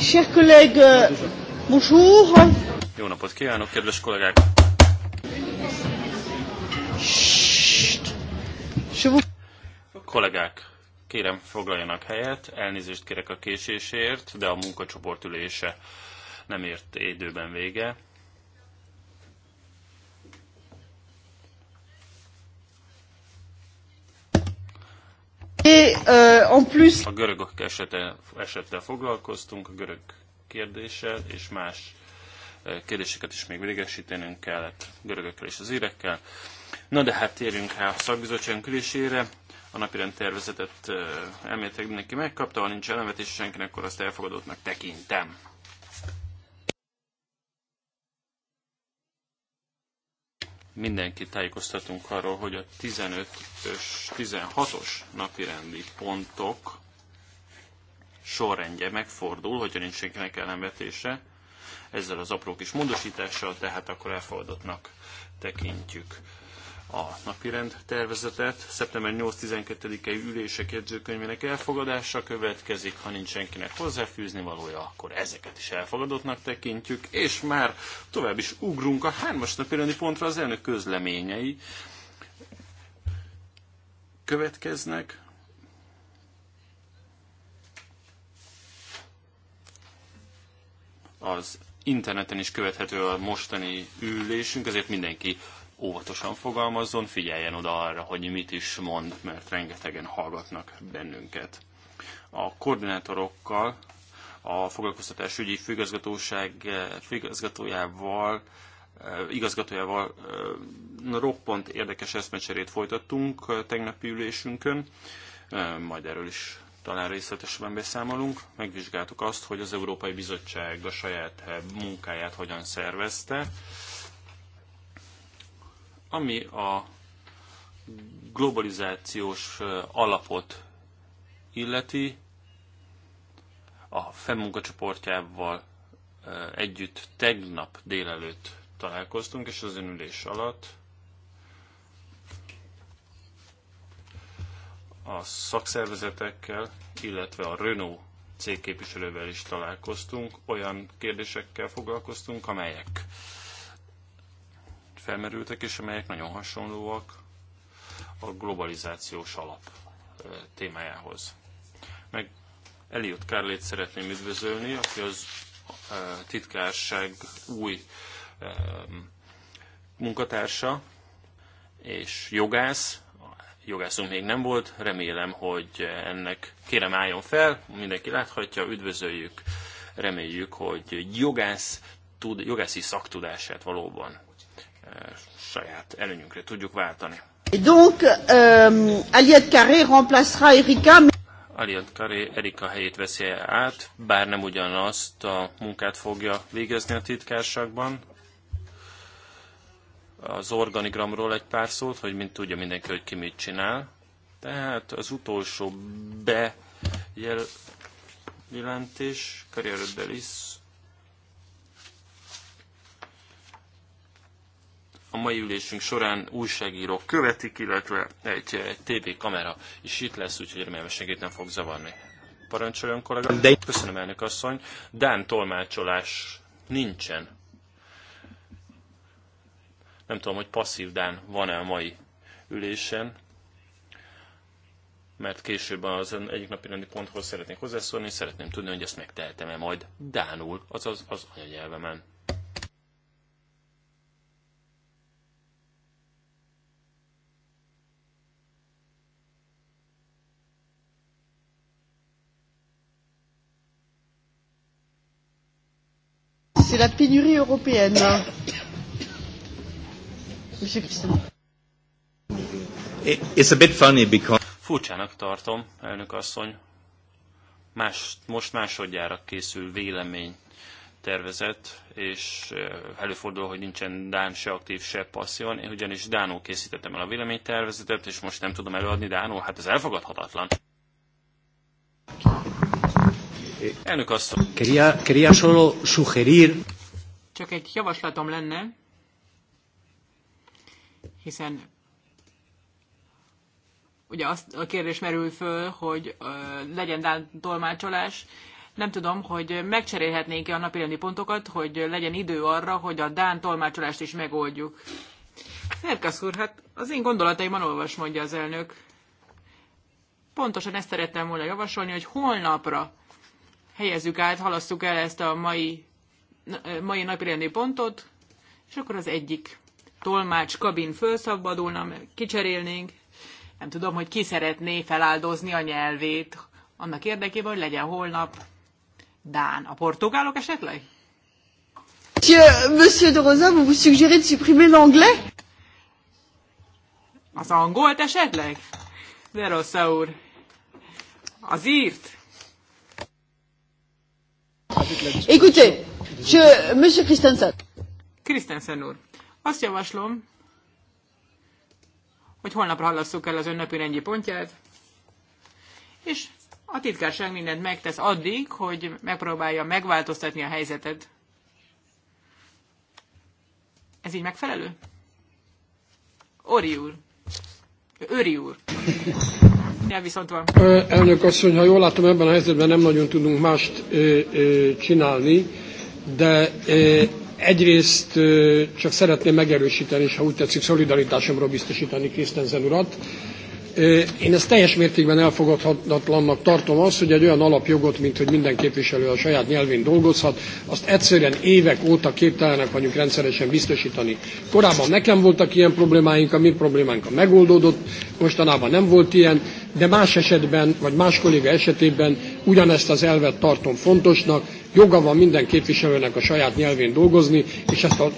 Chers collègues, euh, bonjour. Jó napot kívánok, kedves kollégák! Kollégák, kérem foglaljanak helyet, elnézést kérek a késésért, de a munkacsoport ülése nem ért időben vége. Euh, a görögök esete, esettel foglalkoztunk, a görög kérdéssel, és más eh, kérdéseket is még végesítenünk kellett görögökkel és az írekkel. Na de hát térjünk rá a szakbizottság külésére. A napirend tervezetet eh, elméletek mindenki megkapta, ha nincs elemetés senkinek, akkor azt elfogadottnak tekintem. mindenkit tájékoztatunk arról, hogy a 15-ös, 16-os napirendi pontok sorrendje megfordul, hogyha nincs senkinek ellenvetése, ezzel az apró kis módosítással, tehát akkor elfogadottnak tekintjük a napirend tervezetet. Szeptember 8-12-i ülések jegyzőkönyvének elfogadása következik, ha nincs senkinek hozzáfűzni valója, akkor ezeket is elfogadottnak tekintjük, és már tovább is ugrunk a hármas napirendi pontra az elnök közleményei következnek. Az interneten is követhető a mostani ülésünk, ezért mindenki óvatosan fogalmazzon, figyeljen oda arra, hogy mit is mond, mert rengetegen hallgatnak bennünket. A koordinátorokkal, a foglalkoztatásügyi főigazgatóság eh, főigazgatójával eh, igazgatójával eh, roppant érdekes eszmecserét folytattunk tegnapi ülésünkön, majd erről is talán részletesebben beszámolunk. Megvizsgáltuk azt, hogy az Európai Bizottság a saját munkáját hogyan szervezte, ami a globalizációs alapot illeti, a FEM munkacsoportjával együtt tegnap délelőtt találkoztunk, és az önülés alatt a szakszervezetekkel, illetve a Renault cégképviselővel is találkoztunk, olyan kérdésekkel foglalkoztunk, amelyek felmerültek, és amelyek nagyon hasonlóak a globalizációs alap témájához. Meg Eliott Kárlét szeretném üdvözölni, aki az titkárság új munkatársa és jogász. Jogászunk még nem volt, remélem, hogy ennek kérem álljon fel, mindenki láthatja, üdvözöljük, reméljük, hogy jogász, tud, jogászi szaktudását valóban saját előnyünkre tudjuk váltani. Et donc, euh, Aliette Carré remplacera Erika. Aliette Carré Erika helyét veszi át, bár nem ugyanazt a munkát fogja végezni a titkárságban. Az organigramról egy pár szót, hogy mint tudja mindenki, hogy ki mit csinál. Tehát az utolsó bejelentés, karrieredelis a mai ülésünk során újságírók követik, illetve egy TV kamera is itt lesz, úgyhogy remélem senkit nem fog zavarni. Parancsoljon kollega. De... Köszönöm elnök asszony. Dán tolmácsolás nincsen. Nem tudom, hogy passzív Dán van-e a mai ülésen, mert később az egyik napi rendi ponthoz szeretnék hozzászólni, és szeretném tudni, hogy ezt megtehetem-e majd Dánul, azaz az anyanyelvemen. c'est la pénurie européenne. Monsieur It's a bit funny because... Furcsának tartom, elnök asszony. Más, most másodjára készül vélemény tervezet, és előfordul, hogy nincsen Dán se aktív, se passzion. Én ugyanis dánó készítettem el a véleménytervezetet, és most nem tudom előadni dánó, Hát ez elfogadhatatlan. Elnök asszony. Quería, quería solo sugerir. Csak egy javaslatom lenne, hiszen ugye azt a kérdés merül föl, hogy ö, legyen tolmácsolás. Nem tudom, hogy megcserélhetnénk-e a napi pontokat, hogy legyen idő arra, hogy a Dán tolmácsolást is megoldjuk. Szerkasz úr, hát az én gondolataimban olvas, mondja az elnök. Pontosan ezt szerettem volna javasolni, hogy holnapra helyezzük át, halasszuk el ezt a mai, mai napirendi pontot, és akkor az egyik tolmács kabin felszabadulna, kicserélnénk. Nem tudom, hogy ki szeretné feláldozni a nyelvét annak érdekében, hogy legyen holnap Dán. A portugálok esetleg? Monsieur, monsieur de Rosa, vous vous suggérez de supprimer l'anglais? Az angolt esetleg? De Rosa úr. Az írt? Écoutez, je, Monsieur Christensen. Christensen úr, azt javaslom, hogy holnapra hallasszuk el az ön rendi pontját, és a titkárság mindent megtesz addig, hogy megpróbálja megváltoztatni a helyzetet. Ez így megfelelő? Ori úr. Öri úr. Elnök asszony, ha jól látom, ebben a helyzetben nem nagyon tudunk mást csinálni, de egyrészt csak szeretném megerősíteni, és ha úgy tetszik, szolidaritásomra biztosítani Krisztenzen urat. Én ezt teljes mértékben elfogadhatatlannak tartom azt, hogy egy olyan alapjogot, mint hogy minden képviselő a saját nyelvén dolgozhat, azt egyszerűen évek óta képtelenek vagyunk rendszeresen biztosítani. Korábban nekem voltak ilyen problémáink, a mi problémánk a megoldódott, mostanában nem volt ilyen de más esetben, vagy más kolléga esetében ugyanezt az elvet tartom fontosnak. Joga van minden képviselőnek a saját nyelvén dolgozni, és ezt a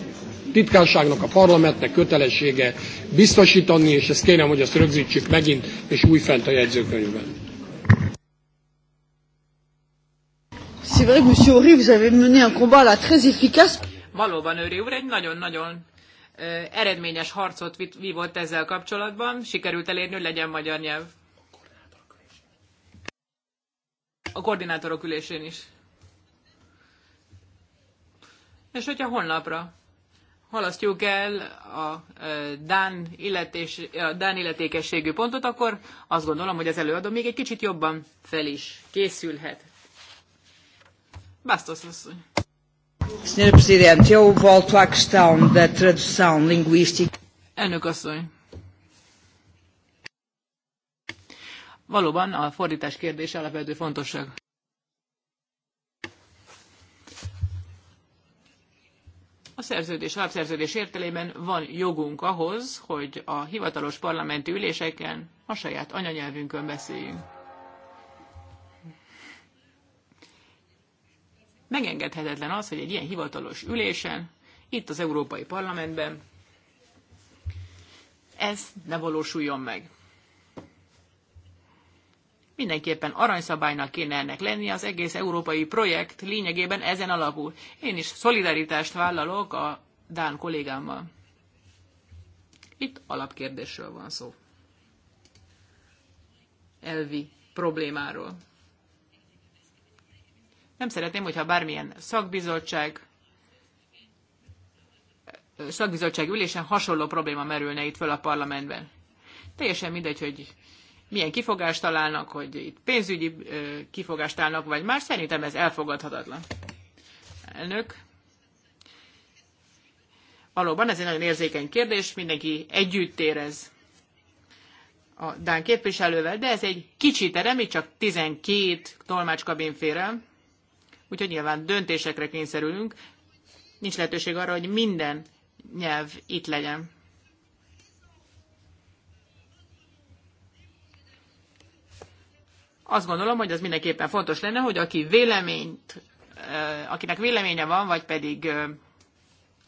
titkárságnak, a parlamentnek kötelessége biztosítani, és ezt kérem, hogy ezt rögzítsük megint, és fent a jegyzőkönyvben. C'est vrai Monsieur Horry, vous avez mené un combat là très efficace. Valóban Őri úr egy nagyon-nagyon eredményes harcot vívott ezzel kapcsolatban, sikerült elérni, hogy legyen magyar nyelv. a koordinátorok ülésén is. És hogyha honlapra halasztjuk el a e, Dán, illetés, a Dán illetékességű pontot, akkor azt gondolom, hogy az előadó még egy kicsit jobban fel is készülhet. Bastos asszony. Senhora Presidente, eu volto à questão da tradução linguística. Elnök asszony, Valóban a fordítás kérdése alapvető fontosság. A szerződés, alapszerződés értelében van jogunk ahhoz, hogy a hivatalos parlamenti üléseken a saját anyanyelvünkön beszéljünk. Megengedhetetlen az, hogy egy ilyen hivatalos ülésen, itt az Európai Parlamentben, ez ne valósuljon meg. Mindenképpen aranyszabálynak kéne ennek lenni, az egész európai projekt lényegében ezen alapul. Én is szolidaritást vállalok a Dán kollégámmal. Itt alapkérdésről van szó. Elvi problémáról. Nem szeretném, hogyha bármilyen szakbizottság, szakbizottság ülésen hasonló probléma merülne itt föl a parlamentben. Teljesen mindegy, hogy milyen kifogást találnak, hogy itt pénzügyi kifogást állnak, vagy más. Szerintem ez elfogadhatatlan. Elnök. Valóban ez egy nagyon érzékeny kérdés, mindenki együtt érez a Dán képviselővel, de ez egy kicsi terem, itt csak 12 tolmácskabin fér el, úgyhogy nyilván döntésekre kényszerülünk. Nincs lehetőség arra, hogy minden nyelv itt legyen. azt gondolom, hogy az mindenképpen fontos lenne, hogy aki véleményt, akinek véleménye van, vagy pedig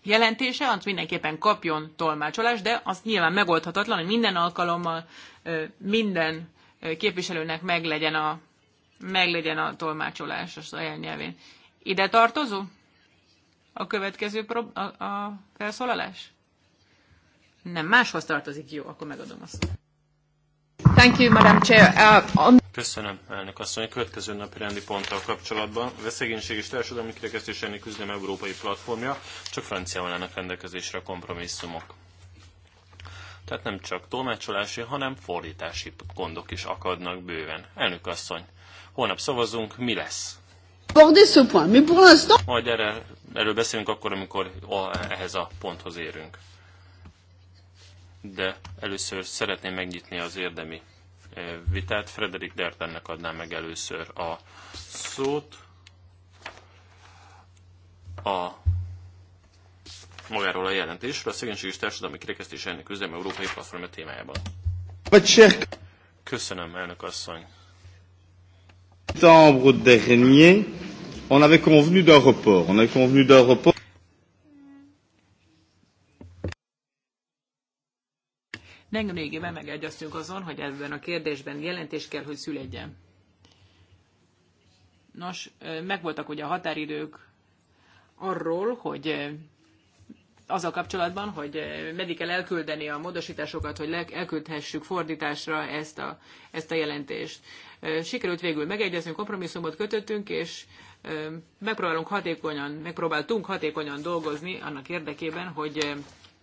jelentése, az mindenképpen kapjon tolmácsolást, de az nyilván megoldhatatlan, hogy minden alkalommal minden képviselőnek meglegyen a, meglegyen a tolmácsolás a saját nyelvén. Ide tartozó? A következő prob- a, a felszólalás? Nem, máshoz tartozik. Jó, akkor megadom azt. Thank you, Madam Chair. Uh, on... Köszönöm, elnök asszony. A következő napi rendi ponttal kapcsolatban a szegénység és társadalmi kirekesztés elleni küzdelem európai platformja, csak franciával állnak rendelkezésre a kompromisszumok. Tehát nem csak tolmácsolási, hanem fordítási gondok is akadnak bőven. Elnök asszony, holnap szavazunk, mi lesz? Majd erre, erről beszélünk akkor, amikor ehhez a ponthoz érünk. De először szeretném megnyitni az érdemi vitát. Frederik Dertennek adnám meg először a szót. A magáról a jelentésről, a szegénység és társadalmi kirekesztés ennek küzdelme európai platformja témájában. Köszönöm, elnök asszony. Septembre dernier, on avait convenu d'un report. On avait convenu d'un report. Nemrégében megegyeztünk azon, hogy ebben a kérdésben jelentés kell, hogy születjen. Nos, megvoltak ugye a határidők arról, hogy a kapcsolatban, hogy meddig kell elküldeni a módosításokat, hogy elküldhessük fordításra ezt a, ezt a jelentést. Sikerült végül megegyezni, kompromisszumot kötöttünk, és megpróbálunk hatékonyan, megpróbáltunk hatékonyan dolgozni annak érdekében, hogy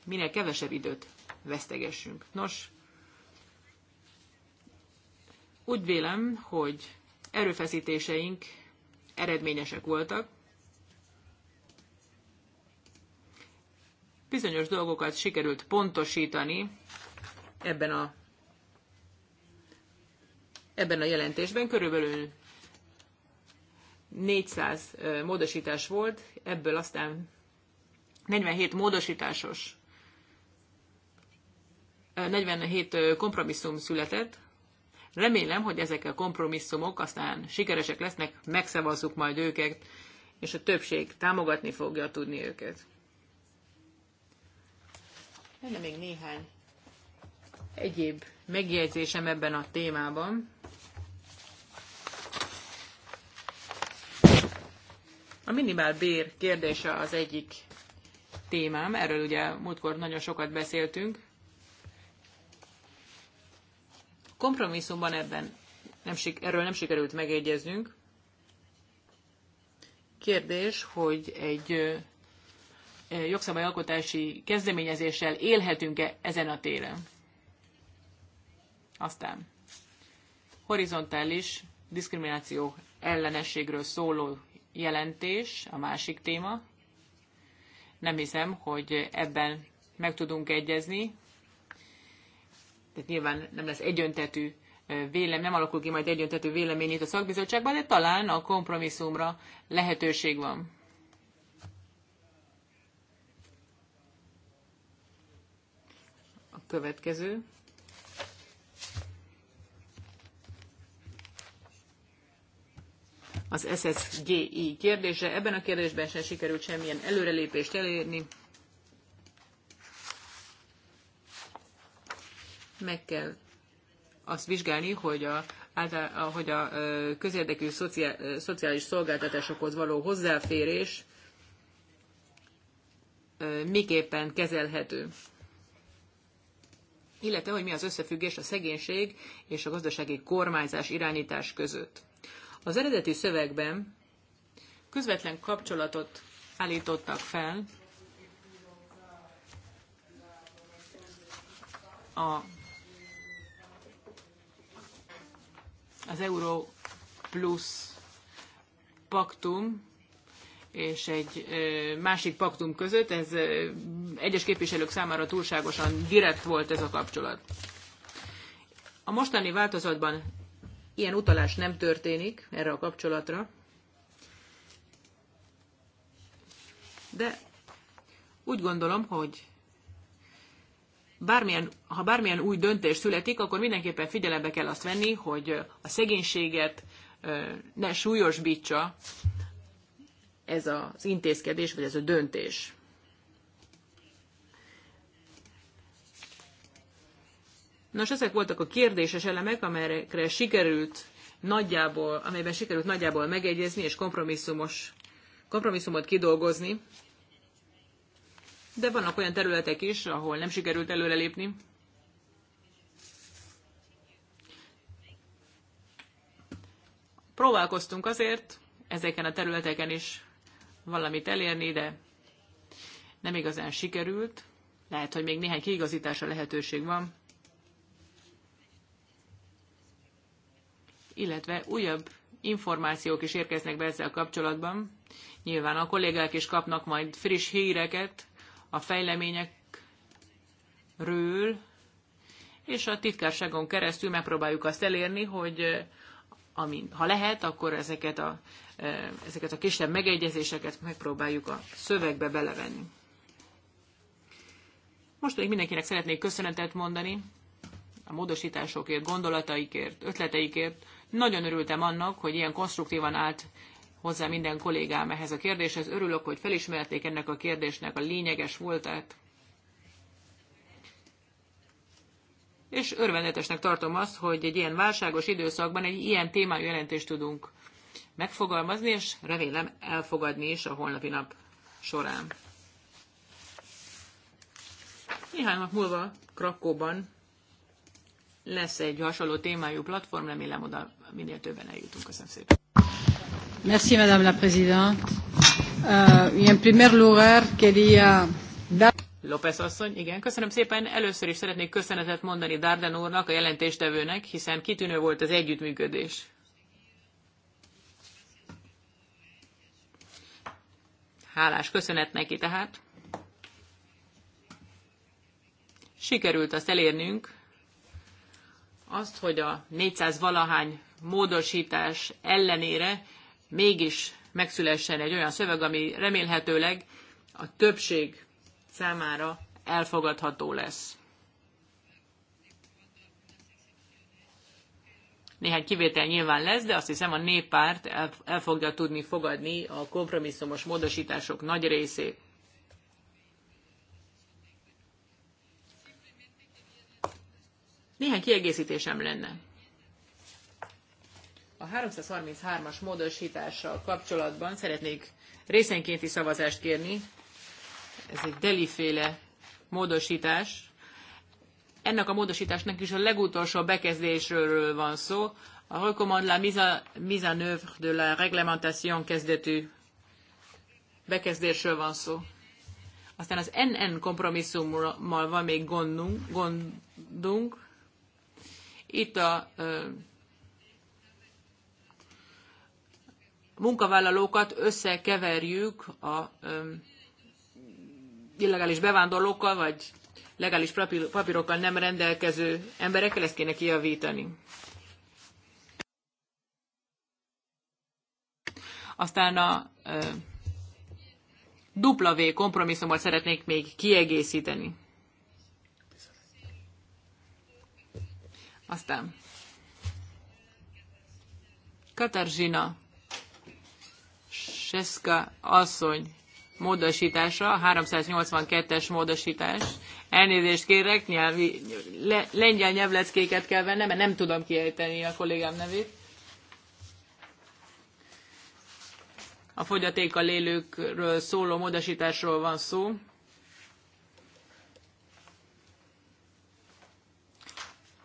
minél kevesebb időt vesztegessünk. Nos, úgy vélem, hogy erőfeszítéseink eredményesek voltak. Bizonyos dolgokat sikerült pontosítani ebben a, ebben a jelentésben. Körülbelül 400 módosítás volt, ebből aztán 47 módosításos 47 kompromisszum született. Remélem, hogy ezek a kompromisszumok aztán sikeresek lesznek, megszavazzuk majd őket, és a többség támogatni fogja tudni őket. Lenne még néhány egyéb megjegyzésem ebben a témában. A minimál bér kérdése az egyik témám, erről ugye múltkor nagyon sokat beszéltünk. kompromisszumban ebben nem, erről nem sikerült megegyeznünk. Kérdés, hogy egy jogszabályalkotási kezdeményezéssel élhetünk-e ezen a téren. Aztán horizontális diszkrimináció ellenességről szóló jelentés, a másik téma. Nem hiszem, hogy ebben meg tudunk egyezni tehát nyilván nem lesz egyöntetű vélemény nem alakul ki majd egyöntetű véleményét a szakbizottságban, de talán a kompromisszumra lehetőség van. A következő. Az SSGI kérdése. Ebben a kérdésben sem sikerült semmilyen előrelépést elérni. meg kell azt vizsgálni, hogy a, által, hogy a közérdekű szociál, szociális szolgáltatásokhoz való hozzáférés miképpen kezelhető. Illetve, hogy mi az összefüggés a szegénység és a gazdasági kormányzás irányítás között. Az eredeti szövegben közvetlen kapcsolatot állítottak fel a az Euró Plus paktum és egy másik paktum között, ez egyes képviselők számára túlságosan direkt volt ez a kapcsolat. A mostani változatban ilyen utalás nem történik erre a kapcsolatra, de úgy gondolom, hogy bármilyen, ha bármilyen új döntés születik, akkor mindenképpen figyelembe kell azt venni, hogy a szegénységet ne súlyosbítsa ez az intézkedés, vagy ez a döntés. Nos, ezek voltak a kérdéses elemek, amelyekre sikerült nagyjából, amelyben sikerült nagyjából megegyezni és kompromisszumos, kompromisszumot kidolgozni de vannak olyan területek is, ahol nem sikerült előrelépni. Próbálkoztunk azért ezeken a területeken is valamit elérni, de nem igazán sikerült. Lehet, hogy még néhány kiigazításra lehetőség van. Illetve újabb információk is érkeznek be ezzel kapcsolatban. Nyilván a kollégák is kapnak majd friss híreket a fejleményekről, és a titkárságon keresztül megpróbáljuk azt elérni, hogy amin, ha lehet, akkor ezeket a, ezeket a kisebb megegyezéseket megpróbáljuk a szövegbe belevenni. Most pedig mindenkinek szeretnék köszönetet mondani a módosításokért, gondolataikért, ötleteikért. Nagyon örültem annak, hogy ilyen konstruktívan állt hozzá minden kollégám ehhez a kérdéshez. Örülök, hogy felismerték ennek a kérdésnek a lényeges voltát. És örvendetesnek tartom azt, hogy egy ilyen válságos időszakban egy ilyen témájú jelentést tudunk megfogalmazni, és remélem elfogadni is a holnapi nap során. Néhány nap múlva Krakóban lesz egy hasonló témájú platform, remélem oda minél többen eljutunk. Köszönöm szépen. Merci, Madame la Presidente. Uh, y en primer lugar quería López asszony, igen, köszönöm szépen. Először is szeretnék köszönetet mondani Darden úrnak, a jelentéstevőnek, hiszen kitűnő volt az együttműködés. Hálás köszönet neki tehát. Sikerült azt elérnünk, azt, hogy a 400 valahány módosítás ellenére mégis megszülessen egy olyan szöveg, ami remélhetőleg a többség számára elfogadható lesz. Néhány kivétel nyilván lesz, de azt hiszem a néppárt el, el fogja tudni fogadni a kompromisszumos módosítások nagy részét. Néhány kiegészítésem lenne. A 333-as módosítással kapcsolatban szeretnék részenkénti szavazást kérni. Ez egy deliféle módosítás. Ennek a módosításnak is a legutolsó bekezdésről van szó. A recommand la mise en œuvre de la réglementation kezdetű bekezdésről van szó. Aztán az NN kompromisszummal van még gondunk, gondunk. Itt a munkavállalókat összekeverjük a illegális bevándorlókkal, vagy legális papírokkal nem rendelkező emberekkel, ezt kéne kijavítani. Aztán a dupla V kompromisszumot szeretnék még kiegészíteni. Aztán Katarzyna Seszka asszony módosítása, 382-es módosítás. Elnézést kérek, nyelvi, le, lengyel nyelvleckéket kell vennem, mert nem tudom kiejteni a kollégám nevét. A fogyatékkal élőkről szóló módosításról van szó.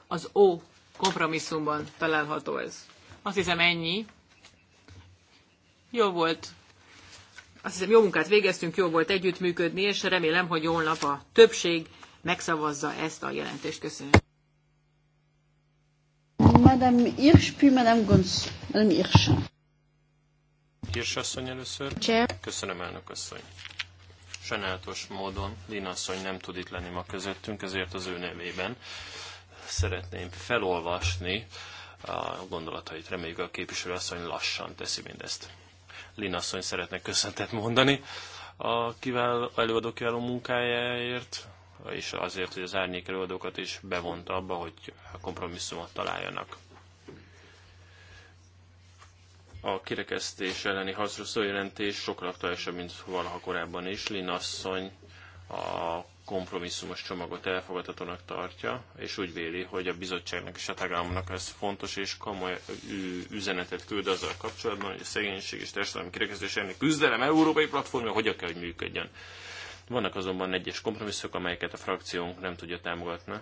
Az O kompromisszumban található ez. Azt hiszem ennyi. Jó volt azt hiszem, jó munkát végeztünk, jó volt együttműködni, és remélem, hogy holnap a többség megszavazza ezt a jelentést. Köszönöm. Madame Hirsch, puis Madame Gons. Madame Hirsch. Hirsch asszony először. Chair. Köszönöm, elnök asszony. Sajnálatos módon Lina asszony nem tud itt lenni ma közöttünk, ezért az ő nevében szeretném felolvasni a gondolatait. Reméljük a képviselő asszony lassan teszi mindezt. Linasszony szeretne köszöntet mondani a kiváló előadó munkájáért, és azért, hogy az árnyék előadókat is bevonta abba, hogy kompromisszumot találjanak. A kirekesztés elleni harcra szó jelentés sokkal aktuálisabb, mint valaha korábban is. Linasszony a kompromisszumos csomagot elfogadhatónak tartja, és úgy véli, hogy a bizottságnak és a tagállamnak ez fontos és komoly üzenetet küld azzal kapcsolatban, hogy a szegénység és társadalmi kirekezés elleni küzdelem európai platformja hogyan kell, hogy működjön. Vannak azonban egyes kompromisszok, amelyeket a frakciónk nem tudja támogatni.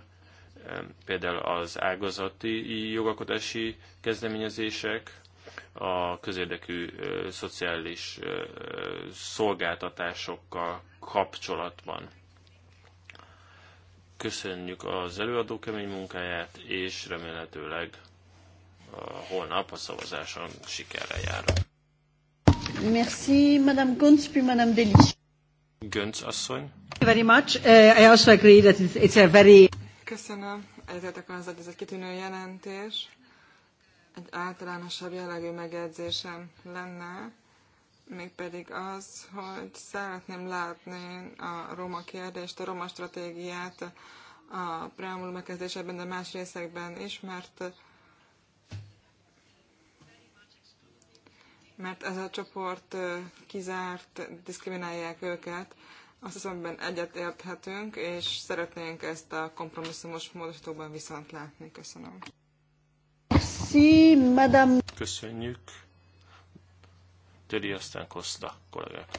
Például az ágazati jogalkotási kezdeményezések, a közérdekű szociális szolgáltatásokkal kapcsolatban. Köszönjük az előadó kemény munkáját, és remélhetőleg a holnap a szavazáson sikerrel jár. Merci, Madame Gönc, puis Madame Delis. Gönc asszony. Very much. Uh, I also agree that it's a very... Köszönöm. Egyetértek a hogy ez egy kitűnő jelentés. Egy általánosabb jellegű megjegyzésem lenne mégpedig az, hogy szeretném látni a roma kérdést, a roma stratégiát a preambul megkezdésében, de más részekben is, mert mert ez a csoport kizárt, diszkriminálják őket. Azt hiszem, hogy egyet érthetünk, és szeretnénk ezt a kompromisszumos módosítóban viszont látni. Köszönöm. Köszönjük. Töri, aztán Koszta kollégák.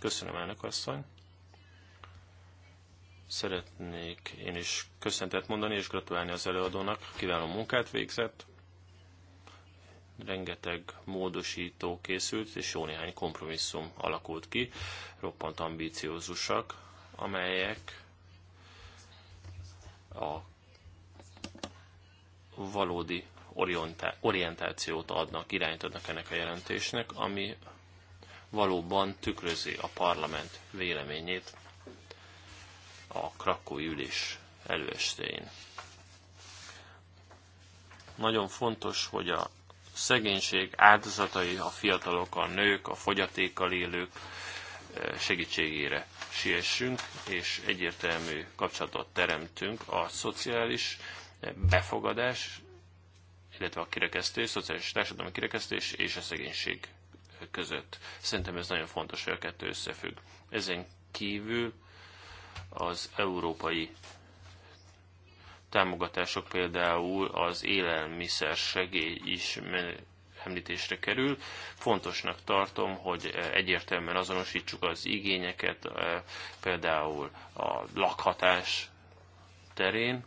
Köszönöm, elnök asszony. Szeretnék én is köszöntet mondani és gratulálni az előadónak. Kiváló munkát végzett. Rengeteg módosító készült, és jó néhány kompromisszum alakult ki. Roppant ambíciózusak, amelyek a valódi orientációt adnak, irányt adnak ennek a jelentésnek, ami valóban tükrözi a parlament véleményét a krakói ülés előestéjén. Nagyon fontos, hogy a szegénység áldozatai, a fiatalok, a nők, a fogyatékkal élők eh, segítségére siessünk, és egyértelmű kapcsolatot teremtünk a szociális eh, befogadás illetve a kirekesztés, szociális társadalmi kirekesztés és a szegénység között. Szerintem ez nagyon fontos, hogy a kettő összefügg. Ezen kívül az európai támogatások, például az élelmiszer segély is említésre kerül. Fontosnak tartom, hogy egyértelműen azonosítsuk az igényeket, eh, például a lakhatás terén,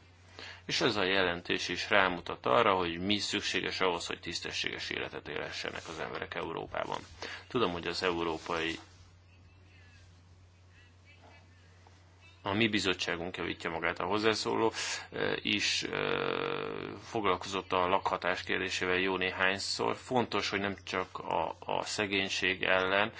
és ez a jelentés is rámutat arra, hogy mi szükséges ahhoz, hogy tisztességes életet élhessenek az emberek Európában. Tudom, hogy az európai a mi bizottságunk javítja magát a hozzászóló, e, is e, foglalkozott a lakhatás kérdésével jó néhányszor. Fontos, hogy nem csak a, a szegénység ellen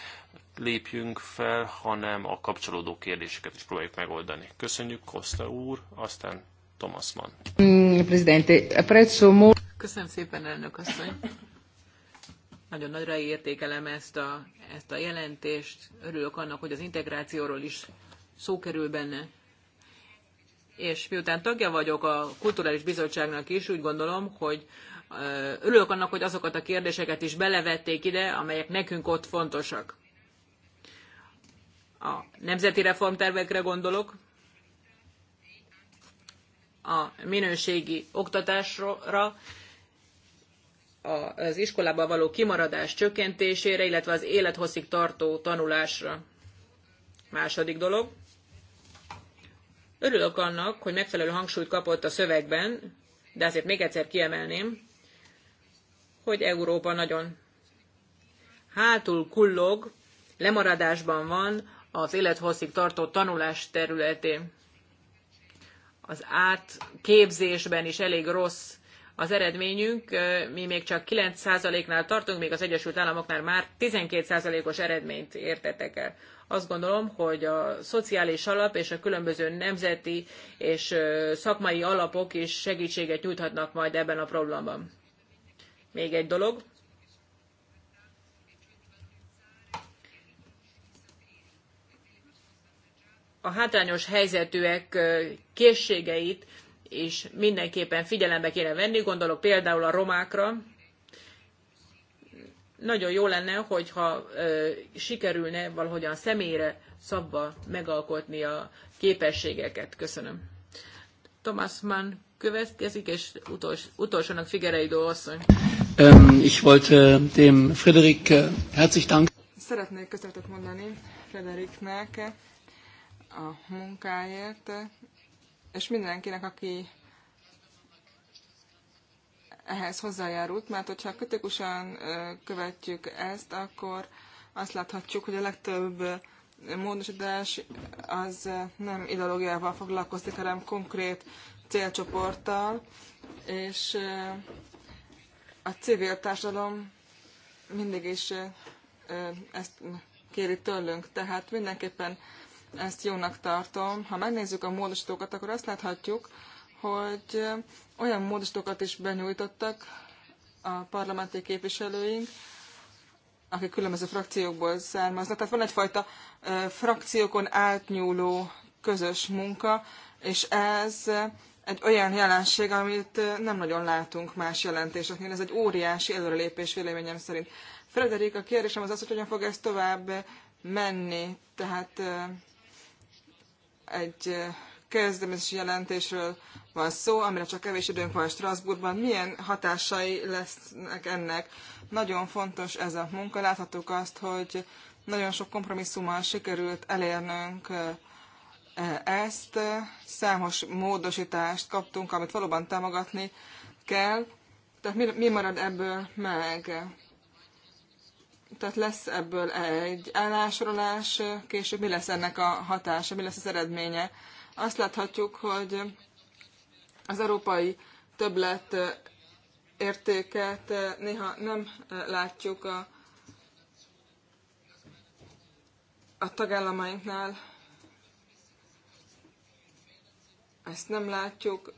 lépjünk fel, hanem a kapcsolódó kérdéseket is próbáljuk megoldani. Köszönjük, Koszta úr, aztán Thomas Mann. Mm, Köszönöm szépen, elnök asszony. Nagyon nagyra értékelem ezt a, ezt a jelentést. Örülök annak, hogy az integrációról is szó kerül benne. És miután tagja vagyok a Kulturális Bizottságnak is, úgy gondolom, hogy örülök annak, hogy azokat a kérdéseket is belevették ide, amelyek nekünk ott fontosak. A nemzeti reformtervekre gondolok, a minőségi oktatásra, az iskolába való kimaradás csökkentésére, illetve az élethosszig tartó tanulásra. Második dolog. Örülök annak, hogy megfelelő hangsúlyt kapott a szövegben, de azért még egyszer kiemelném, hogy Európa nagyon hátul kullog, lemaradásban van az élethosszig tartó tanulás területén az átképzésben is elég rossz az eredményünk. Mi még csak 9%-nál tartunk, még az Egyesült Államoknál már 12%-os eredményt értetek el. Azt gondolom, hogy a szociális alap és a különböző nemzeti és szakmai alapok is segítséget nyújthatnak majd ebben a problémában. Még egy dolog, a hátrányos helyzetűek készségeit is mindenképpen figyelembe kéne venni, gondolok például a romákra. Nagyon jó lenne, hogyha sikerülne valahogyan személyre szabva megalkotni a képességeket. Köszönöm. Thomas Mann következik, és utols, utolsónak Figereidó asszony. Um, ich wollte dem Frederik äh, herzlich Szeretnék köszönetet mondani Frederiknek a munkáért, és mindenkinek, aki ehhez hozzájárult, mert hogyha kritikusan követjük ezt, akkor azt láthatjuk, hogy a legtöbb módosítás az nem ideológiával foglalkozik, hanem konkrét célcsoporttal, és a civil társadalom mindig is ezt kéri tőlünk. Tehát mindenképpen ezt jónak tartom. Ha megnézzük a módosítókat, akkor azt láthatjuk, hogy olyan módosítókat is benyújtottak a parlamenti képviselőink, akik különböző frakciókból származnak. Tehát van egyfajta frakciókon átnyúló közös munka, és ez egy olyan jelenség, amit nem nagyon látunk más jelentéseknél. Ez egy óriási előrelépés véleményem szerint. Frederik, a kérdésem az az, hogy hogyan fog ez tovább menni. Tehát egy kezdeményezési jelentésről van szó, amire csak kevés időnk van Strasbourgban. Milyen hatásai lesznek ennek? Nagyon fontos ez a munka. Láthatjuk azt, hogy nagyon sok kompromisszummal sikerült elérnünk e, ezt. Számos módosítást kaptunk, amit valóban támogatni kell. Tehát mi, mi marad ebből meg? tehát lesz ebből egy elásrolás, később mi lesz ennek a hatása, mi lesz az eredménye. Azt láthatjuk, hogy az európai többlet értéket néha nem látjuk a, a tagállamainknál. Ezt nem látjuk,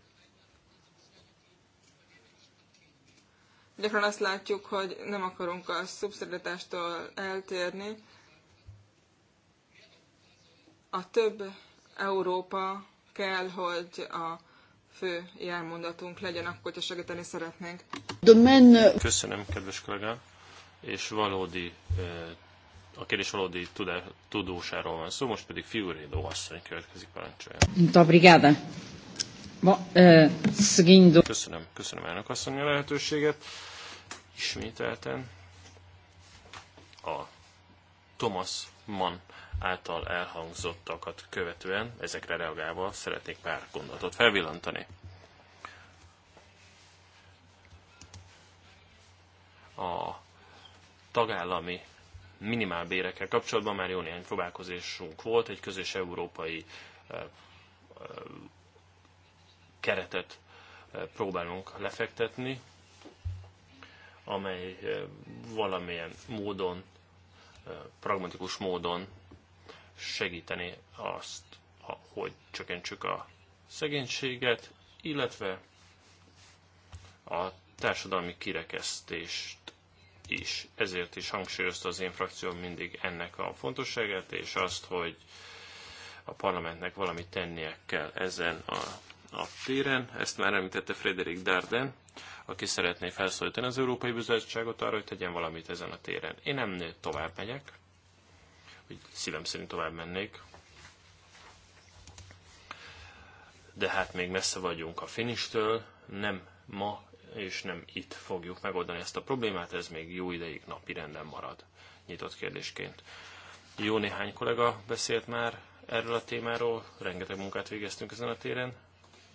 Gyakran azt látjuk, hogy nem akarunk a szubszidiatástól eltérni. A több Európa kell, hogy a fő jelmondatunk legyen, akkor, hogyha segíteni szeretnénk. Köszönöm, kedves kollega, és valódi a kérdés valódi tudósáról van szó, most pedig Fiorédó asszony következik parancsolja. Euh, köszönöm, köszönöm elnök asszony a lehetőséget. Ismételten a Thomas Mann által elhangzottakat követően, ezekre reagálva szeretnék pár gondolatot felvillantani. A tagállami minimálbérekkel kapcsolatban már jó néhány próbálkozásunk volt, egy közös európai eh, eh, keretet eh, próbálunk lefektetni, amely eh, valamilyen módon, eh, pragmatikus módon segíteni azt, hogy csökkentsük a szegénységet, illetve a társadalmi kirekesztést is. Ezért is hangsúlyozta az én frakcióm mindig ennek a fontosságát, és azt, hogy a parlamentnek valamit tennie kell ezen a a téren. Ezt már említette Frederik Darden, aki szeretné felszólítani az Európai Bizottságot arra, hogy tegyen valamit ezen a téren. Én nem tovább megyek, hogy szívem szerint tovább mennék, de hát még messze vagyunk a finistől, nem ma és nem itt fogjuk megoldani ezt a problémát, ez még jó ideig napi renden marad, nyitott kérdésként. Jó néhány kollega beszélt már erről a témáról, rengeteg munkát végeztünk ezen a téren,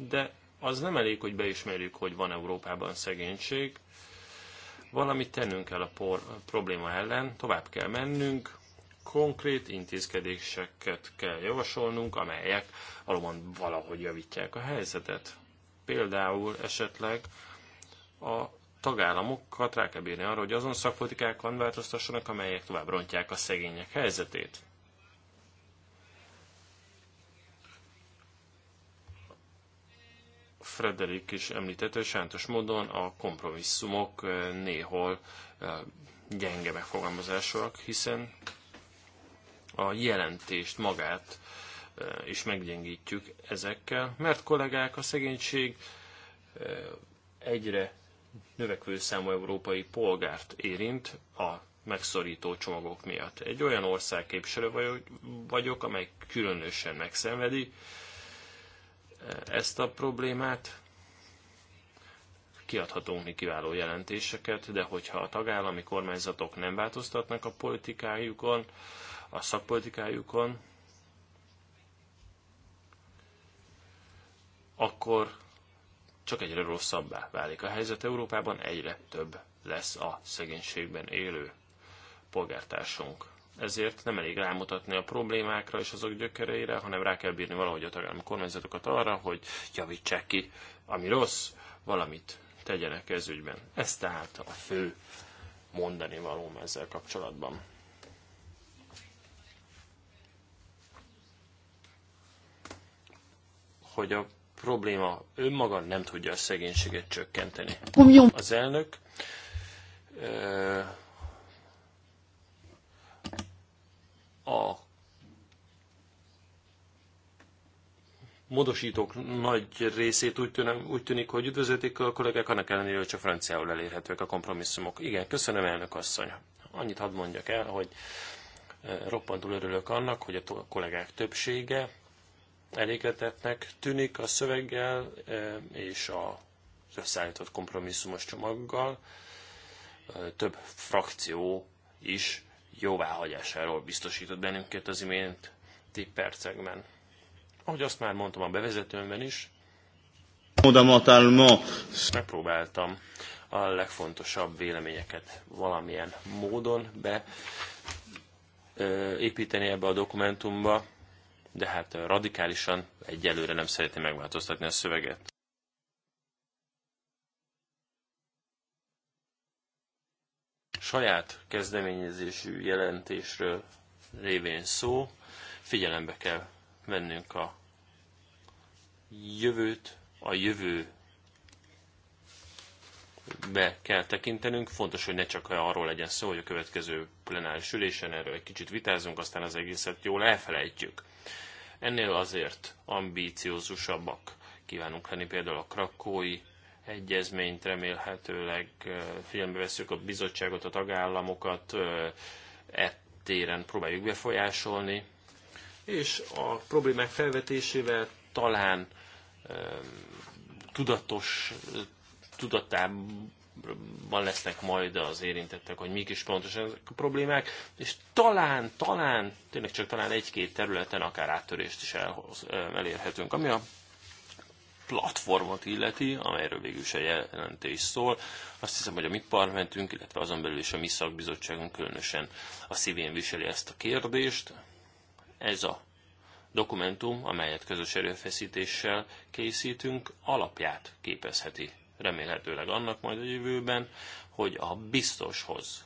de az nem elég, hogy beismerjük, hogy van Európában szegénység. Valamit tennünk kell a, por, a probléma ellen, tovább kell mennünk, konkrét intézkedéseket kell javasolnunk, amelyek valóban valahogy javítják a helyzetet. Például esetleg a tagállamokat rá kell bírni arra, hogy azon szakpolitikákon változtassanak, amelyek tovább rontják a szegények helyzetét. Frederik is említette, sajátos módon a kompromisszumok eh, néhol eh, gyenge megfogalmazások, hiszen a jelentést magát eh, is meggyengítjük ezekkel, mert kollégák, a szegénység egyre növekvő számú európai polgárt érint a megszorító csomagok miatt. Egy olyan ország képviselő vagyok, amely különösen megszenvedi, ezt a problémát. Kiadhatunk kiváló jelentéseket, de hogyha a tagállami kormányzatok nem változtatnak a politikájukon, a szakpolitikájukon, akkor csak egyre rosszabbá válik a helyzet Európában, egyre több lesz a szegénységben élő polgártársunk ezért nem elég rámutatni a problémákra és azok gyökereire, hanem rá kell bírni valahogy a tagállami kormányzatokat arra, hogy javítsák ki, ami rossz, valamit tegyenek ez ügyben. Ez tehát a fő mondani valóm ezzel kapcsolatban. Hogy a probléma önmaga nem tudja a szegénységet csökkenteni. Az elnök a módosítók nagy részét úgy, tűn, úgy tűnik, hogy üdvözölték a kollégák, annak ellenére, hogy csak franciául elérhetőek a kompromisszumok. Igen, köszönöm, elnök asszony. Annyit hadd mondjak el, hogy e, roppantul örülök annak, hogy a kollégák többsége elégedetnek tűnik a szöveggel e, és a összeállított kompromisszumos csomaggal. E, több frakció is jóváhagyásáról biztosított bennünket az imént percekben. Ahogy azt már mondtam a bevezetőmben is, megpróbáltam a legfontosabb véleményeket valamilyen módon be építeni ebbe a dokumentumba, de hát radikálisan egyelőre nem szeretném megváltoztatni a szöveget. saját kezdeményezésű jelentésről révén szó, figyelembe kell vennünk a jövőt, a jövő be kell tekintenünk. Fontos, hogy ne csak arról legyen szó, hogy a következő plenáris ülésen erről egy kicsit vitázunk, aztán az egészet jól elfelejtjük. Ennél azért ambíciózusabbak kívánunk lenni például a krakói egyezményt remélhetőleg figyelembe veszük a bizottságot, a tagállamokat, e téren próbáljuk befolyásolni, és a problémák felvetésével talán tudatos tudatában lesznek majd az érintettek, hogy mik is pontosan ezek a problémák, és talán, talán, tényleg csak talán egy-két területen akár áttörést is elhoz, elérhetünk. Ami a platformot illeti, amelyről végül is a jelentés szól. Azt hiszem, hogy a mi parlamentünk, illetve azon belül is a mi szakbizottságunk különösen a szívén viseli ezt a kérdést. Ez a dokumentum, amelyet közös erőfeszítéssel készítünk, alapját képezheti remélhetőleg annak majd a jövőben, hogy a biztoshoz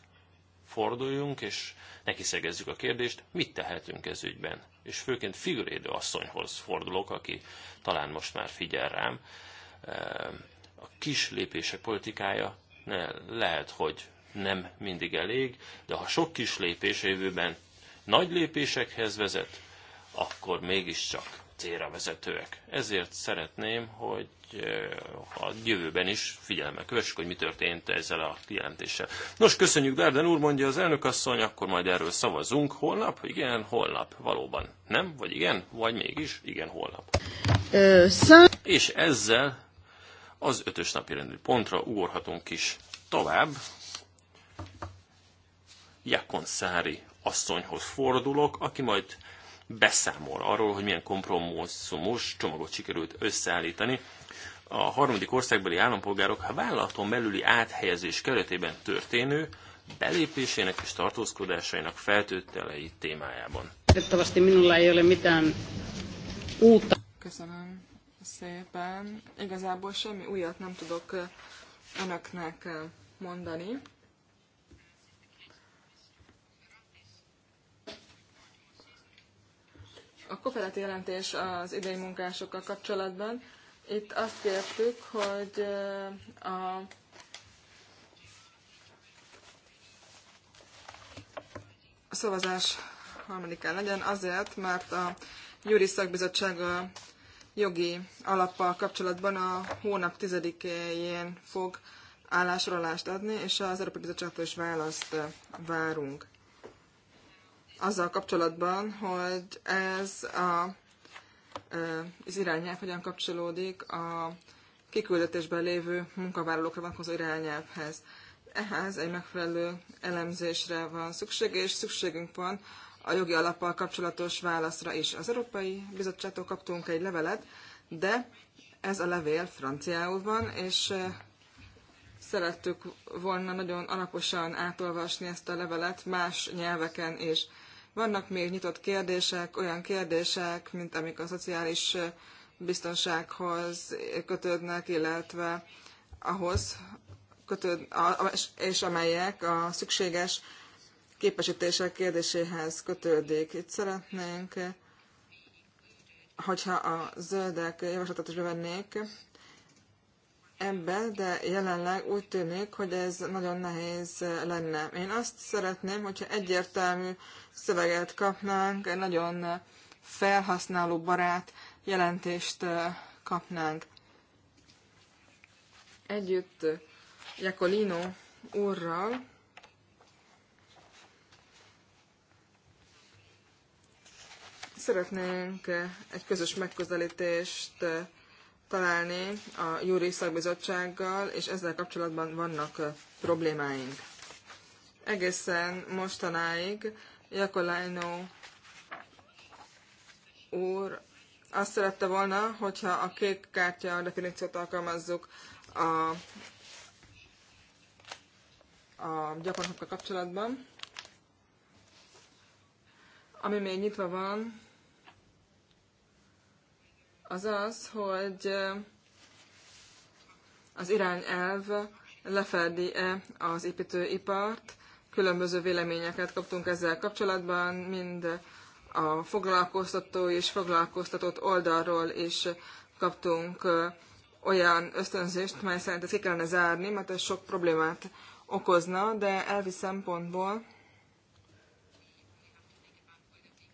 forduljunk, és neki szegezzük a kérdést, mit tehetünk ez ügyben. És főként Figurédő asszonyhoz fordulok, aki talán most már figyel rám. A kis lépések politikája ne, lehet, hogy nem mindig elég, de ha sok kis lépés jövőben nagy lépésekhez vezet, akkor mégiscsak célra vezetőek. Ezért szeretném, hogy eh, a jövőben is figyelme kövessük, hogy mi történt ezzel a kijelentéssel. Nos, köszönjük Dárden úr, mondja az elnök asszony, akkor majd erről szavazunk. Holnap? Igen, holnap. Valóban. Nem? Vagy igen? Vagy mégis? Igen, holnap. Ö, szám... És ezzel az ötös napi rendű pontra ugorhatunk is tovább. Jakon Szári asszonyhoz fordulok, aki majd beszámol arról, hogy milyen kompromisszumos csomagot sikerült összeállítani. A harmadik országbeli állampolgárok a vállalaton belüli áthelyezés keretében történő belépésének és tartózkodásainak feltételei témájában. Köszönöm szépen. Igazából semmi újat nem tudok önöknek eh, mondani. A kooperatív jelentés az idei munkásokkal kapcsolatban. Itt azt kértük, hogy a szavazás harmadikán legyen, azért, mert a Júri Szakbizottság a jogi alappal kapcsolatban a hónap 10-én fog állásrólást adni, és az Európai Bizottságtól is választ várunk azzal kapcsolatban, hogy ez a, az irányelv hogyan kapcsolódik a kiküldetésben lévő munkavállalókra vonatkozó irányelvhez. Ehhez egy megfelelő elemzésre van szükség, és szükségünk van a jogi alappal kapcsolatos válaszra is. Az Európai Bizottságtól kaptunk egy levelet, de ez a levél franciául van, és szerettük volna nagyon alaposan átolvasni ezt a levelet más nyelveken is. Vannak még nyitott kérdések, olyan kérdések, mint amik a szociális biztonsághoz kötődnek, illetve ahhoz kötőd és amelyek a szükséges képesítések kérdéséhez kötődik. Itt szeretnénk, hogyha a zöldek javaslatot is bevennék, ebbe, de jelenleg úgy tűnik, hogy ez nagyon nehéz lenne. Én azt szeretném, hogyha egyértelmű szöveget kapnánk, egy nagyon felhasználóbarát jelentést kapnánk. Együtt Jakolino úrral szeretnénk egy közös megközelítést találni a Júri Szakbizottsággal, és ezzel kapcsolatban vannak problémáink. Egészen mostanáig Jakolajnó úr azt szerette volna, hogyha a kék kártya definíciót alkalmazzuk a, a gyakorlatokkal kapcsolatban. Ami még nyitva van, az az, hogy az irányelv lefedi-e az építőipart. Különböző véleményeket kaptunk ezzel kapcsolatban, mind a foglalkoztató és foglalkoztatott oldalról is kaptunk olyan ösztönzést, mely szerint ezt ki kellene zárni, mert ez sok problémát okozna, de elvi szempontból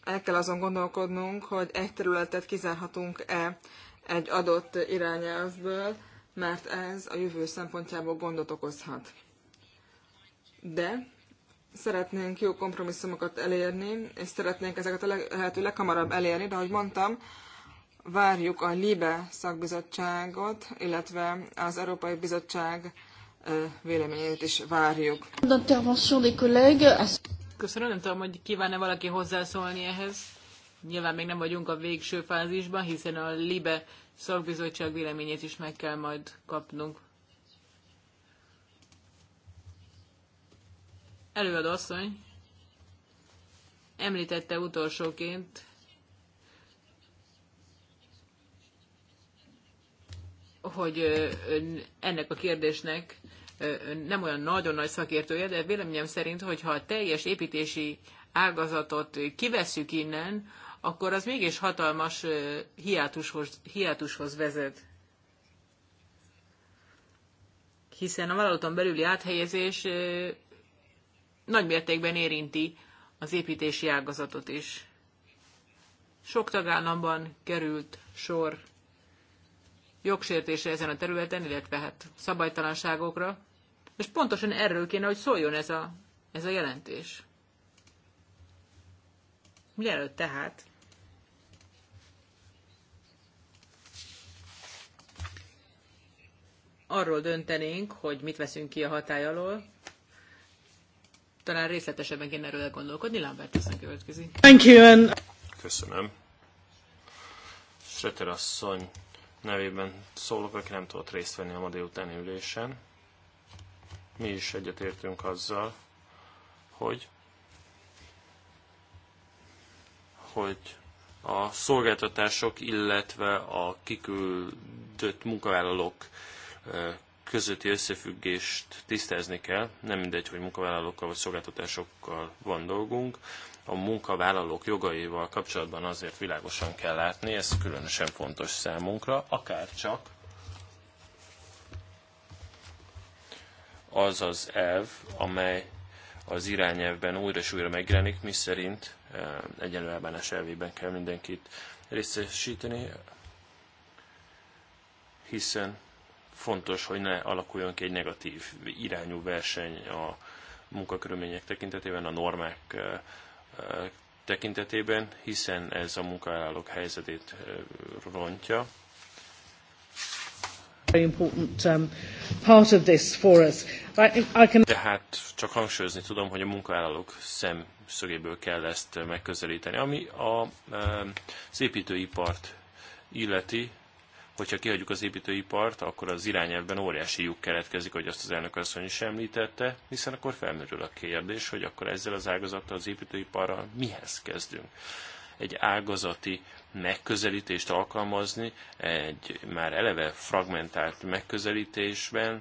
el kell azon gondolkodnunk, hogy egy területet kizárhatunk-e egy adott irányelvből, mert ez a jövő szempontjából gondot okozhat. De szeretnénk jó kompromisszumokat elérni, és szeretnénk ezeket a lehető leghamarabb elérni, de ahogy mondtam, várjuk a LIBE szakbizottságot, illetve az Európai Bizottság véleményét is várjuk. Köszönöm, nem tudom, hogy kívánne valaki hozzászólni ehhez. Nyilván még nem vagyunk a végső fázisban, hiszen a LIBE szakbizottság véleményét is meg kell majd kapnunk. Előadó asszony említette utolsóként, hogy ennek a kérdésnek nem olyan nagyon nagy szakértője, de véleményem szerint, hogyha a teljes építési ágazatot kivesszük innen, akkor az mégis hatalmas hiátushoz, hiátushoz vezet. Hiszen a vállalaton belüli áthelyezés nagy mértékben érinti az építési ágazatot is. Sok tagállamban került sor jogsértésre ezen a területen, illetve hát szabálytalanságokra. És pontosan erről kéne, hogy szóljon ez a, ez a jelentés. Mielőtt tehát arról döntenénk, hogy mit veszünk ki a hatály alól, talán részletesebben kéne erről elgondolkodni. Lambert aztán következik. Thank you. And... Köszönöm. Söter asszony nevében szólok, aki nem tudott részt venni a ma délutáni ülésen. Mi is egyetértünk azzal, hogy hogy a szolgáltatások, illetve a kiküldött munkavállalók közötti összefüggést tisztázni kell. Nem mindegy, hogy munkavállalókkal vagy szolgáltatásokkal van dolgunk a munkavállalók jogaival kapcsolatban azért világosan kell látni, ez különösen fontos számunkra, akár csak az az elv, amely az irányelvben újra és újra megjelenik, mi szerint eh, egyenlő elbánás elvében kell mindenkit részesíteni, hiszen fontos, hogy ne alakuljon ki egy negatív irányú verseny a munkakörülmények tekintetében, a normák eh, tekintetében, hiszen ez a munkaállók helyzetét rontja. Um, Tehát csak hangsúlyozni tudom, hogy a munkaállók szemszögéből kell ezt megközelíteni. Ami a, az építőipart illeti, hogyha kihagyjuk az építőipart, akkor az irányelvben óriási lyuk keletkezik, hogy azt az elnök asszony is említette, hiszen akkor felmerül a kérdés, hogy akkor ezzel az ágazattal, az építőiparral mihez kezdünk. Egy ágazati megközelítést alkalmazni, egy már eleve fragmentált megközelítésben,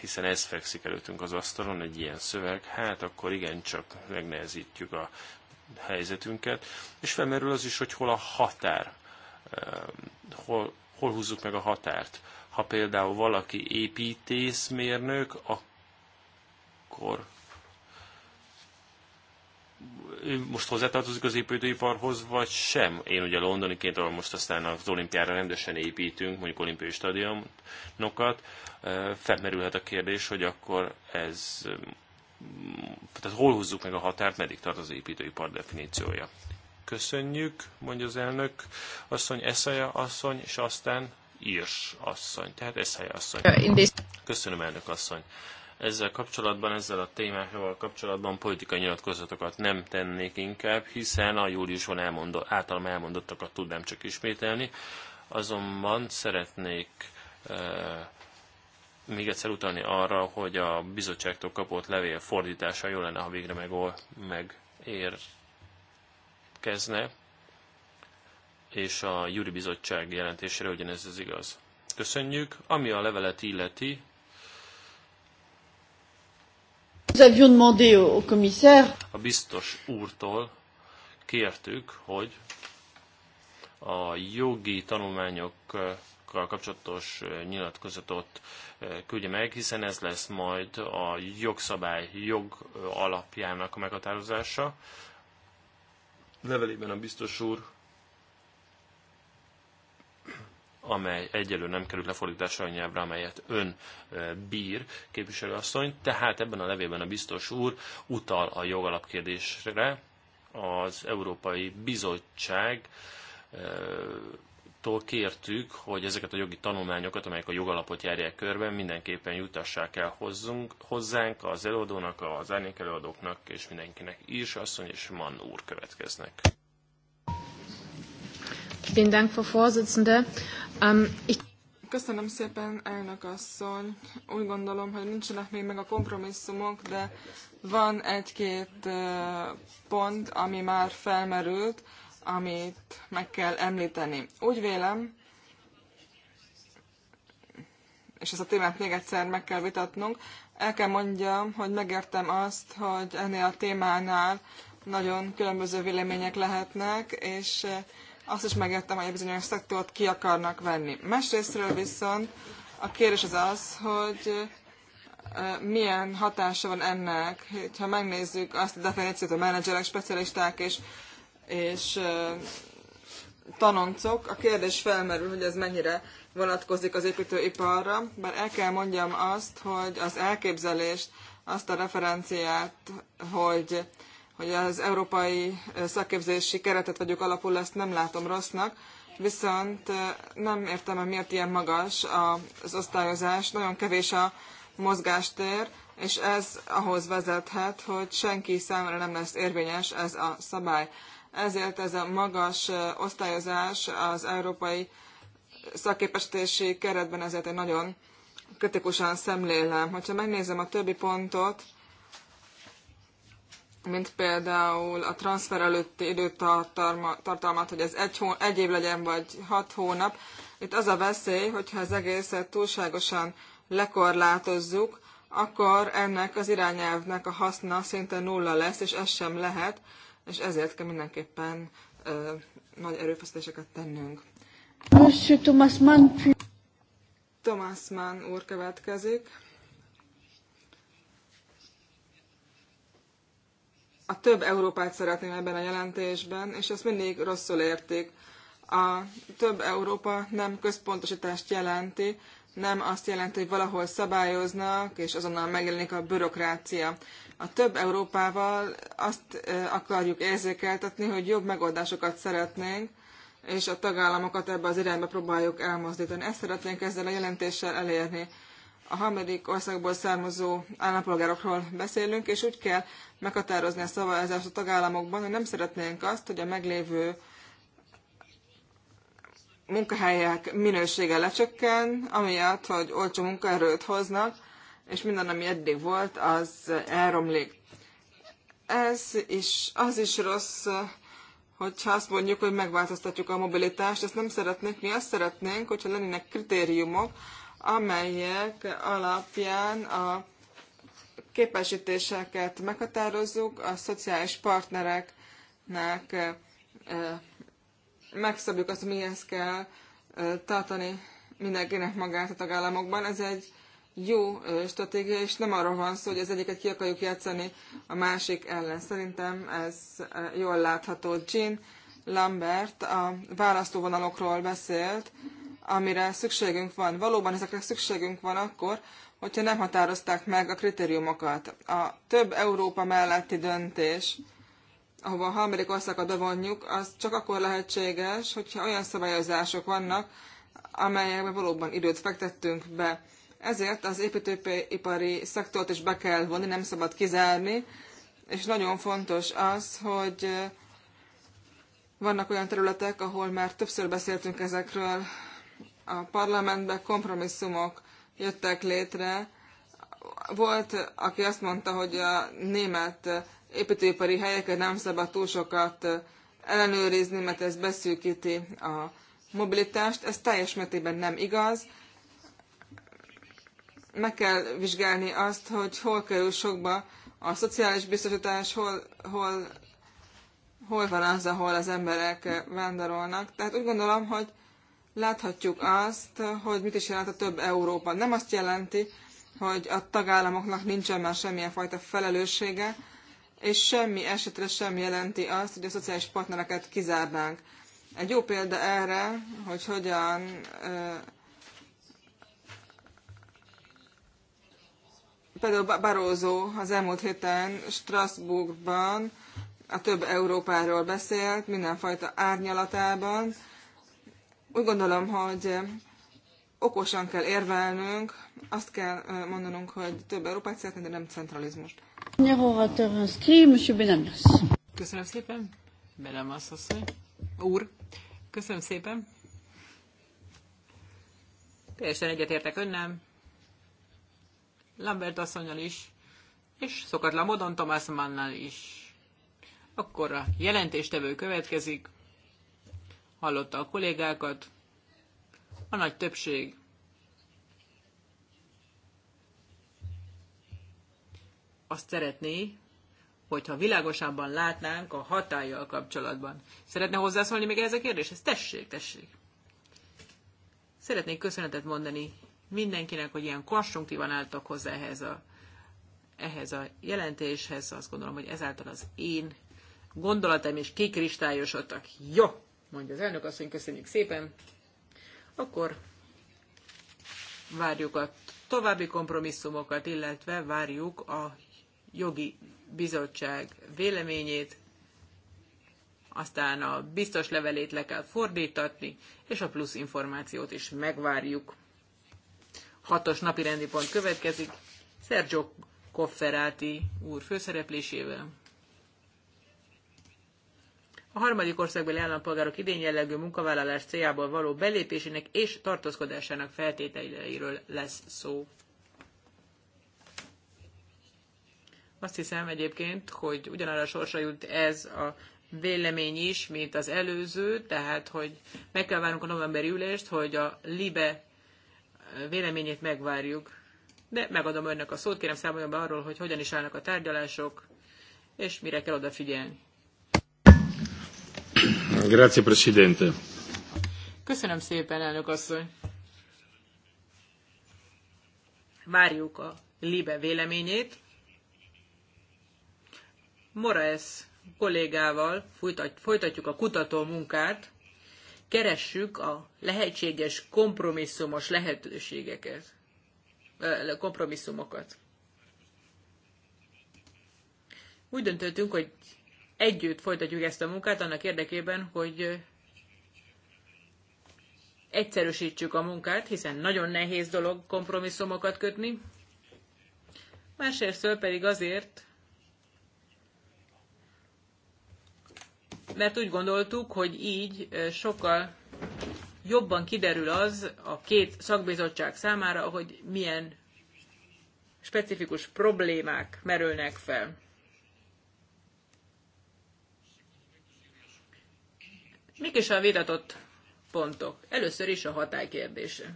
hiszen ez fekszik előttünk az asztalon, egy ilyen szöveg, hát akkor igencsak megnehezítjük a helyzetünket, és felmerül az is, hogy hol a határ Ehm, hol, hol húzzuk meg a határt. Ha például valaki építészmérnök, akkor most hozzátartozik az építőiparhoz, vagy sem? Én ugye londoniként, ahol most aztán az olimpiára rendesen építünk, mondjuk olimpiai stadionokat, eh, felmerülhet a kérdés, hogy akkor ez, mm, tehát hol húzzuk meg a határt, meddig tart az építőipar definíciója. Köszönjük, mondja az elnök, asszony Eszaja asszony, és aztán Írs asszony, tehát Eszaja asszony. Köszönöm, elnök asszony. Ezzel kapcsolatban, ezzel a témával kapcsolatban politikai nyilatkozatokat nem tennék inkább, hiszen a júliusban elmondott, általam elmondottakat tudnám csak ismételni. Azonban szeretnék még egyszer utalni arra, hogy a bizottságtól kapott levél fordítása jó lenne, ha végre megol, megér rendelkezne, és a Júri Bizottság jelentésére ugyanez az igaz. Köszönjük. Ami a levelet illeti, a biztos úrtól kértük, hogy a jogi tanulmányokkal kapcsolatos nyilatkozatot küldje meg, hiszen ez lesz majd a jogszabály jog alapjának a meghatározása levelében a biztos úr, amely egyelőre nem került lefordításra a nyelvre, amelyet ön e, bír, képviselőasszony. Tehát ebben a levélben a biztos úr utal a jogalapkérdésre. Az Európai Bizottság e, bizottságtól kértük, hogy ezeket a jogi tanulmányokat, amelyek a jogalapot járják körben, mindenképpen jutassák el hozzunk, hozzánk, az előadónak, az árnyék előadóknak és mindenkinek is, asszony és Mann úr következnek. Ähm, Köszönöm szépen, elnök asszony. Úgy gondolom, hogy nincsenek még meg a kompromisszumok, de van egy-két pont, ami már felmerült amit meg kell említeni. Úgy vélem, és ezt a témát még egyszer meg kell vitatnunk, el kell mondjam, hogy megértem azt, hogy ennél a témánál nagyon különböző vélemények lehetnek, és azt is megértem, hogy bizonyos szektort ki akarnak venni. Másrésztről viszont a kérdés az az, hogy milyen hatása van ennek, ha megnézzük azt a definíciót, a menedzserek, specialisták és és tanoncok. A kérdés felmerül, hogy ez mennyire vonatkozik az építőiparra, bár el kell mondjam azt, hogy az elképzelést, azt a referenciát, hogy, hogy az európai szakképzési keretet vagyok alapul, ezt nem látom rossznak, viszont nem értem, hogy miért ilyen magas az osztályozás, nagyon kevés a mozgástér, és ez ahhoz vezethet, hogy senki számára nem lesz érvényes ez a szabály ezért ez a magas osztályozás az európai szakképestési keretben ezért egy nagyon kritikusan szemlélem. Hogyha megnézem a többi pontot, mint például a transfer előtti időtartalmat, hogy ez egy, hó, egy év legyen, vagy hat hónap. Itt az a veszély, hogyha az egészet túlságosan lekorlátozzuk, akkor ennek az irányelvnek a haszna szinte nulla lesz, és ez sem lehet, és ezért kell mindenképpen ö, nagy erőfeszítéseket tennünk. Monsieur Thomas Mann. Thomas Mann úr következik. A több Európát szeretném ebben a jelentésben, és ezt mindig rosszul értik. A több Európa nem központosítást jelenti, nem azt jelenti, hogy valahol szabályoznak, és azonnal megjelenik a bürokrácia. A több Európával azt akarjuk érzékeltetni, hogy jobb megoldásokat szeretnénk, és a tagállamokat ebbe az irányba próbáljuk elmozdítani. Ezt szeretnénk ezzel a jelentéssel elérni. A harmadik országból származó állampolgárokról beszélünk, és úgy kell meghatározni a szavazást a tagállamokban, hogy nem szeretnénk azt, hogy a meglévő munkahelyek minősége lecsökken, amiatt, hogy olcsó munkaerőt hoznak, és minden, ami eddig volt, az elromlik. Ez is, az is rossz, hogyha azt mondjuk, hogy megváltoztatjuk a mobilitást, ezt nem szeretnék. Mi azt szeretnénk, hogyha lennének kritériumok, amelyek alapján a képesítéseket meghatározzuk, a szociális partnereknek megszabjuk azt, hogy mihez kell tartani mindenkinek magát a tagállamokban. Ez egy jó stratégia, és nem arról van szó, hogy az egyiket ki akarjuk játszani a másik ellen. Szerintem ez jól látható. Jean Lambert a választóvonalokról beszélt, amire szükségünk van. Valóban ezekre szükségünk van akkor, hogyha nem határozták meg a kritériumokat. A több Európa melletti döntés, ahova a harmadik országot bevonjuk, az csak akkor lehetséges, hogyha olyan szabályozások vannak, amelyekbe valóban időt fektettünk be. Ezért az építőipari szektort is be kell vonni, nem szabad kizárni, és nagyon fontos az, hogy vannak olyan területek, ahol már többször beszéltünk ezekről, a parlamentben kompromisszumok jöttek létre. Volt, aki azt mondta, hogy a német építőipari helyeket nem szabad túl sokat ellenőrizni, mert ez beszűkíti a mobilitást. Ez teljes mértékben nem igaz meg kell vizsgálni azt, hogy hol kerül sokba a szociális biztosítás, hol, hol, hol van az, ahol az emberek vándorolnak. Tehát úgy gondolom, hogy láthatjuk azt, hogy mit is jelent a több Európa. Nem azt jelenti, hogy a tagállamoknak nincsen már semmilyen fajta felelőssége, és semmi esetre sem jelenti azt, hogy a szociális partnereket kizárnánk. Egy jó példa erre, hogy hogyan Például Barózó az elmúlt héten Strasbourgban a több Európáról beszélt, mindenfajta árnyalatában. Úgy gondolom, hogy okosan kell érvelnünk, azt kell mondanunk, hogy több Európát szeretnénk, de nem centralizmust. Köszönöm szépen, Benemasz asszony. Úr, köszönöm szépen. Teljesen egyetértek önnel, Lambert asszonyal is, és szokatlan módon Thomas Mannnal is. Akkor a jelentéstevő következik, hallotta a kollégákat, a nagy többség azt szeretné, hogyha világosabban látnánk a hatállyal kapcsolatban. Szeretne hozzászólni még ehhez a kérdéshez? Tessék, tessék! Szeretnék köszönetet mondani mindenkinek, hogy ilyen konstruktívan álltak hozzá ehhez a, ehhez a jelentéshez. Azt gondolom, hogy ezáltal az én gondolataim is kikristályosodtak. Jó, mondja az elnök asszony, köszönjük szépen. Akkor várjuk a további kompromisszumokat, illetve várjuk a jogi bizottság véleményét, aztán a biztos levelét le kell fordítatni, és a plusz információt is megvárjuk hatos napi rendi pont következik, Sergio Kofferáti úr főszereplésével. A harmadik országbeli állampolgárok idén jellegű munkavállalás céljából való belépésének és tartózkodásának feltételeiről lesz szó. Azt hiszem egyébként, hogy ugyanarra sorsa jut ez a vélemény is, mint az előző, tehát hogy meg kell várnunk a novemberi ülést, hogy a LIBE véleményét megvárjuk, de megadom önnek a szót, kérem számoljon be arról, hogy hogyan is állnak a tárgyalások, és mire kell odafigyelni. Grazie, Presidente. Köszönöm szépen, elnök asszony. Várjuk a Libe véleményét. Moraes kollégával folytatjuk a kutató munkát, keressük a lehetséges kompromisszumos lehetőségeket, kompromisszumokat. Úgy döntöttünk, hogy együtt folytatjuk ezt a munkát annak érdekében, hogy egyszerűsítsük a munkát, hiszen nagyon nehéz dolog kompromisszumokat kötni. Másrészt pedig azért, mert úgy gondoltuk, hogy így sokkal jobban kiderül az a két szakbizottság számára, hogy milyen specifikus problémák merülnek fel. Mik is a vitatott pontok? Először is a hatály kérdése.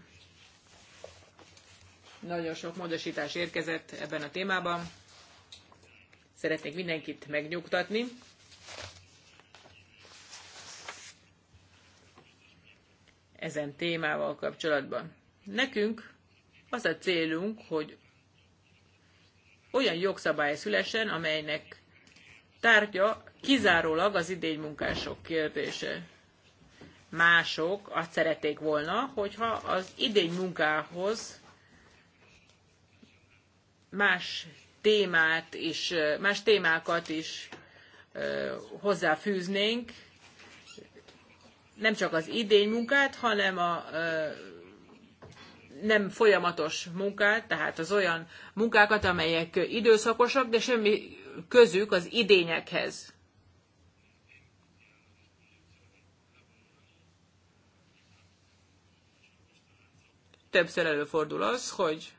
Nagyon sok módosítás érkezett ebben a témában. Szeretnék mindenkit megnyugtatni, ezen témával kapcsolatban. Nekünk az a célunk, hogy olyan jogszabály szülesen, amelynek tárgya kizárólag az idénymunkások kérdése. Mások azt szerették volna, hogyha az idénymunkához más témát is, más témákat is hozzáfűznénk, nem csak az idény munkát, hanem a nem folyamatos munkát, tehát az olyan munkákat, amelyek időszakosak, de semmi közük az idényekhez. Többször előfordul az, hogy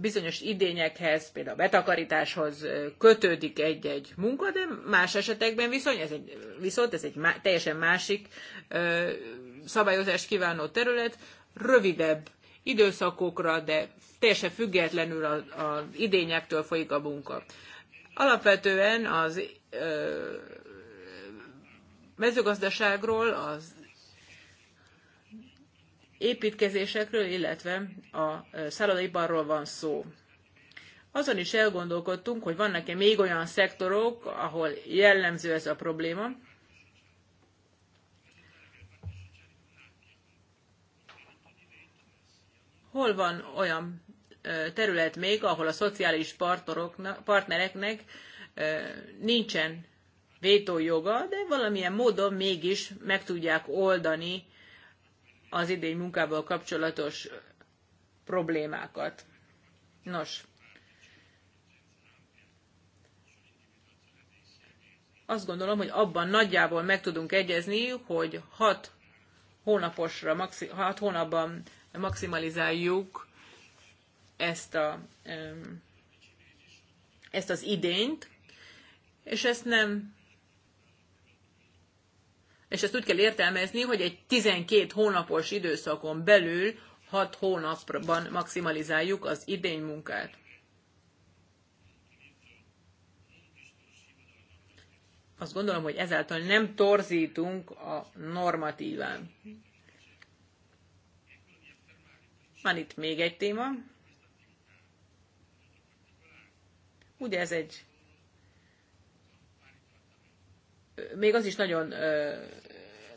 bizonyos idényekhez, például a betakarításhoz kötődik egy-egy munka, de más esetekben viszont ez egy, viszont ez egy má, teljesen másik szabályozást kívánó terület, rövidebb időszakokra, de teljesen függetlenül az idényektől folyik a munka. Alapvetően az ö, mezőgazdaságról, az építkezésekről, illetve a szállodaiparról van szó. Azon is elgondolkodtunk, hogy vannak-e még olyan szektorok, ahol jellemző ez a probléma. Hol van olyan terület még, ahol a szociális partnereknek nincsen vétójoga, de valamilyen módon mégis meg tudják oldani az idény munkával kapcsolatos problémákat. Nos, azt gondolom, hogy abban nagyjából meg tudunk egyezni, hogy hat hónaposra, hat hónapban maximalizáljuk ezt, a, ezt az idényt, és ezt nem és ezt úgy kell értelmezni, hogy egy 12 hónapos időszakon belül 6 hónapban maximalizáljuk az idény munkát. Azt gondolom, hogy ezáltal nem torzítunk a normatíván. Van itt még egy téma. Ugye ez egy még az is nagyon,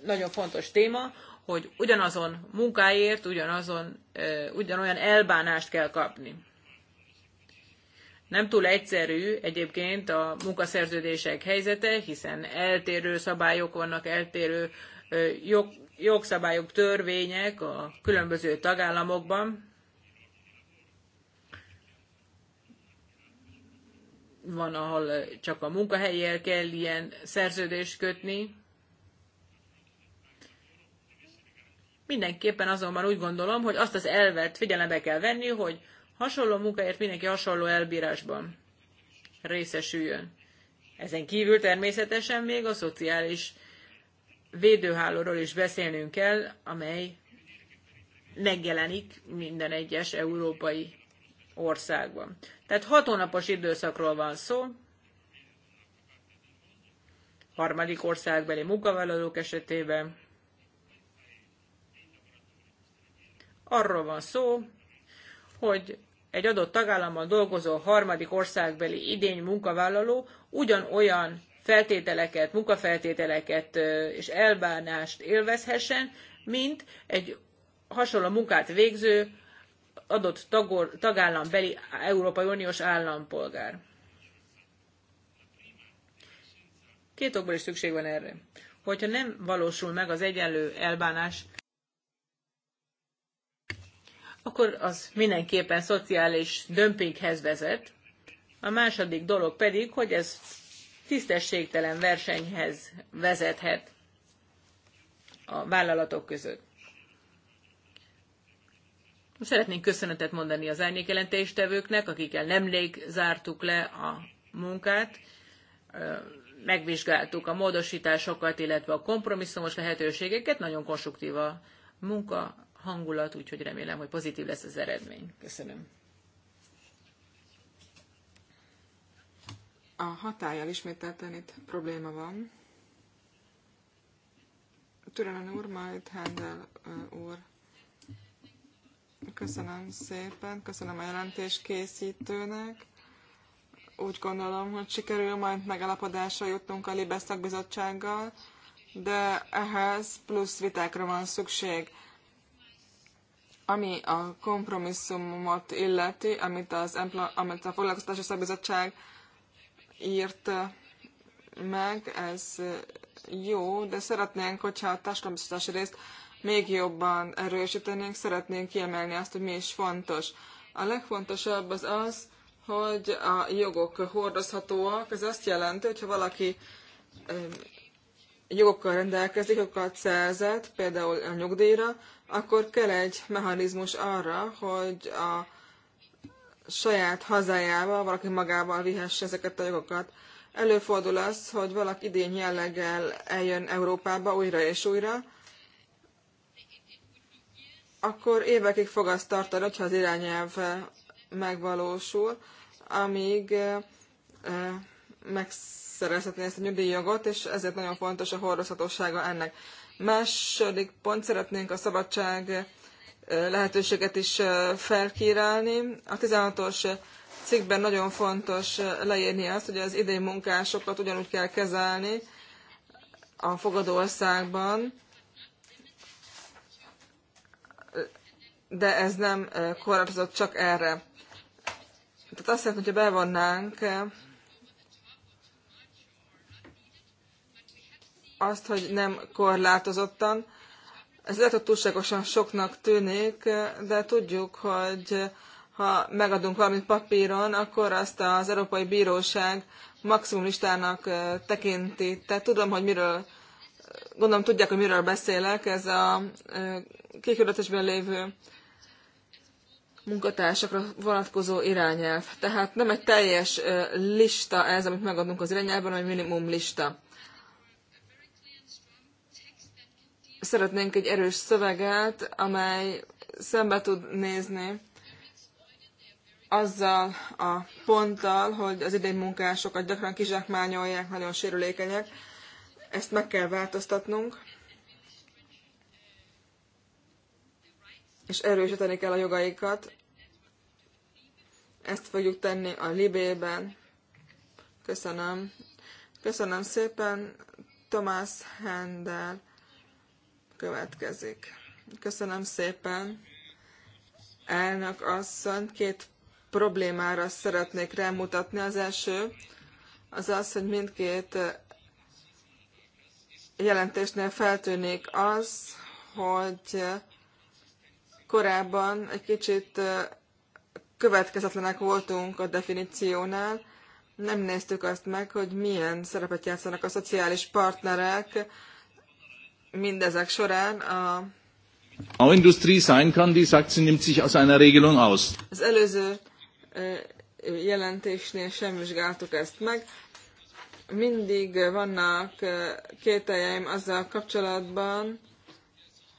nagyon fontos téma, hogy ugyanazon munkáért, ugyanazon, ugyanolyan elbánást kell kapni. Nem túl egyszerű egyébként a munkaszerződések helyzete, hiszen eltérő szabályok vannak, eltérő jog, jogszabályok, törvények a különböző tagállamokban. van, ahol csak a munkahelyjel kell ilyen szerződést kötni. Mindenképpen azonban úgy gondolom, hogy azt az elvet figyelembe kell venni, hogy hasonló munkáért mindenki hasonló elbírásban részesüljön. Ezen kívül természetesen még a szociális védőhálóról is beszélnünk kell, amely megjelenik minden egyes európai országban. Tehát hat hónapos időszakról van szó, harmadik országbeli munkavállalók esetében. Arról van szó, hogy egy adott tagállamban dolgozó harmadik országbeli idény munkavállaló ugyanolyan feltételeket, munkafeltételeket és elbánást élvezhessen, mint egy hasonló munkát végző adott tagor, tagállambeli Európai Uniós állampolgár. Két okból is szükség van erre. Hogyha nem valósul meg az egyenlő elbánás, akkor az mindenképpen szociális dömpinghez vezet. A második dolog pedig, hogy ez tisztességtelen versenyhez vezethet a vállalatok között. Szeretnénk köszönetet mondani az árnyékjelentéstevőknek, akikkel nemrég zártuk le a munkát. Megvizsgáltuk a módosításokat, illetve a kompromisszumos lehetőségeket. Nagyon konstruktív a munka, hangulat, úgyhogy remélem, hogy pozitív lesz az eredmény. Köszönöm. A hatállyal ismételten itt probléma van. Türelen úr, majd Hendel úr köszönöm szépen, köszönöm a jelentés készítőnek. Úgy gondolom, hogy sikerül majd megalapodásra jutnunk a Libeszak bizottsággal, de ehhez plusz vitákra van szükség. Ami a kompromisszumot illeti, amit, az, amit a Foglalkoztatási szakbizottság írt meg, ez jó, de szeretnénk, hogyha a társadalombiztosítási részt még jobban erősítenénk, szeretnénk kiemelni azt, hogy mi is fontos. A legfontosabb az az, hogy a jogok hordozhatóak. Ez azt jelenti, hogy ha valaki jogokkal rendelkezik, jogokat szerzett, például a nyugdíjra, akkor kell egy mechanizmus arra, hogy a saját hazájával valaki magával vihesse ezeket a jogokat. Előfordul az, hogy valaki idén jelleggel eljön Európába újra és újra, akkor évekig fog az tartani, hogyha az irányelv megvalósul, amíg megszerezhetné ezt a nyugdíjjogot, és ezért nagyon fontos a hordozhatósága ennek. Második pont, szeretnénk a szabadság lehetőséget is felkírálni. A 16-os cikkben nagyon fontos leírni azt, hogy az idei munkásokat ugyanúgy kell kezelni a fogadóországban, de ez nem korlátozott csak erre. Tehát azt jelenti, hogyha bevonnánk azt, hogy nem korlátozottan, ez lehet, hogy túlságosan soknak tűnik, de tudjuk, hogy ha megadunk valamit papíron, akkor azt az Európai Bíróság maximum listának tekinti. Tehát tudom, hogy miről gondolom tudják, hogy miről beszélek, ez a kékületesben lévő munkatársakra vonatkozó irányelv. Tehát nem egy teljes lista ez, amit megadunk az irányelvben, hanem egy minimum lista. Szeretnénk egy erős szöveget, amely szembe tud nézni azzal a ponttal, hogy az idén munkásokat gyakran kizsákmányolják, nagyon sérülékenyek, ezt meg kell változtatnunk, és erősíteni kell a jogaikat. Ezt fogjuk tenni a Libében. Köszönöm. Köszönöm szépen. Tomás Hendel következik. Köszönöm szépen. Elnök asszony, két problémára szeretnék rámutatni. Az első az az, hogy mindkét jelentésnél feltűnik az, hogy korábban egy kicsit következetlenek voltunk a definíciónál, nem néztük azt meg, hogy milyen szerepet játszanak a szociális partnerek mindezek során a Auch Industrie sein kann, die sagt, sie nimmt sich aus einer Regelung aus. Az előző jelentésnél sem vizsgáltuk ezt meg mindig vannak kételjeim azzal kapcsolatban,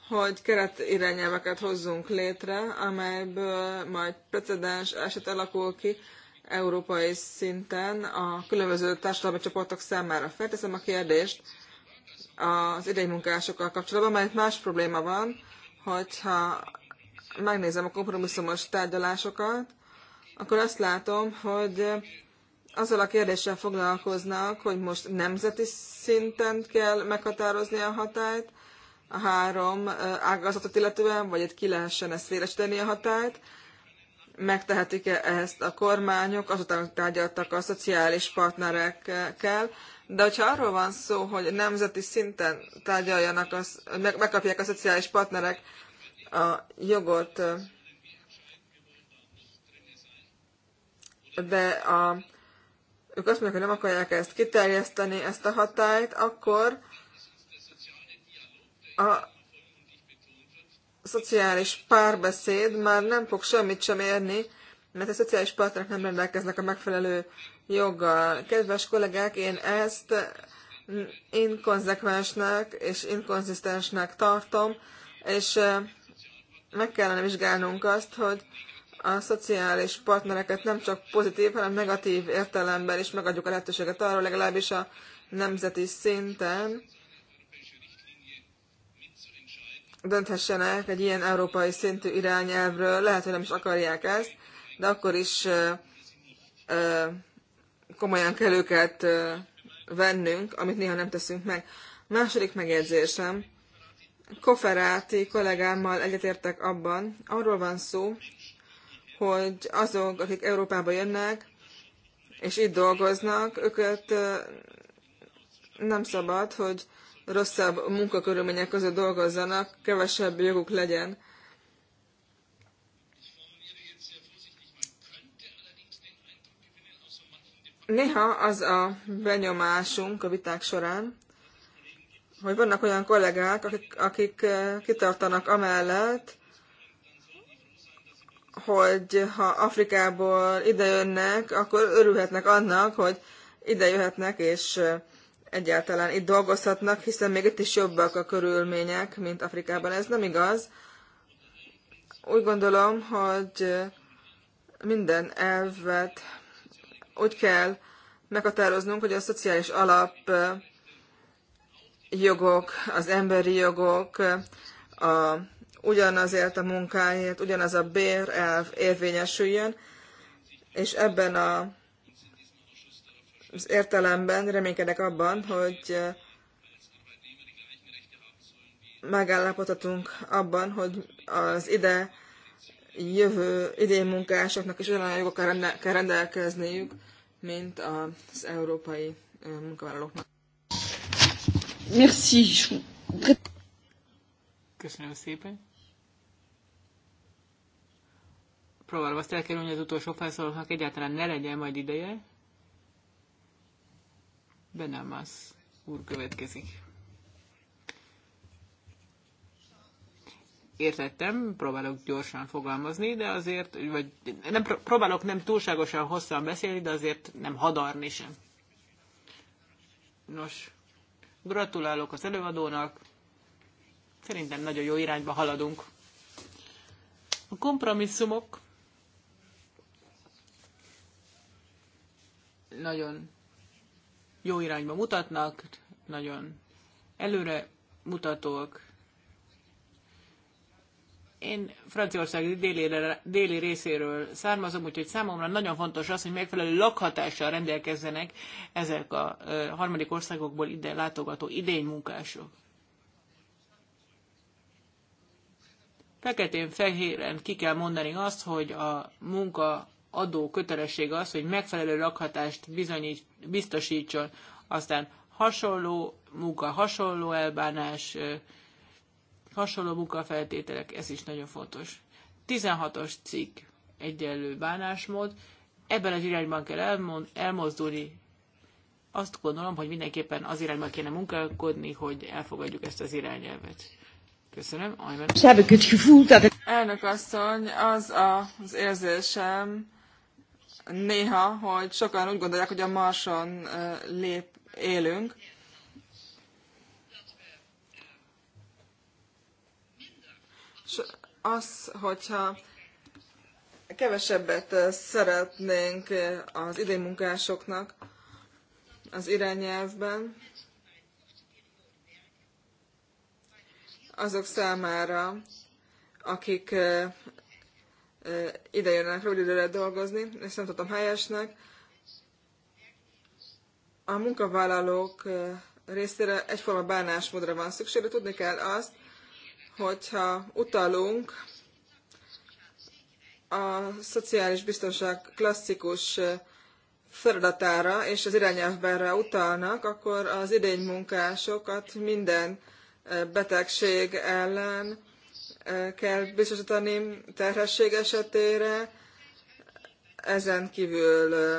hogy keretirányelveket hozzunk létre, amelyből majd precedens eset alakul ki európai szinten a különböző társadalmi csoportok számára. Felteszem a kérdést az idei munkásokkal kapcsolatban, mert más probléma van, hogyha megnézem a kompromisszumos tárgyalásokat, akkor azt látom, hogy azzal a kérdéssel foglalkoznak, hogy most nemzeti szinten kell meghatározni a hatályt, a három ágazatot illetően, vagy itt ki lehessen ezt szélesíteni a hatályt, megtehetik-e ezt a kormányok, azután tárgyaltak a szociális partnerekkel, de hogyha arról van szó, hogy nemzeti szinten tárgyaljanak, az, meg, megkapják a szociális partnerek a jogot, de a ők azt mondják, hogy nem akarják ezt kiterjeszteni, ezt a hatályt, akkor a szociális párbeszéd már nem fog semmit sem érni, mert a szociális partnerek nem rendelkeznek a megfelelő joggal. Kedves kollégák, én ezt inkonzekvensnek és inkonzisztensnek tartom, és meg kellene vizsgálnunk azt, hogy a szociális partnereket nem csak pozitív, hanem negatív értelemben is megadjuk a lehetőséget arról, legalábbis a nemzeti szinten dönthessenek egy ilyen európai szintű irányelvről. Lehet, hogy nem is akarják ezt, de akkor is ö, ö, komolyan kell őket ö, vennünk, amit néha nem teszünk meg. Második megjegyzésem. Koferáti kollégámmal egyetértek abban, arról van szó, hogy azok, akik Európába jönnek, és itt dolgoznak, őket nem szabad, hogy rosszabb munkakörülmények között dolgozzanak, kevesebb joguk legyen. Néha az a benyomásunk a viták során, hogy vannak olyan kollégák, akik, akik kitartanak amellett, hogy ha Afrikából idejönnek, akkor örülhetnek annak, hogy ide jöhetnek, és egyáltalán itt dolgozhatnak, hiszen még itt is jobbak a körülmények, mint Afrikában. Ez nem igaz. Úgy gondolom, hogy minden elvet úgy kell meghatároznunk, hogy a szociális alap jogok, az emberi jogok, a ugyanazért a munkáért, ugyanaz a bér elv érvényesüljön, és ebben a, az értelemben reménykedek abban, hogy eh, megállapodhatunk abban, hogy az ide jövő idén munkásoknak is olyan jogok kell rendelkezniük, mint az európai eh, munkavállalóknak. Merci. Köszönöm szépen. próbálom azt elkerülni, hogy az utolsó felszólalónak egyáltalán ne legyen majd ideje. Benámász úr következik. Értettem, próbálok gyorsan fogalmazni, de azért, vagy nem próbálok nem túlságosan hosszan beszélni, de azért nem hadarni sem. Nos, gratulálok az előadónak. Szerintem nagyon jó irányba haladunk. A kompromisszumok nagyon jó irányba mutatnak, nagyon előre mutatók. Én Franciaország déli, déli részéről származom, úgyhogy számomra nagyon fontos az, hogy megfelelő lakhatással rendelkezzenek ezek a harmadik országokból ide látogató idénymunkások. Feketén-fehéren ki kell mondani azt, hogy a munka adó kötelessége az, hogy megfelelő lakhatást bizonyít, biztosítson, aztán hasonló munka, hasonló elbánás, hasonló munkafeltételek, ez is nagyon fontos. 16-os cikk, egyenlő bánásmód, ebben az irányban kell elmond, elmozdulni, azt gondolom, hogy mindenképpen az irányban kéne munkálkodni, hogy elfogadjuk ezt az irányelvet. Köszönöm. Ajmen. Elnök asszony, az a, az érzésem, néha, hogy sokan úgy gondolják, hogy a Marson lép, élünk. És az, hogyha kevesebbet szeretnénk az munkásoknak az irányelvben, azok számára, akik ide jönnek rövid időre dolgozni, ezt nem tudtam helyesnek. A munkavállalók részére egyforma bánásmódra van szükség, de tudni kell azt, hogyha utalunk a szociális biztonság klasszikus feladatára és az irányelvbenre utalnak, akkor az idénymunkásokat minden betegség ellen kell biztosítani terhesség esetére, ezen kívül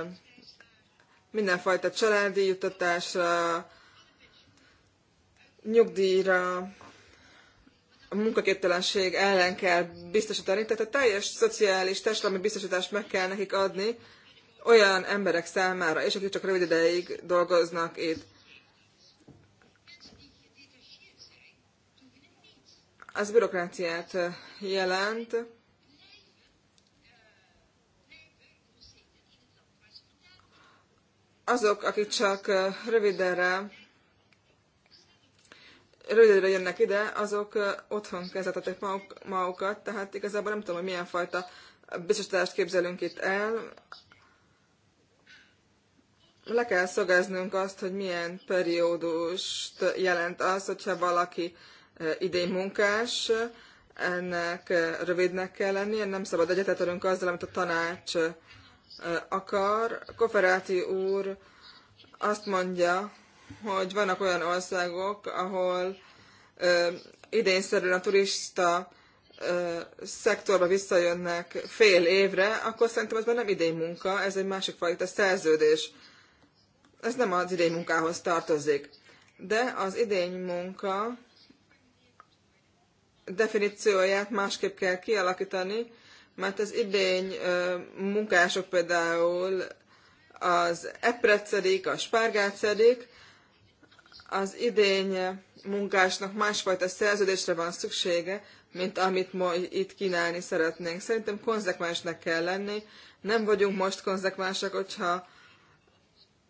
mindenfajta családi juttatásra, nyugdíjra, a munkaképtelenség ellen kell biztosítani, tehát a teljes szociális társadalmi biztosítást meg kell nekik adni olyan emberek számára, és akik csak rövid ideig dolgoznak itt. Az bürokráciát jelent. Azok, akik csak rövidre, rövidre jönnek ide, azok otthon kezeltetik magukat, tehát igazából nem tudom, hogy milyen fajta biztosítást képzelünk itt el. Le kell szögeznünk azt, hogy milyen periódust jelent az, hogyha valaki Idén munkás, ennek rövidnek kell lennie, nem szabad egyetetörünk azzal, amit a tanács akar. Koferáti úr azt mondja, hogy vannak olyan országok, ahol idén idényszerűen a turista szektorba visszajönnek fél évre, akkor szerintem ez már nem idénymunka, ez egy másik fajta szerződés. Ez nem az idénymunkához tartozik. De az idénymunka definícióját másképp kell kialakítani, mert az idény munkások például az epret szedik, a spárgát szedik, az idény munkásnak másfajta szerződésre van szüksége, mint amit ma itt kínálni szeretnénk. Szerintem konzekvensnek kell lenni. Nem vagyunk most konzekvensek, hogyha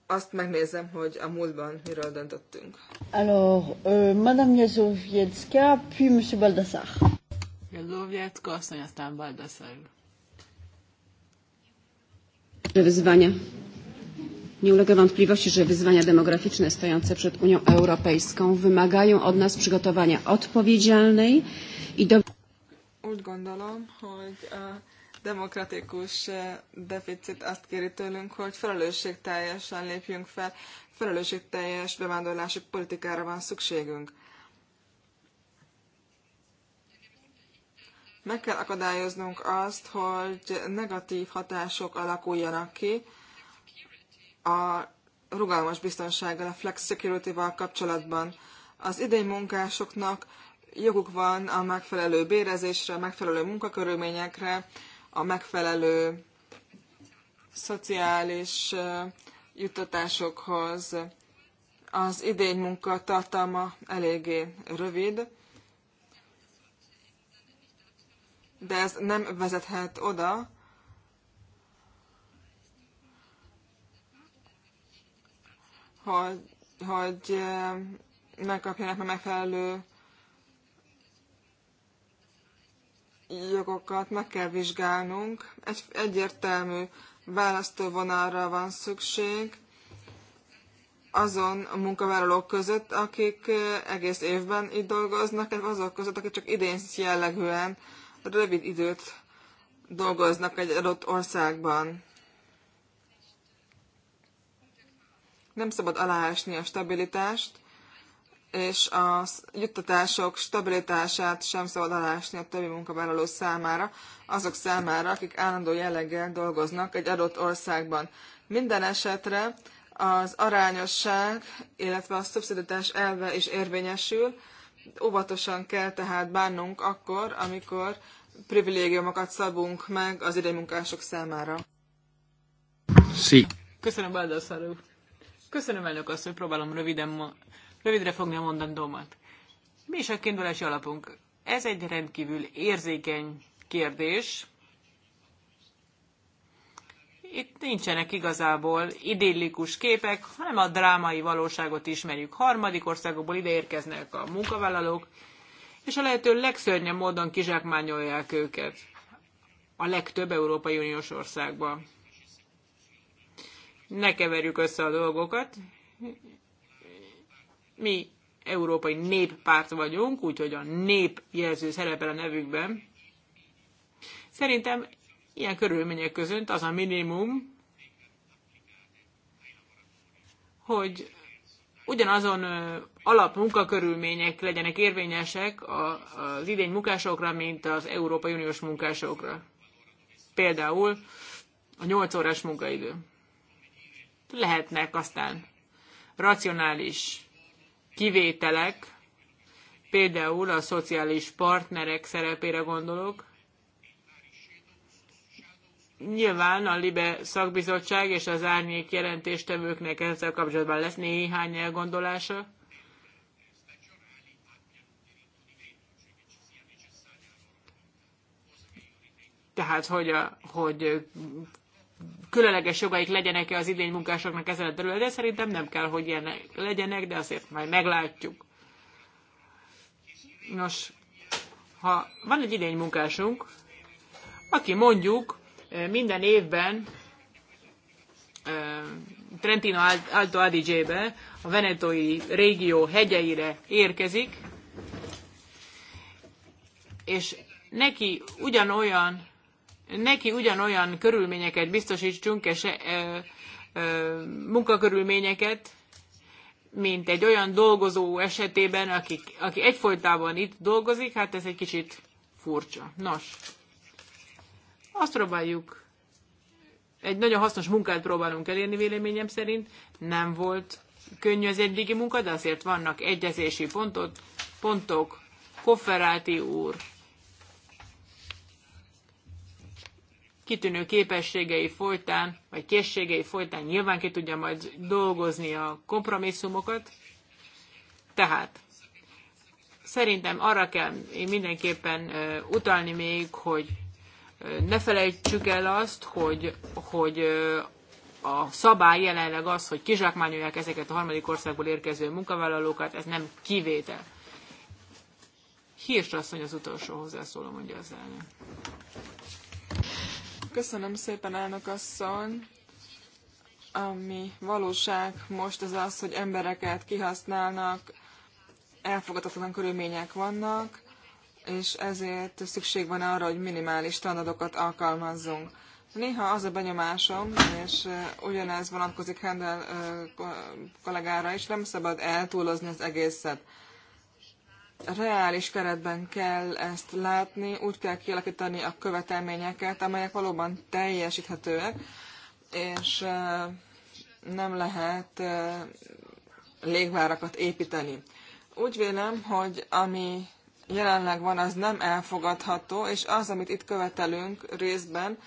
azt megnézem, hogy a múltban miről döntöttünk. Alors, euh, Madame Jazowiecka, puis Monsieur Baldassar. Jazowiecka, aztán aztán Baldassar. Wyzwania. Nie ulega wątpliwości, że wyzwania demograficzne stojące przed Unią Europejską wymagają od nas przygotowania odpowiedzialnej i do... Úgy gondolom, hogy uh, demokratikus eh, deficit azt kéri tőlünk, hogy felelősségteljesen lépjünk fel, felelősségteljes bevándorlási politikára van szükségünk. Meg kell akadályoznunk azt, hogy negatív hatások alakuljanak ki a rugalmas biztonsággal, a flex security-val kapcsolatban. Az idei munkásoknak joguk van a megfelelő bérezésre, a megfelelő munkakörülményekre, a megfelelő szociális juttatásokhoz. Az idény munka tartalma eléggé rövid, de ez nem vezethet oda, hogy, hogy megkapjanak a megfelelő jogokat meg kell vizsgálnunk. Egy egyértelmű választóvonalra van szükség azon a munkavállalók között, akik eh, egész évben itt dolgoznak, azok között, akik csak idén jellegűen rövid időt dolgoznak egy adott országban. Nem szabad aláásni a stabilitást, és a juttatások stabilitását sem szabad alásni a többi munkavállaló számára, azok számára, akik állandó jelleggel dolgoznak egy adott országban. Minden esetre az arányosság, illetve a szubszidatás elve is érvényesül, óvatosan kell tehát bánnunk akkor, amikor privilégiumokat szabunk meg az munkások számára. Sí. Köszönöm, Baldassar Köszönöm, elnök azt, hogy próbálom röviden Rövidre fogni a mondandómat. Mi is a kiindulási alapunk? Ez egy rendkívül érzékeny kérdés. Itt nincsenek igazából idillikus képek, hanem a drámai valóságot ismerjük. Harmadik országokból ide érkeznek a munkavállalók, és a lehető legszörnyebb módon kizsákmányolják őket a legtöbb Európai Uniós országban. Ne keverjük össze a dolgokat. Mi európai néppárt vagyunk, úgyhogy a nép jelző szerepel a nevükben. Szerintem ilyen körülmények között az a minimum, hogy ugyanazon alapmunkakörülmények legyenek érvényesek az idény munkásokra, mint az Európai Uniós munkásokra. Például a 8 órás munkaidő. Lehetnek aztán racionális kivételek, például a szociális partnerek szerepére gondolok. Nyilván a LIBE szakbizottság és az árnyék jelentéstevőknek ezzel kapcsolatban lesz néhány elgondolása. Tehát, hogy, a, hogy különleges jogaik legyenek-e az idény munkásoknak ezen a területen, szerintem nem kell, hogy ilyen legyenek, de azért majd meglátjuk. Nos, ha van egy idény munkásunk, aki mondjuk eh, minden évben eh, Trentino Alto Adige-be, a Venetói régió hegyeire érkezik, és neki ugyanolyan neki ugyanolyan körülményeket biztosítsunk, és e, e, munkakörülményeket, mint egy olyan dolgozó esetében, aki, aki egyfolytában itt dolgozik, hát ez egy kicsit furcsa. Nos, azt próbáljuk, egy nagyon hasznos munkát próbálunk elérni véleményem szerint. Nem volt könnyű az eddigi munka, de azért vannak egyezési pontot, pontok. Kofferáti úr kitűnő képességei folytán, vagy készségei folytán nyilván ki tudja majd dolgozni a kompromisszumokat. Tehát szerintem arra kell én mindenképpen utalni még, hogy ne felejtsük el azt, hogy, hogy a szabály jelenleg az, hogy kizsákmányolják ezeket a harmadik országból érkező munkavállalókat, ez nem kivétel. Hírsasszony az utolsó hozzászóló, mondja az elnök. Köszönöm szépen, elnök asszony. Ami valóság most az az, hogy embereket kihasználnak, elfogadhatatlan körülmények vannak, és ezért szükség van arra, hogy minimális standardokat alkalmazzunk. Néha az a benyomásom, és ugyanez vonatkozik Hendel kollégára is, nem szabad eltúlozni az egészet reális keretben kell ezt látni, úgy kell kialakítani a követelményeket, amelyek valóban teljesíthetőek, és nem lehet légvárakat építeni. Úgy vélem, hogy ami jelenleg van, az nem elfogadható, és az, amit itt követelünk részben,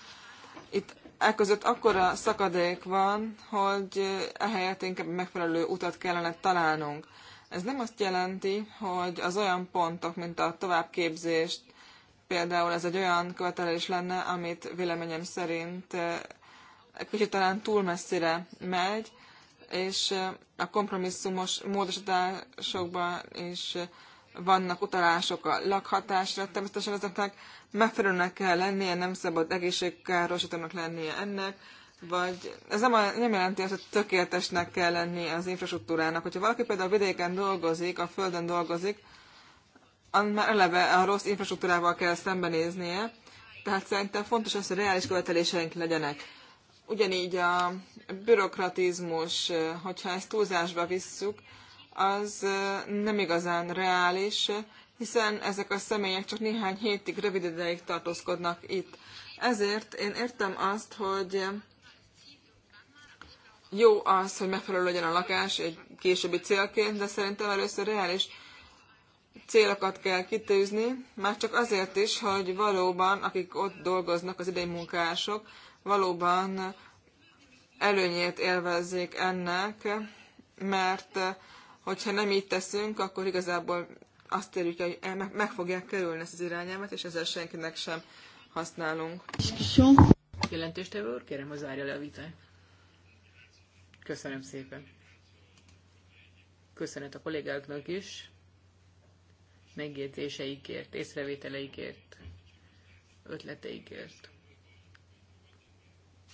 itt e között akkora szakadék van, hogy ehelyett inkább megfelelő utat kellene találnunk. Ez nem azt jelenti, hogy az olyan pontok, mint a továbbképzést, például ez egy olyan követelés lenne, amit véleményem szerint eh, kicsit talán túl messzire megy, és eh, a kompromisszumos módosításokban is vannak utalások a lakhatásra, természetesen ezeknek megfelelőnek kell lennie, nem szabad egészségkárosítanak lennie ennek, vagy ez nem, a, nem jelenti azt, hogy tökéletesnek kell lenni az infrastruktúrának. Hogyha valaki például a vidéken dolgozik, a földön dolgozik, már eleve a rossz infrastruktúrával kell szembenéznie, tehát szerintem fontos az, hogy reális követeléseink legyenek. Ugyanígy a bürokratizmus, hogyha ezt túlzásba visszük, az nem igazán reális, hiszen ezek a személyek csak néhány hétig, rövid ideig tartózkodnak itt. Ezért én értem azt, hogy jó az, hogy megfelelő legyen a lakás egy későbbi célként, de szerintem először reális célokat kell kitűzni, már csak azért is, hogy valóban, akik ott dolgoznak, az idei munkások, valóban előnyét élvezzék ennek, mert hogyha nem így teszünk, akkor igazából azt érjük, hogy meg fogják kerülni ezt az irányelmet, és ezzel senkinek sem használunk. Jelentéstevő úr, kérem, hogy zárja le a vitát. Köszönöm szépen. Köszönet a kollégáknak is megjegyzéseikért, észrevételeikért, ötleteikért.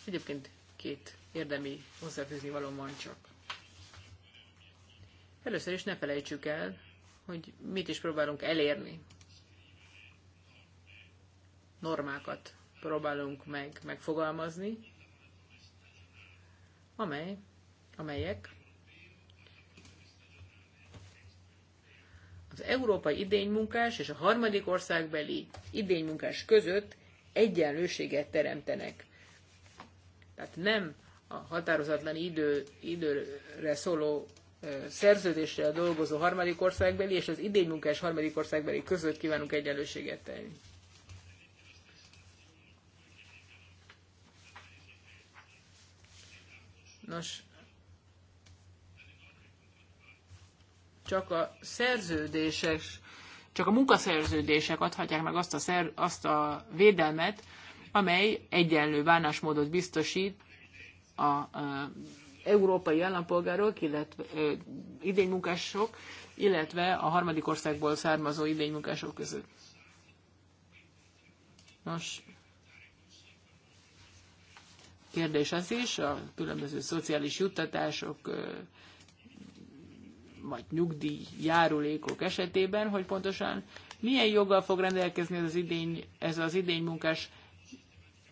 Egyébként két érdemi hozzáfűzni való van csak. Először is ne felejtsük el, hogy mit is próbálunk elérni. Normákat próbálunk meg megfogalmazni, amely amelyek az európai idénymunkás és a harmadik országbeli idénymunkás között egyenlőséget teremtenek. Tehát nem a határozatlan idő, időre szóló a dolgozó harmadik országbeli és az idénymunkás harmadik országbeli között kívánunk egyenlőséget tenni. Nos, csak a szerződéses, csak a munkaszerződések adhatják meg azt a, szer, azt a védelmet, amely egyenlő bánásmódot biztosít a, a európai állampolgárok, illetve ö, idénymunkások, illetve a harmadik országból származó idénymunkások között. Nos, kérdés az is, a különböző szociális juttatások vagy nyugdíj járulékok esetében, hogy pontosan milyen joggal fog rendelkezni ez az idény, ez az idény munkás,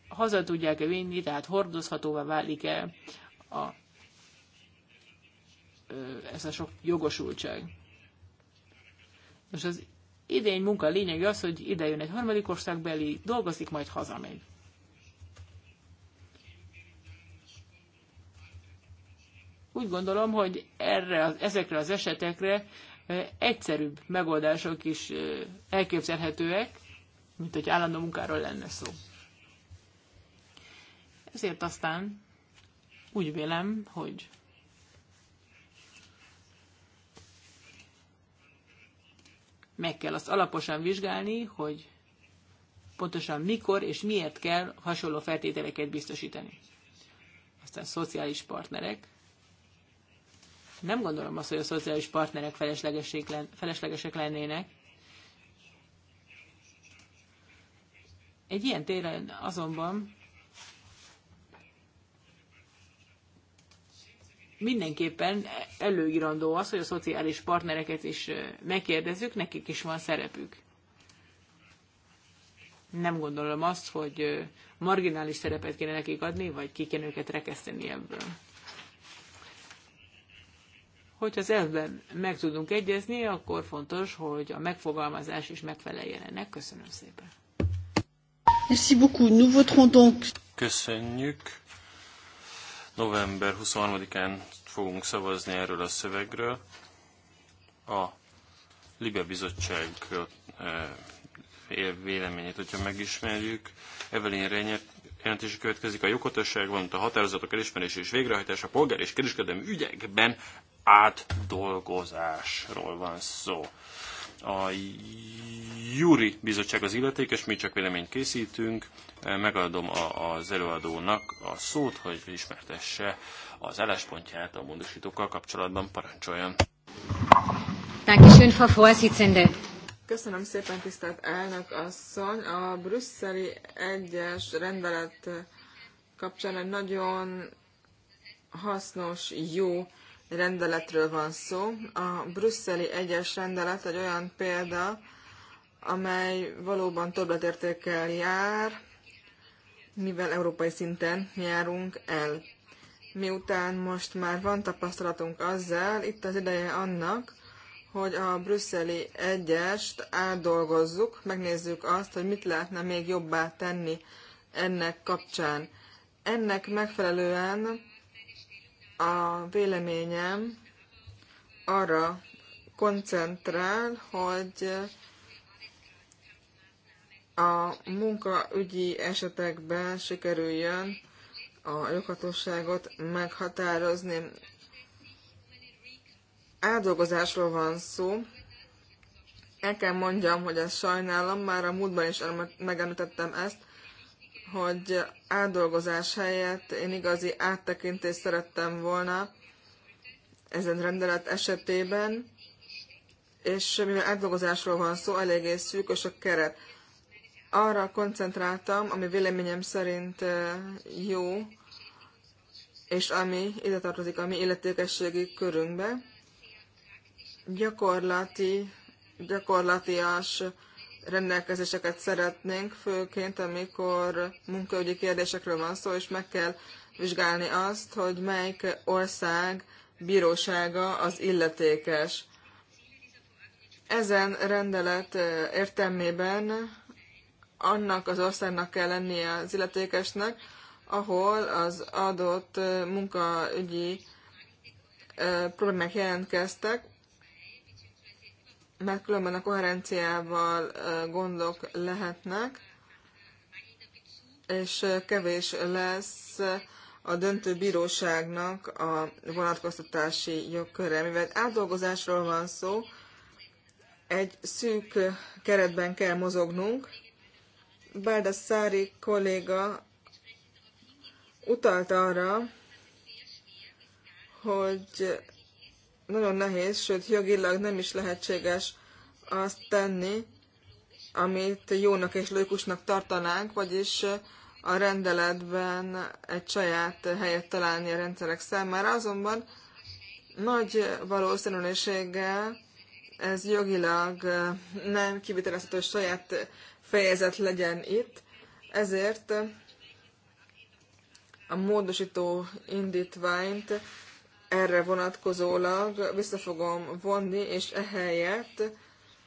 haza tudják-e vinni, tehát hordozhatóvá válik-e a, ez a sok jogosultság. Most az idény munka lényege az, hogy ide jön egy harmadik országbeli, dolgozik, majd hazamegy. Úgy gondolom, hogy erre, ezekre az esetekre egyszerűbb megoldások is elképzelhetőek, mint hogy állandó munkáról lenne szó. Ezért aztán úgy vélem, hogy meg kell azt alaposan vizsgálni, hogy pontosan mikor és miért kell hasonló feltételeket biztosítani. Aztán szociális partnerek. Nem gondolom azt, hogy a szociális partnerek feleslegesek lennének. Egy ilyen téren azonban mindenképpen előírandó az, hogy a szociális partnereket is megkérdezzük, nekik is van szerepük. Nem gondolom azt, hogy marginális szerepet kéne nekik adni, vagy ki kéne őket rekeszteni ebből. Hogyha az elvben meg tudunk egyezni, akkor fontos, hogy a megfogalmazás is megfeleljen ennek. Köszönöm szépen. Merci beaucoup. Nous voterons donc. Köszönjük. November 23-án fogunk szavazni erről a szövegről. A Libe Bizottság eh, véleményét, hogyha megismerjük. Evelyn Renyert jelentése következik a jogotosság, valamint a határozatok elismerése és végrehajtása a polgár és kereskedelmi ügyekben átdolgozásról van szó. A Júri Bizottság az illetékes, mi csak véleményt készítünk, megadom az előadónak a szót, hogy ismertesse az álláspontját a módosítókkal kapcsolatban, parancsoljon. Köszönöm szépen, tisztelt elnök asszony! A brüsszeli egyes rendelet kapcsán egy nagyon hasznos, jó rendeletről van szó. A brüsszeli egyes rendelet egy olyan példa, amely valóban többletértékkel jár, mivel európai szinten járunk el. Miután most már van tapasztalatunk azzal, itt az ideje annak, hogy a brüsszeli egyest átdolgozzuk, megnézzük azt, hogy mit lehetne még jobbá tenni ennek kapcsán. Ennek megfelelően a véleményem arra koncentrál, hogy a munkaügyi esetekben sikerüljön a joghatóságot meghatározni. Áldolgozásról van szó. El kell mondjam, hogy ezt sajnálom, már a múltban is megemlítettem ezt, hogy átdolgozás helyett én igazi áttekintést szerettem volna ezen rendelet esetében, és mivel átdolgozásról van szó, eléggé szűkös a keret. Arra koncentráltam, ami véleményem szerint jó, és ami ide tartozik a mi illetékességi körünkbe. Gyakorlati, gyakorlatias rendelkezéseket szeretnénk, főként amikor munkaügyi kérdésekről van szó, és meg kell vizsgálni azt, hogy melyik ország bírósága az illetékes. Ezen rendelet értelmében annak az országnak kell lennie az illetékesnek, ahol az adott munkaügyi problémák jelentkeztek, mert különben a koherenciával gondok lehetnek, és kevés lesz a döntő bíróságnak a vonatkoztatási jogköre. Mivel átdolgozásról van szó, egy szűk keretben kell mozognunk. szári kolléga utalt arra, hogy nagyon nehéz, sőt jogilag nem is lehetséges azt tenni, amit jónak és logikusnak tartanánk, vagyis a rendeletben egy saját helyet találni a rendszerek számára, azonban nagy valószínűséggel ez jogilag nem kivitelezhető, hogy saját fejezet legyen itt, ezért a módosító indítványt erre vonatkozólag vissza fogom vonni, és ehelyett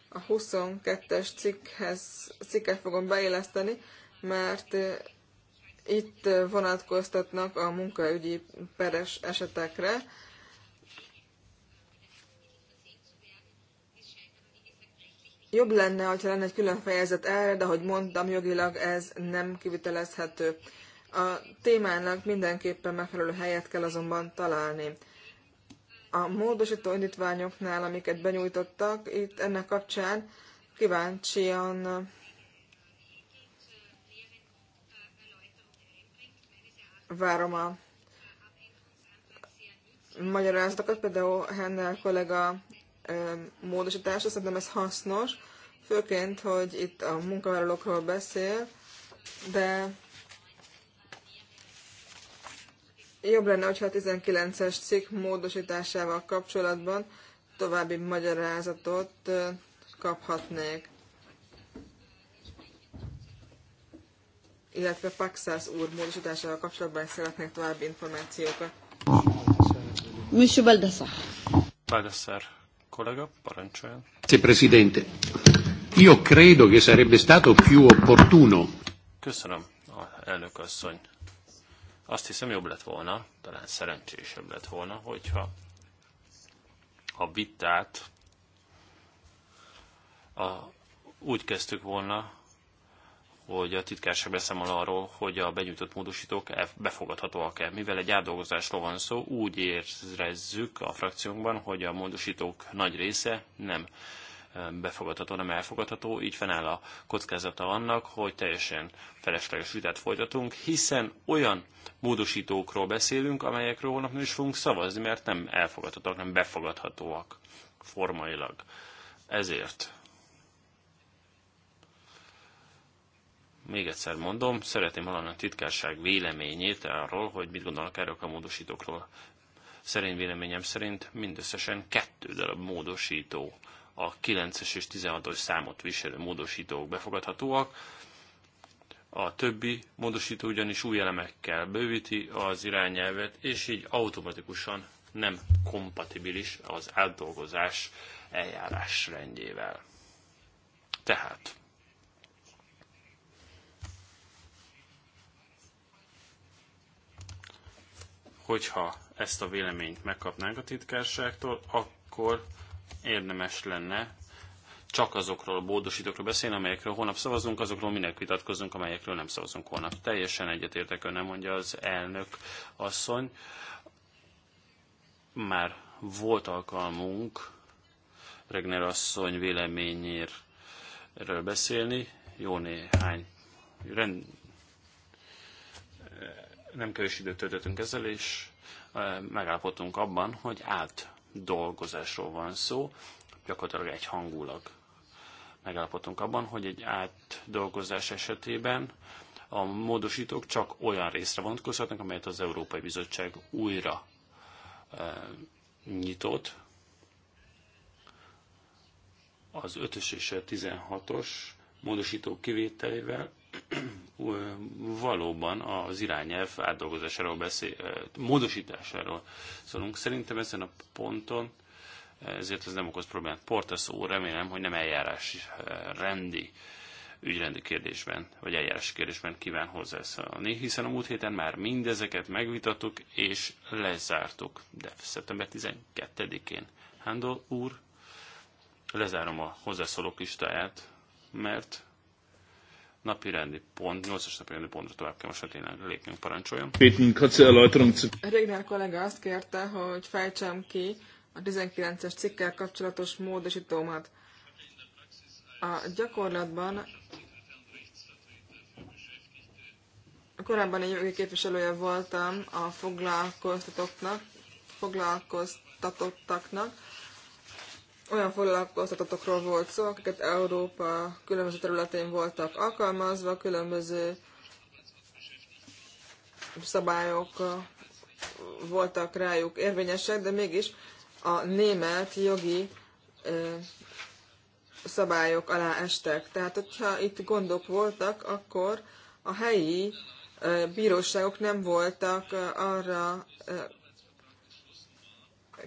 a 22-es cikkhez, cikket fogom beilleszteni, mert itt vonatkoztatnak a munkaügyi peres esetekre. Jobb lenne, ha lenne egy külön fejezet erre, de ahogy mondtam, jogilag ez nem kivitelezhető. A témának mindenképpen megfelelő helyet kell azonban találni a módosító indítványoknál, amiket benyújtottak, itt ennek kapcsán kíváncsian várom a magyarázatokat, például Hennel kollega módosítása, szerintem ez hasznos, főként, hogy itt a munkavállalókról beszél, de jobb lenne, hogyha a 19-es cikk módosításával kapcsolatban további magyarázatot kaphatnék. Illetve Paxász úr módosításával kapcsolatban szeretnék további információkat. Monsieur Baldassar. Baldassar, kollega, parancsoljon. Grazie, Presidente. Io credo che sarebbe stato più opportuno. Köszönöm, elnök asszony azt hiszem jobb lett volna, talán szerencsésebb lett volna, hogyha a vitát a, úgy kezdtük volna, hogy a titkárság beszámol arról, hogy a benyújtott módosítók befogadhatóak-e. Mivel egy átdolgozásról van szó, úgy érezzük a frakciónkban, hogy a módosítók nagy része nem befogadható, nem elfogadható, így fennáll a kockázata annak, hogy teljesen felesleges vitát folytatunk, hiszen olyan módosítókról beszélünk, amelyekről holnap nem is fogunk szavazni, mert nem elfogadhatóak, nem befogadhatóak formailag. Ezért még egyszer mondom, szeretném hallani a titkárság véleményét arról, hogy mit gondolnak erről a módosítókról. Szerint véleményem szerint mindösszesen kettő darab módosító a 9-es és 16-os számot viselő módosítók befogadhatóak. A többi módosító ugyanis új elemekkel bővíti az irányelvet, és így automatikusan nem kompatibilis az átdolgozás eljárás rendjével. Tehát hogyha ezt a véleményt megkapnánk a titkárságtól, akkor érdemes lenne csak azokról a bódosítókról beszélni, amelyekről holnap szavazunk, azokról minek vitatkozunk, amelyekről nem szavazunk holnap. Teljesen egyetértek önnel, mondja az elnök asszony. Már volt alkalmunk Regner asszony véleményéről beszélni, jó néhány rend, nem kevés időt töltöttünk ezzel, és megállapodtunk abban, hogy át dolgozásról van szó. Gyakorlatilag egy hangulag megállapodtunk abban, hogy egy átdolgozás esetében a módosítók csak olyan részre vonatkozhatnak, amelyet az Európai Bizottság újra e, nyitott. Az 5-ös és 16-os módosítók kivételével valóban az irányelv átdolgozásáról beszél, módosításáról szólunk. Szerintem ezen a ponton ezért ez nem okoz problémát. Portasz úr, remélem, hogy nem eljárás rendi ügyrendi kérdésben, vagy eljárási kérdésben kíván hozzászólni, hiszen a múlt héten már mindezeket megvitattuk és lezártuk, de szeptember 12-én. Hándor úr, lezárom a hozzászólók listáját, mert Napi rendi pont, 8-as rendi pontra tovább kell most tényleg hát lépnünk, parancsoljon. Régnál kollega azt kérte, hogy fejtsem ki a 19-es cikkel kapcsolatos módosítómat. A gyakorlatban korábban egy jogi képviselője voltam a foglalkoztatottaknak, foglalkoztatottaknak olyan foglalkoztatotokról volt szó, akiket Európa különböző területén voltak alkalmazva, különböző szabályok voltak rájuk érvényesek, de mégis a német jogi szabályok alá estek. Tehát, hogyha itt gondok voltak, akkor a helyi bíróságok nem voltak arra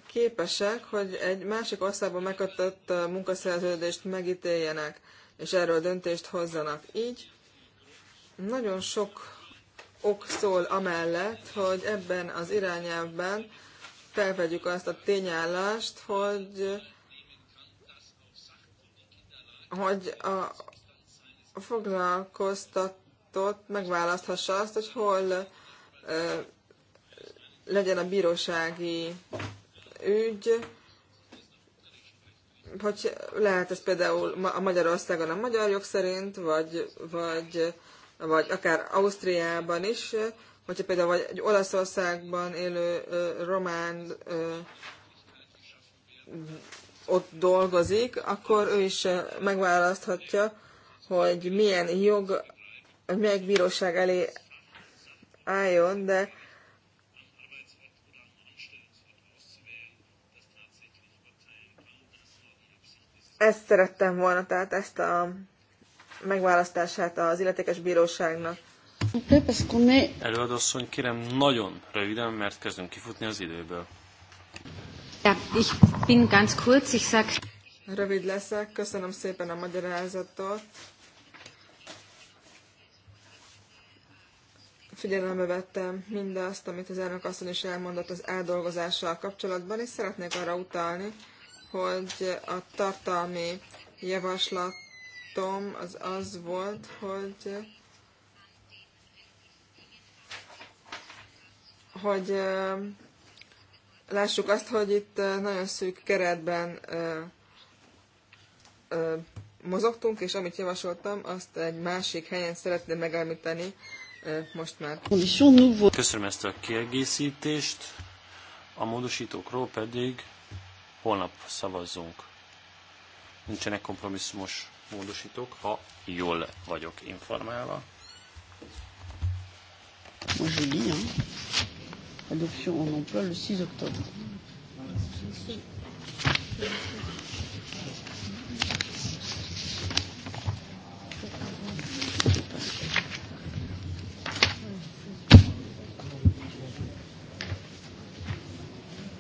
képesek, hogy egy másik országban megkötött munkaszerződést megítéljenek, és erről döntést hozzanak. Így nagyon sok ok szól amellett, hogy ebben az irányelvben felvegyük azt a tényállást, hogy, hogy a foglalkoztatott megválaszthassa azt, hogy hol legyen a bírósági ügy, hogy lehet ez például a Magyarországon a magyar jog szerint, vagy, vagy, vagy akár Ausztriában is, hogyha például vagy egy Olaszországban élő román ott dolgozik, akkor ő is megválaszthatja, hogy milyen jog, hogy melyik bíróság elé álljon, de Ezt szerettem volna, tehát ezt a megválasztását az illetékes bíróságnak. Előadasszony, kérem nagyon röviden, mert kezdünk kifutni az időből. Ja, ich bin ganz kurz, ich sag... Rövid leszek, köszönöm szépen a magyarázatot. Figyelembe vettem mindazt, amit az elnök asszony is elmondott az eldolgozással kapcsolatban, és szeretnék arra utalni, hogy a tartalmi javaslatom az az volt, hogy hogy lássuk azt, hogy itt nagyon szűk keretben mozogtunk, és amit javasoltam, azt egy másik helyen szeretném megemlíteni most már. Köszönöm ezt a kiegészítést, a módosítókról pedig holnap szavazzunk. Nincsenek kompromisszumos módosítók, ha jól vagyok informálva. Moi je lis, hein. Adoption en emploi le 6 octobre.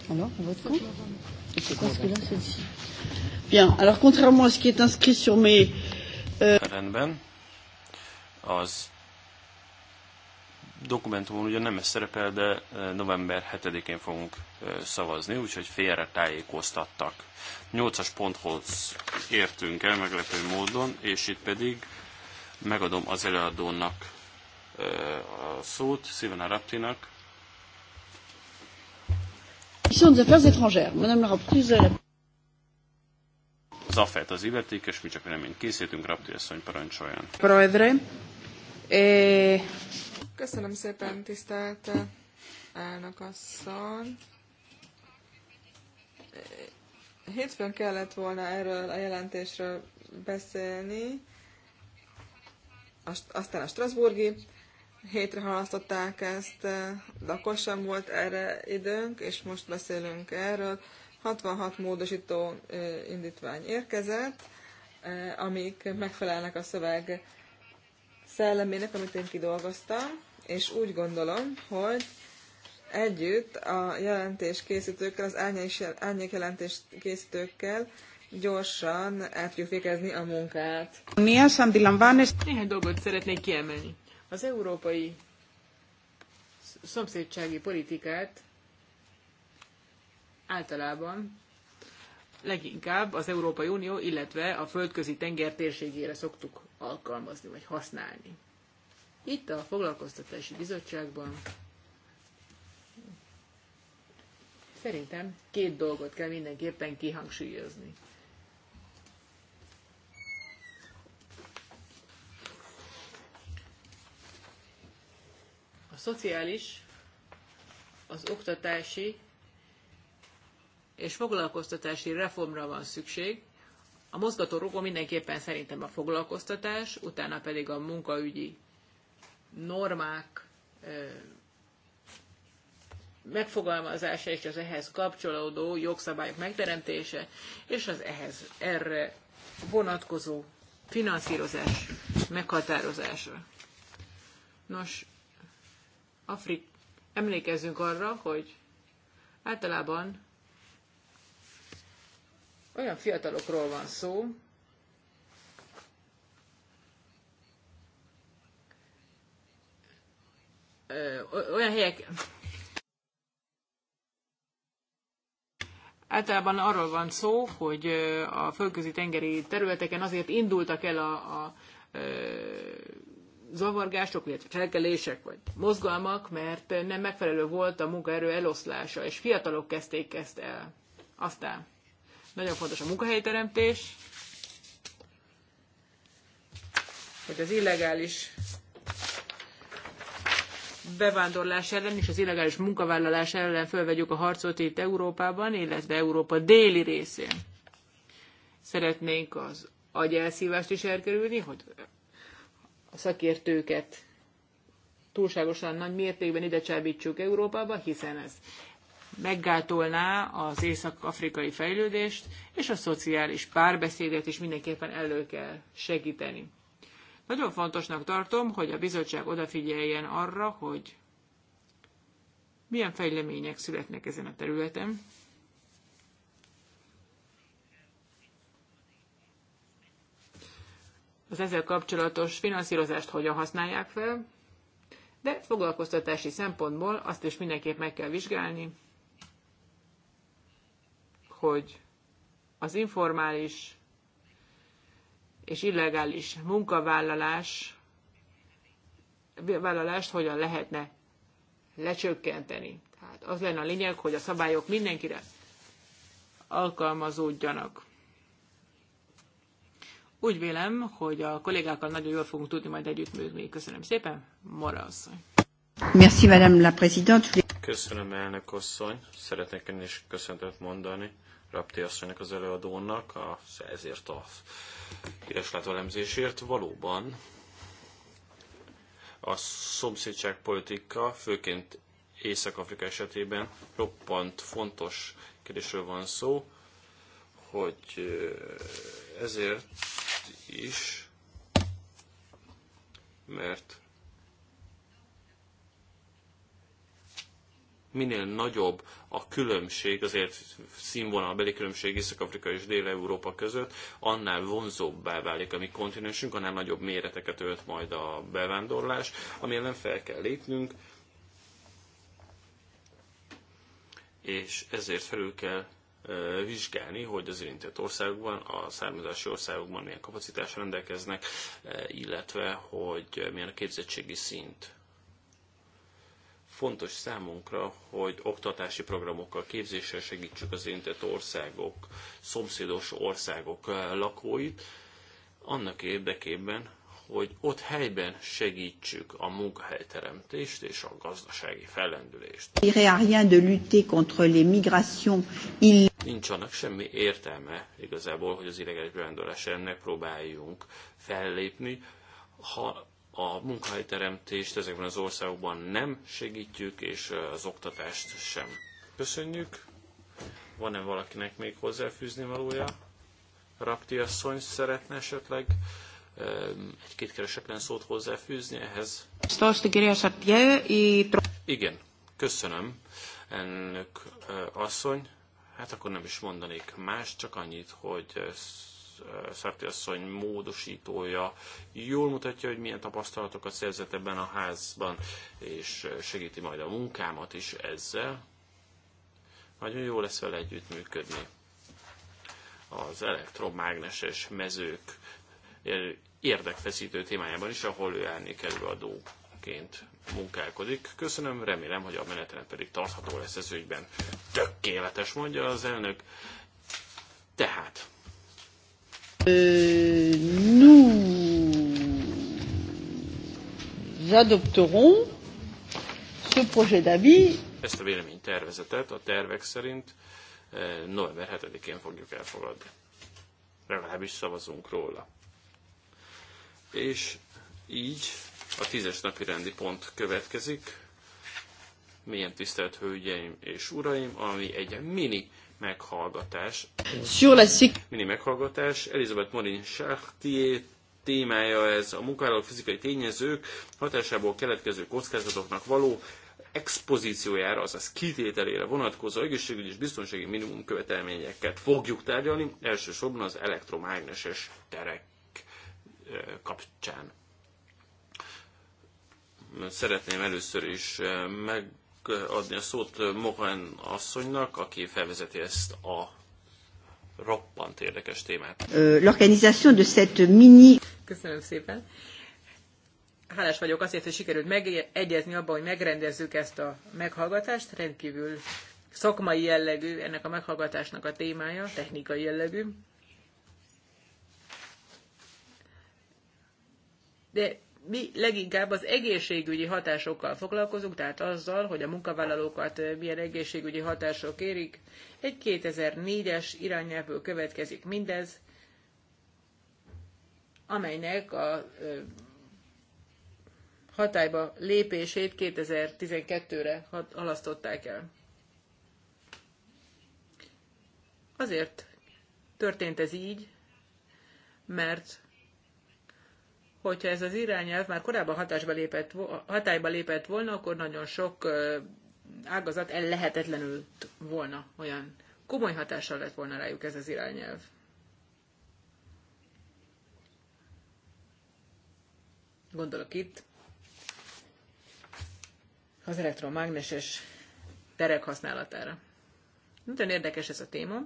Alors, on vote Bien, alors contrairement à ce qui est inscrit sur mes... Euh, Rendben. Az dokumentumon ugye nem ez szerepel, de november 7-én fogunk szavazni, úgyhogy félre tájékoztattak. 8-as ponthoz értünk el meglepő módon, és itt pedig megadom az előadónak a szót, Szívena Raptinak. Commission des Affaires étrangères. Madame la rapporteure, az az illetékes, mi csak véleményt készítünk, Rapti asszony parancsoljon. Proedre. E- Köszönöm szépen, tisztelt elnök asszony. Hétfőn kellett volna erről a jelentésről beszélni, aztán a Strasburgi hétre halasztották ezt, eh, de akkor sem volt erre időnk, és most beszélünk erről. 66 módosító eh, indítvány érkezett, eh, amik megfelelnek a szöveg szellemének, amit én kidolgoztam, és úgy gondolom, hogy együtt a jelentés készítőkkel, az árnyék jelentés készítőkkel gyorsan el tudjuk végezni a munkát. Néhány dolgot szeretnék kiemelni. Az európai szomszédsági politikát általában leginkább az Európai Unió, illetve a földközi tenger térségére szoktuk alkalmazni, vagy használni. Itt a Foglalkoztatási Bizottságban szerintem két dolgot kell mindenképpen kihangsúlyozni. szociális, az oktatási és foglalkoztatási reformra van szükség. A mozgatórugó mindenképpen szerintem a foglalkoztatás, utána pedig a munkaügyi normák megfogalmazása és az ehhez kapcsolódó jogszabályok megteremtése, és az ehhez erre vonatkozó finanszírozás meghatározása. Nos, Afrik, emlékezzünk arra, hogy általában olyan fiatalokról van szó, olyan helyek, Általában arról van szó, hogy a földközi tengeri területeken azért indultak el a, a, a zavargások, vagy felkelések, vagy mozgalmak, mert nem megfelelő volt a munkaerő eloszlása, és fiatalok kezdték ezt el. Aztán nagyon fontos a munkahelyteremtés, hogy az illegális bevándorlás ellen és az illegális munkavállalás ellen fölvegyük a harcot itt Európában, illetve Európa déli részén. Szeretnénk az agyelszívást is elkerülni, hogy a szakértőket túlságosan nagy mértékben ide csábítsuk Európába, hiszen ez meggátolná az észak-afrikai fejlődést, és a szociális párbeszédet is mindenképpen elő kell segíteni. Nagyon fontosnak tartom, hogy a bizottság odafigyeljen arra, hogy milyen fejlemények születnek ezen a területen, az ezzel kapcsolatos finanszírozást hogyan használják fel, de foglalkoztatási szempontból azt is mindenképp meg kell vizsgálni, hogy az informális és illegális munkavállalás vállalást hogyan lehetne lecsökkenteni. Tehát az lenne a lényeg, hogy a szabályok mindenkire alkalmazódjanak. Úgy vélem, hogy a kollégákkal nagyon jól fogunk tudni majd együttműködni. Köszönöm szépen, Mora asszony. Merci, Madame la Présidente. Köszönöm, elnök asszony. Szeretnék én is köszöntet mondani Rapti asszonynak az előadónak, a, ezért a keresletelemzésért. Valóban a szomszédságpolitika, főként Észak-Afrika esetében roppant fontos kérdésről van szó, hogy ezért is, mert minél nagyobb a különbség, azért színvonalbeli különbség Észak-Afrika és Dél-Európa között, annál vonzóbbá válik a mi kontinensünk, annál nagyobb méreteket ölt majd a bevándorlás, ami ellen fel kell lépnünk, és ezért felül kell vizsgálni, hogy az érintett országokban, a származási országokban milyen kapacitásra rendelkeznek, illetve hogy milyen a képzettségi szint. Fontos számunkra, hogy oktatási programokkal, képzéssel segítsük az érintett országok, szomszédos országok lakóit, annak érdekében, hogy ott helyben segítsük a munkahelyteremtést és a gazdasági fellendülést nincs annak semmi értelme igazából, hogy az ideges bevándorlás ennek próbáljunk fellépni, ha a munkahelyteremtést ezekben az országokban nem segítjük, és az oktatást sem. Köszönjük! Van-e valakinek még hozzáfűzni valója? Rapti asszony szeretne esetleg egy-két keresetlen szót hozzáfűzni ehhez? Szóval, Igen, köszönöm, elnök asszony. Hát akkor nem is mondanék más, csak annyit, hogy eh, Szerti eh, asszony módosítója jól mutatja, hogy milyen tapasztalatokat szerzett ebben a házban, és eh, segíti majd a munkámat is ezzel. Nagyon jó lesz vele együttműködni. Az elektromágneses mezők érdekfeszítő témájában is, ahol ő állni kerül adóként munkálkodik. Köszönöm, remélem, hogy a menetelen pedig tartható lesz ez ügyben. Tökéletes, mondja az elnök. Tehát. nous adopterons ce projet d'avis. Ezt a tervezetet a tervek szerint november 7-én fogjuk elfogadni. Legalábbis szavazunk róla. És így a tízes napi rendi pont következik. Milyen tisztelt hölgyeim és uraim, ami egy mini meghallgatás. Sur la Mini meghallgatás. Elizabeth Morin Chartier témája ez a munkavállalók fizikai tényezők hatásából keletkező kockázatoknak való expozíciójára, azaz kitételére vonatkozó egészségügyi és biztonsági minimum követelményeket fogjuk tárgyalni, elsősorban az elektromágneses terek eh, kapcsán szeretném először is eh, megadni a szót eh, Mohan asszonynak, aki felvezeti ezt a roppant érdekes témát. Euh, l'organisation de cette mini... Köszönöm szépen. Hálás vagyok azért, hogy sikerült megegyezni abban, hogy megrendezzük ezt a meghallgatást. Rendkívül szakmai jellegű ennek a meghallgatásnak a témája, technikai jellegű. De mi leginkább az egészségügyi hatásokkal foglalkozunk, tehát azzal, hogy a munkavállalókat eh, milyen egészségügyi hatások érik. Egy 2004-es irányelvből következik mindez, amelynek a eh, hatályba lépését 2012-re halasztották el. Azért történt ez így, mert hogyha ez az irányelv már korábban hatásba lépett, hatályba lépett volna, akkor nagyon sok ágazat el ellehetetlenült volna olyan komoly hatással lett volna rájuk ez az irányelv. Gondolok itt az elektromágneses terek használatára. Nagyon érdekes ez a téma.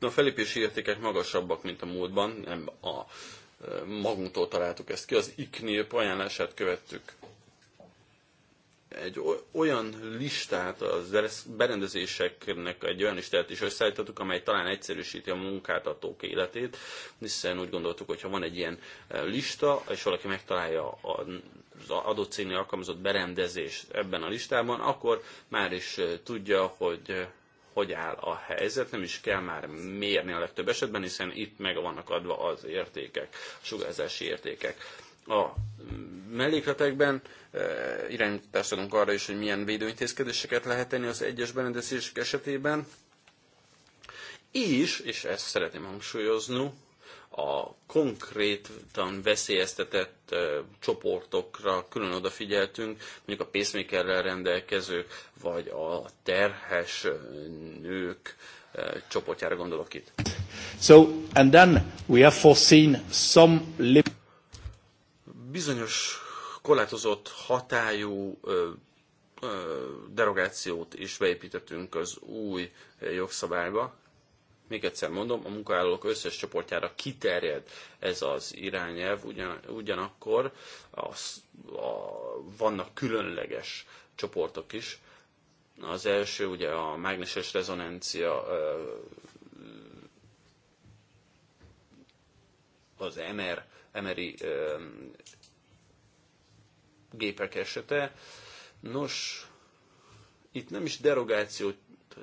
De a felépési értékek magasabbak, mint a múltban, nem a magunktól találtuk ezt ki, az IKNIP ajánlását követtük. Egy olyan listát az berendezéseknek egy olyan listát is összeállítottuk, amely talán egyszerűsíti a munkáltatók életét, hiszen úgy gondoltuk, hogy ha van egy ilyen lista, és valaki megtalálja az adott cégnél alkalmazott berendezés ebben a listában, akkor már is tudja, hogy hogy áll a helyzet, nem is kell már mérni a legtöbb esetben, hiszen itt meg vannak adva az értékek, a sugárzási értékek. A mellékletekben e, irányítást adunk arra is, hogy milyen védőintézkedéseket lehet tenni az egyes berendezések esetében, és, és ezt szeretném hangsúlyozni, a konkrétan veszélyeztetett csoportokra külön odafigyeltünk, mondjuk a pacemakerrel rendelkezők, vagy a terhes nők csoportjára gondolok itt. So, and then we have foreseen some lip. bizonyos korlátozott hatályú derogációt is beépítettünk az új jogszabályba, még egyszer mondom, a munkavállalók összes csoportjára kiterjed ez az irányelv, ugyan, ugyanakkor az, a, vannak különleges csoportok is. Az első ugye a mágneses rezonancia az MR, MRI gépek esete. Nos, itt nem is derogációt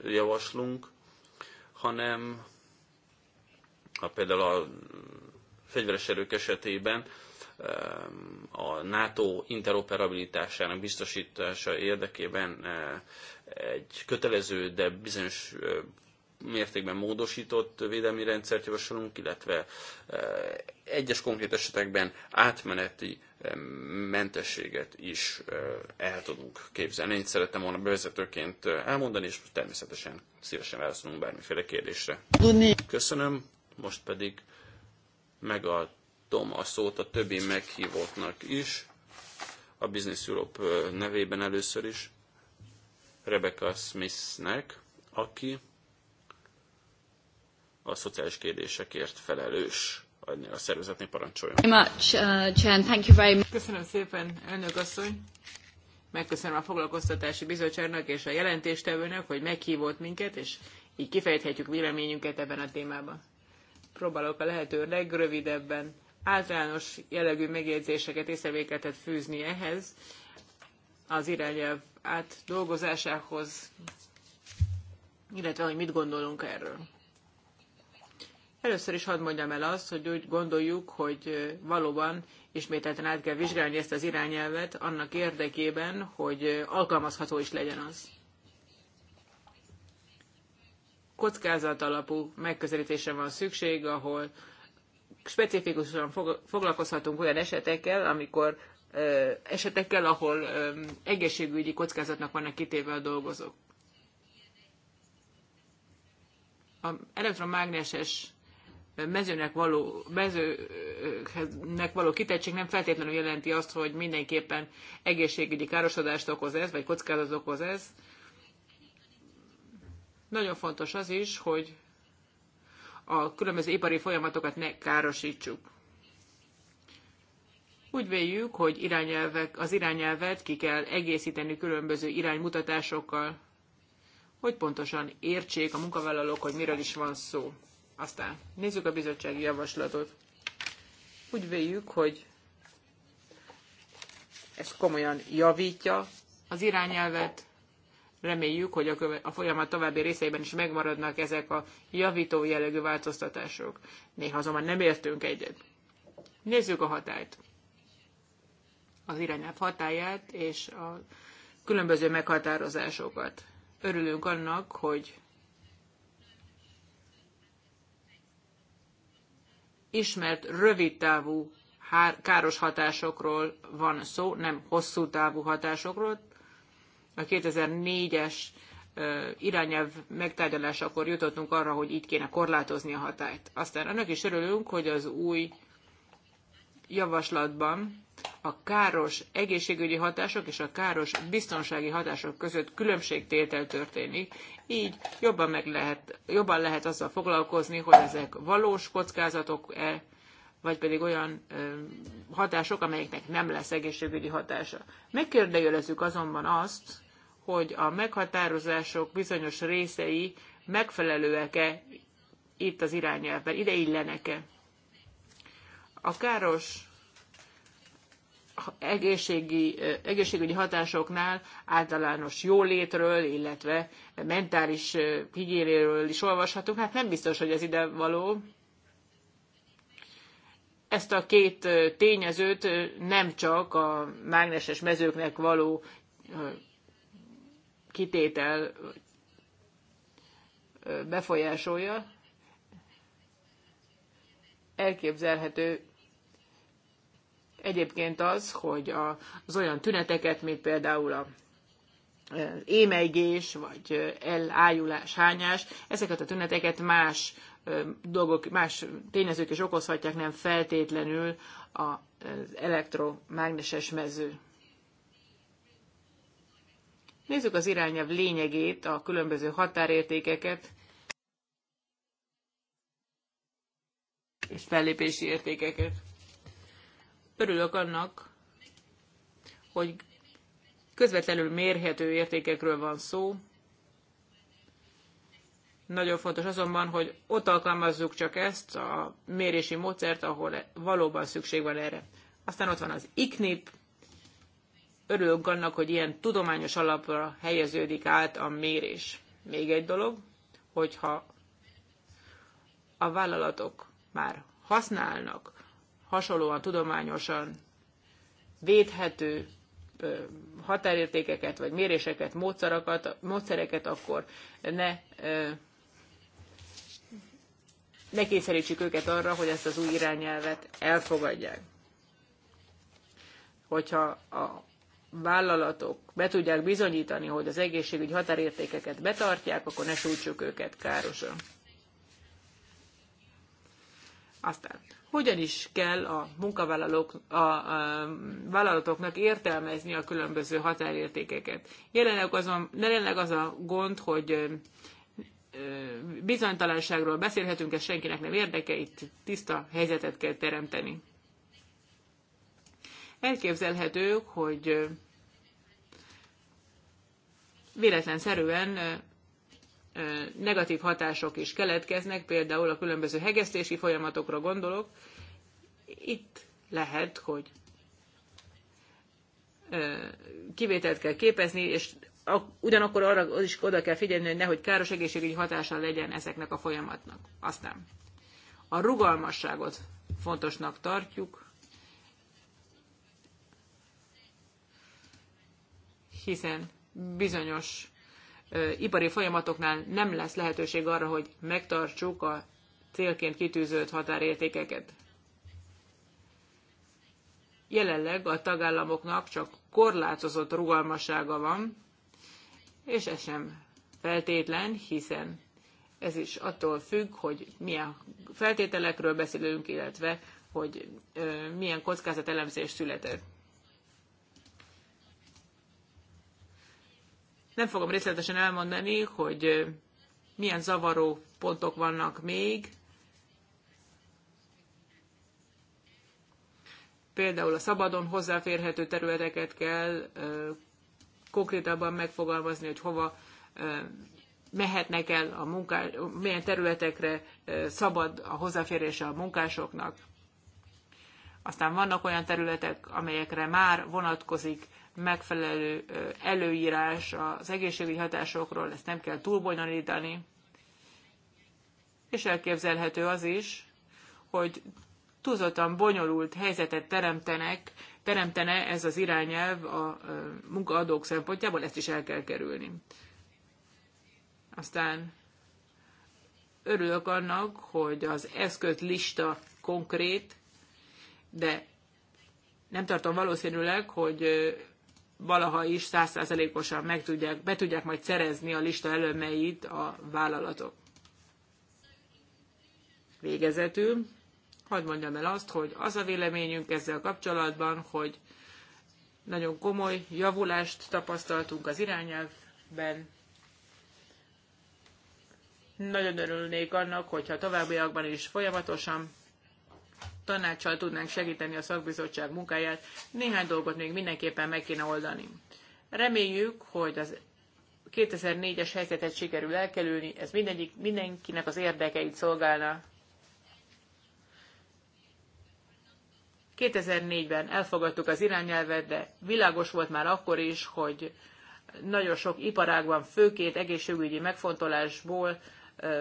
javaslunk, hanem ha például a fegyveres erők esetében a NATO interoperabilitásának biztosítása érdekében egy kötelező, de bizonyos mértékben módosított védelmi rendszert javasolunk, illetve eh, egyes konkrét esetekben átmeneti eh, mentességet is eh, el tudunk képzelni. Én szerettem volna bevezetőként elmondani, és természetesen szívesen válaszolunk bármiféle kérdésre. Köszönöm, most pedig megadom a szót a többi meghívottnak is, a Business Europe nevében először is, Rebecca Smithnek, aki a szociális kérdésekért felelős ennél a szervezetnél parancsoljon. Uh, Köszönöm szépen, elnök asszony. Megköszönöm a foglalkoztatási bizottságnak és a jelentéstevőnek, hogy meghívott minket, és így kifejthetjük véleményünket ebben a témában. Próbálok a lehető legrövidebben általános jellegű megjegyzéseket, észrevételeket fűzni ehhez, az irányelv átdolgozásához, illetve hogy mit gondolunk erről. Először is hadd mondjam el azt, hogy úgy gondoljuk, hogy valóban ismételten át kell vizsgálni ezt az irányelvet annak érdekében, hogy alkalmazható is legyen az. Kockázat alapú megközelítésre van szükség, ahol specifikusan foglalkozhatunk olyan esetekkel, amikor esetekkel, ahol egészségügyi kockázatnak vannak kitéve a dolgozók. A elektromágneses mezőnek való, mezőnek való kitettség nem feltétlenül jelenti azt, hogy mindenképpen egészségügyi károsodást okoz ez, vagy kockázatot okoz ez. Nagyon fontos az is, hogy a különböző ipari folyamatokat ne károsítsuk. Úgy véljük, hogy irányelvek, az irányelvet ki kell egészíteni különböző iránymutatásokkal, hogy pontosan értsék a munkavállalók, hogy miről is van szó. Aztán nézzük a bizottsági javaslatot. Úgy véljük, hogy ez komolyan javítja az irányelvet. Reméljük, hogy a, köve- a folyamat további részeiben is megmaradnak ezek a javító jellegű változtatások. Néha azonban nem értünk egyet. Nézzük a hatályt. Az irányelv hatáját és a különböző meghatározásokat. Örülünk annak, hogy ismert rövidtávú káros hatásokról van szó, nem hosszú távú hatásokról. A 2004-es irányelv megtárgyalásakor jutottunk arra, hogy itt kéne korlátozni a hatályt. Aztán annak is örülünk, hogy az új javaslatban a káros egészségügyi hatások és a káros biztonsági hatások között különbségtétel történik, így jobban, meg lehet, jobban lehet azzal foglalkozni, hogy ezek valós kockázatok-e, vagy pedig olyan ö, hatások, amelyeknek nem lesz egészségügyi hatása. Megkérdőjelezzük azonban azt, hogy a meghatározások bizonyos részei megfelelőek-e itt az irányelvben, ide illenek-e. A káros egészségi, egészségügyi hatásoknál általános jólétről, illetve mentális higiénéről is olvashatunk. Hát nem biztos, hogy ez ide való. Ezt a két tényezőt nem csak a mágneses mezőknek való kitétel befolyásolja, elképzelhető egyébként az, hogy az olyan tüneteket, mint például a e, émeigés, vagy e, elájulás, hányás, ezeket a tüneteket más e, dolgok, más tényezők is okozhatják, nem feltétlenül az elektromágneses mező. Nézzük az irányelv lényegét, a különböző határértékeket és fellépési értékeket. Örülök annak, hogy közvetlenül mérhető értékekről van szó. Nagyon fontos azonban, hogy ott alkalmazzuk csak ezt a mérési módszert, ahol valóban szükség van erre. Aztán ott van az IKNIP. Örülök annak, hogy ilyen tudományos alapra helyeződik át a mérés. Még egy dolog, hogyha a vállalatok már használnak hasonlóan tudományosan védhető határértékeket, vagy méréseket, módszereket, módszereket akkor ne, ne kényszerítsük őket arra, hogy ezt az új irányelvet elfogadják. Hogyha a vállalatok be tudják bizonyítani, hogy az egészségügyi határértékeket betartják, akkor ne sújtsuk őket károsan. Aztán hogyan is kell a munkavállalók, a, a vállalatoknak értelmezni a különböző határértékeket. Jelenleg, azon, jelenleg az a gond, hogy bizonytalanságról beszélhetünk, ez senkinek nem érdeke, itt tiszta helyzetet kell teremteni. Elképzelhető, hogy véletlenszerűen negatív hatások is keletkeznek, például a különböző hegesztési folyamatokra gondolok. Itt lehet, hogy kivételt kell képezni, és ugyanakkor arra is oda kell figyelni, hogy nehogy káros egészségügyi hatása legyen ezeknek a folyamatnak. Aztán a rugalmasságot fontosnak tartjuk, hiszen bizonyos ipari folyamatoknál nem lesz lehetőség arra, hogy megtartsuk a célként kitűzött határértékeket. Jelenleg a tagállamoknak csak korlátozott rugalmassága van, és ez sem feltétlen, hiszen ez is attól függ, hogy milyen feltételekről beszélünk, illetve hogy milyen kockázatelemzés született. Nem fogom részletesen elmondani, hogy milyen zavaró pontok vannak még. Például a szabadon hozzáférhető területeket kell konkrétabban megfogalmazni, hogy hova mehetnek el a munkás, milyen területekre szabad a hozzáférése a munkásoknak. Aztán vannak olyan területek, amelyekre már vonatkozik megfelelő előírás az egészségügyi hatásokról, ezt nem kell túlbonyolítani. És elképzelhető az is, hogy túlzottan bonyolult helyzetet teremtenek, teremtene ez az irányelv a munkaadók szempontjából, ezt is el kell kerülni. Aztán örülök annak, hogy az eszköz lista konkrét, de nem tartom valószínűleg, hogy valaha is százszázalékosan meg tudják, be tudják majd szerezni a lista előmeit a vállalatok. Végezetül, hadd mondjam el azt, hogy az a véleményünk ezzel kapcsolatban, hogy nagyon komoly javulást tapasztaltunk az irányelvben. Nagyon örülnék annak, hogyha továbbiakban is folyamatosan tanácssal tudnánk segíteni a szakbizottság munkáját. Néhány dolgot még mindenképpen meg kéne oldani. Reméljük, hogy az 2004-es helyzetet sikerül elkerülni, ez mindegyik, mindenkinek az érdekeit szolgálna. 2004-ben elfogadtuk az irányelvet, de világos volt már akkor is, hogy nagyon sok iparágban, főként egészségügyi megfontolásból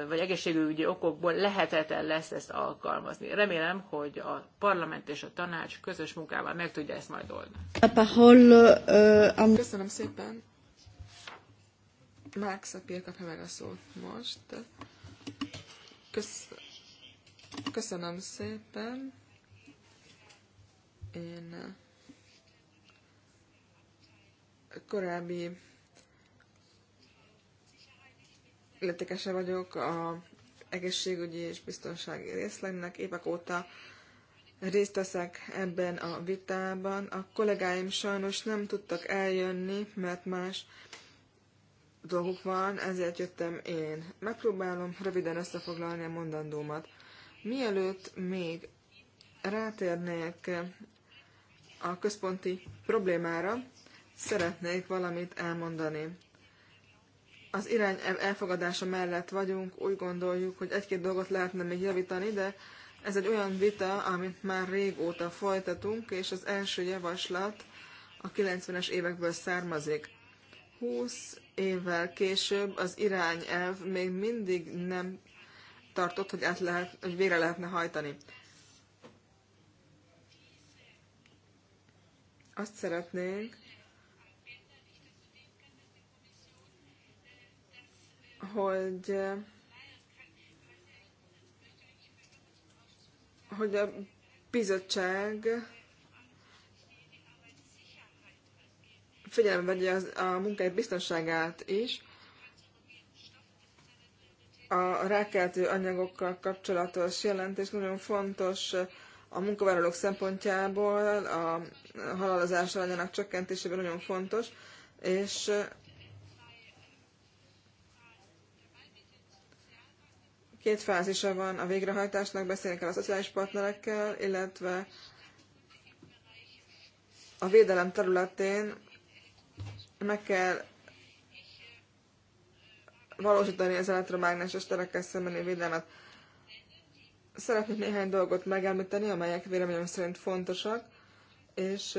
vagy egészségügyi okokból lehetetlen lesz ezt alkalmazni. Remélem, hogy a parlament és a tanács közös munkával meg tudja ezt majd oldani. Köszönöm szépen. Márk Szapír kapja meg a szót most. Köszönöm szépen. Én korábbi illetékese vagyok a egészségügyi és biztonsági részlegnek. Évek óta részt veszek ebben a vitában. A kollégáim sajnos nem tudtak eljönni, mert más dolguk van, ezért jöttem én. Megpróbálom röviden összefoglalni a mondandómat. Mielőtt még rátérnék a központi problémára, szeretnék valamit elmondani az irány elfogadása mellett vagyunk, úgy gondoljuk, hogy egy-két dolgot lehetne még javítani, de ez egy olyan vita, amit már régóta folytatunk, és az első javaslat a 90-es évekből származik. 20 évvel később az irányelv még mindig nem tartott, hogy, át lehet, hogy vére lehetne hajtani. Azt szeretnénk, hogy eh, hogy a bizottság figyelembe vegye az, a munkai biztonságát is, a rákeltő anyagokkal kapcsolatos jelentés nagyon fontos eh, a munkavállalók szempontjából, a halálozással anyának csökkentésében nagyon fontos, és eh, Két fázisa van a végrehajtásnak, beszélni kell a szociális partnerekkel, illetve a védelem területén meg kell valósítani az elektromágneses terekkel szembeni védelmet. Szeretnék néhány dolgot megemlíteni, amelyek véleményem szerint fontosak, és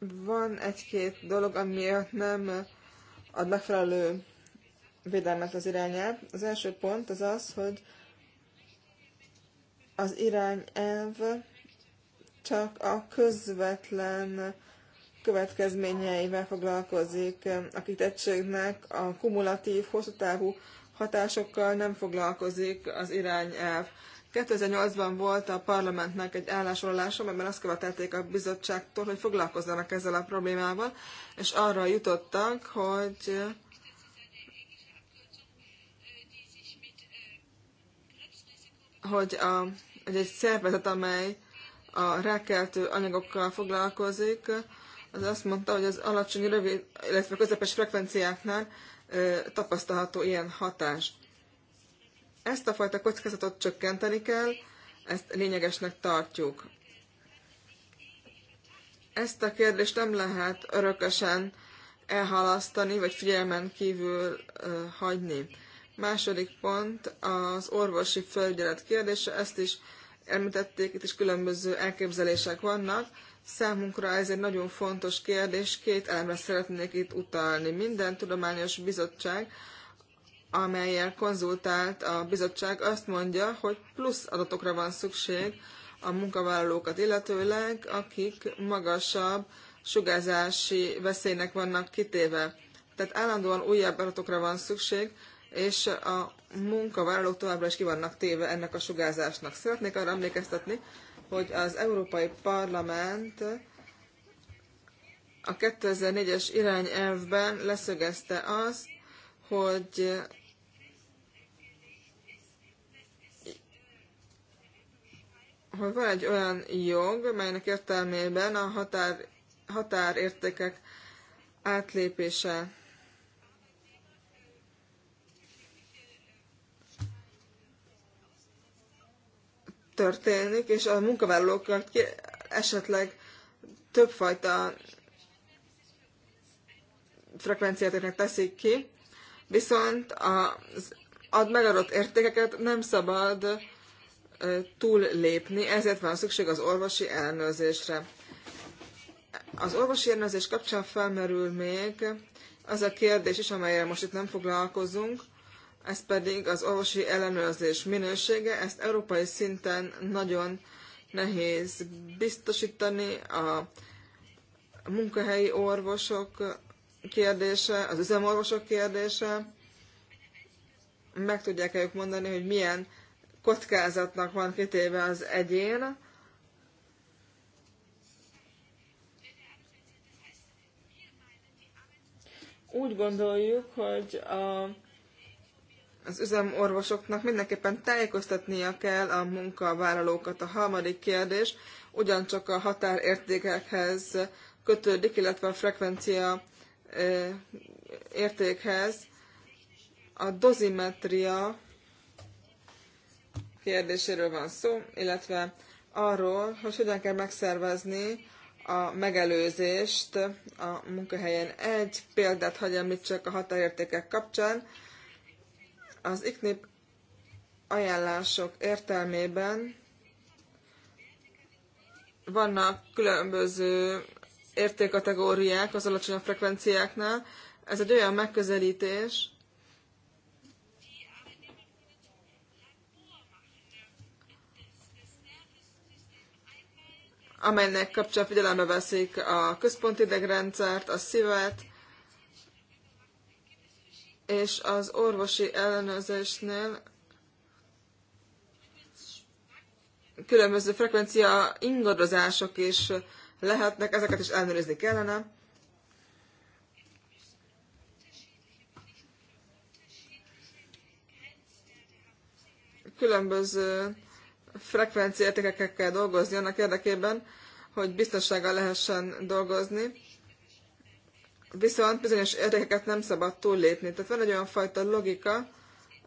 van egy-két dolog, amiért nem ad megfelelő védelmet az irányelv. Az első pont az az, hogy az irányelv csak a közvetlen következményeivel foglalkozik. A kitettségnek a kumulatív, hosszú távú hatásokkal nem foglalkozik az irányelv. 2008-ban volt a parlamentnek egy állásolása, amiben azt követelték a bizottságtól, hogy foglalkozzanak ezzel a problémával, és arra jutottak, hogy hogy, a, hogy egy szervezet, amely a rákeltő anyagokkal foglalkozik, az azt mondta, hogy az alacsony, rövid, illetve közepes frekvenciáknál e, tapasztalható ilyen hatás. Ezt a fajta kockázatot csökkenteni kell, ezt lényegesnek tartjuk. Ezt a kérdést nem lehet örökösen elhalasztani, vagy figyelmen kívül e, hagyni. Második pont az orvosi felügyelet kérdése, ezt is említették, itt is különböző elképzelések vannak. Számunkra ez egy nagyon fontos kérdés, két elemre szeretnék itt utalni. Minden tudományos bizottság, amelyel konzultált a bizottság, azt mondja, hogy plusz adatokra van szükség a munkavállalókat illetőleg, akik magasabb sugárzási veszélynek vannak kitéve. Tehát állandóan újabb adatokra van szükség, és a munkavállalók továbbra is ki vannak téve ennek a sugárzásnak. Szeretnék arra emlékeztetni, hogy az Európai Parlament a 2004-es irányelvben leszögezte azt, hogy hogy van egy olyan jog, melynek értelmében a határ, határértékek átlépése történik, és a munkavállalókat esetleg többfajta frekvenciátéknek teszik ki, viszont az ad megadott értékeket nem szabad túl lépni, ezért van szükség az orvosi ellenőrzésre. Az orvosi ellenőrzés kapcsán felmerül még az a kérdés is, amelyre most itt nem foglalkozunk, ez pedig az orvosi ellenőrzés minősége, ezt európai szinten nagyon nehéz biztosítani, a munkahelyi orvosok kérdése, az üzemorvosok kérdése, meg tudják ők mondani, hogy milyen kockázatnak van kitéve az egyén, úgy gondoljuk, hogy a az üzemorvosoknak mindenképpen tájékoztatnia kell a munkavállalókat. A harmadik kérdés ugyancsak a határértékekhez kötődik, illetve a frekvencia értékhez. A dozimetria kérdéséről van szó, illetve arról, hogy hogyan kell megszervezni a megelőzést a munkahelyen. Egy példát itt csak a határértékek kapcsán. Az iknip ajánlások értelmében vannak különböző értékkategóriák az alacsonyabb frekvenciáknál. Ez egy olyan megközelítés, amelynek kapcsán figyelembe veszik a központi idegrendszert, a szívet, és az orvosi ellenőrzésnél különböző frekvencia ingadozások is lehetnek, ezeket is ellenőrizni kellene. Különböző értékekkel kell dolgozni annak érdekében, hogy biztonsággal lehessen dolgozni viszont bizonyos érdekeket nem szabad túllépni. Tehát van egy olyan fajta logika,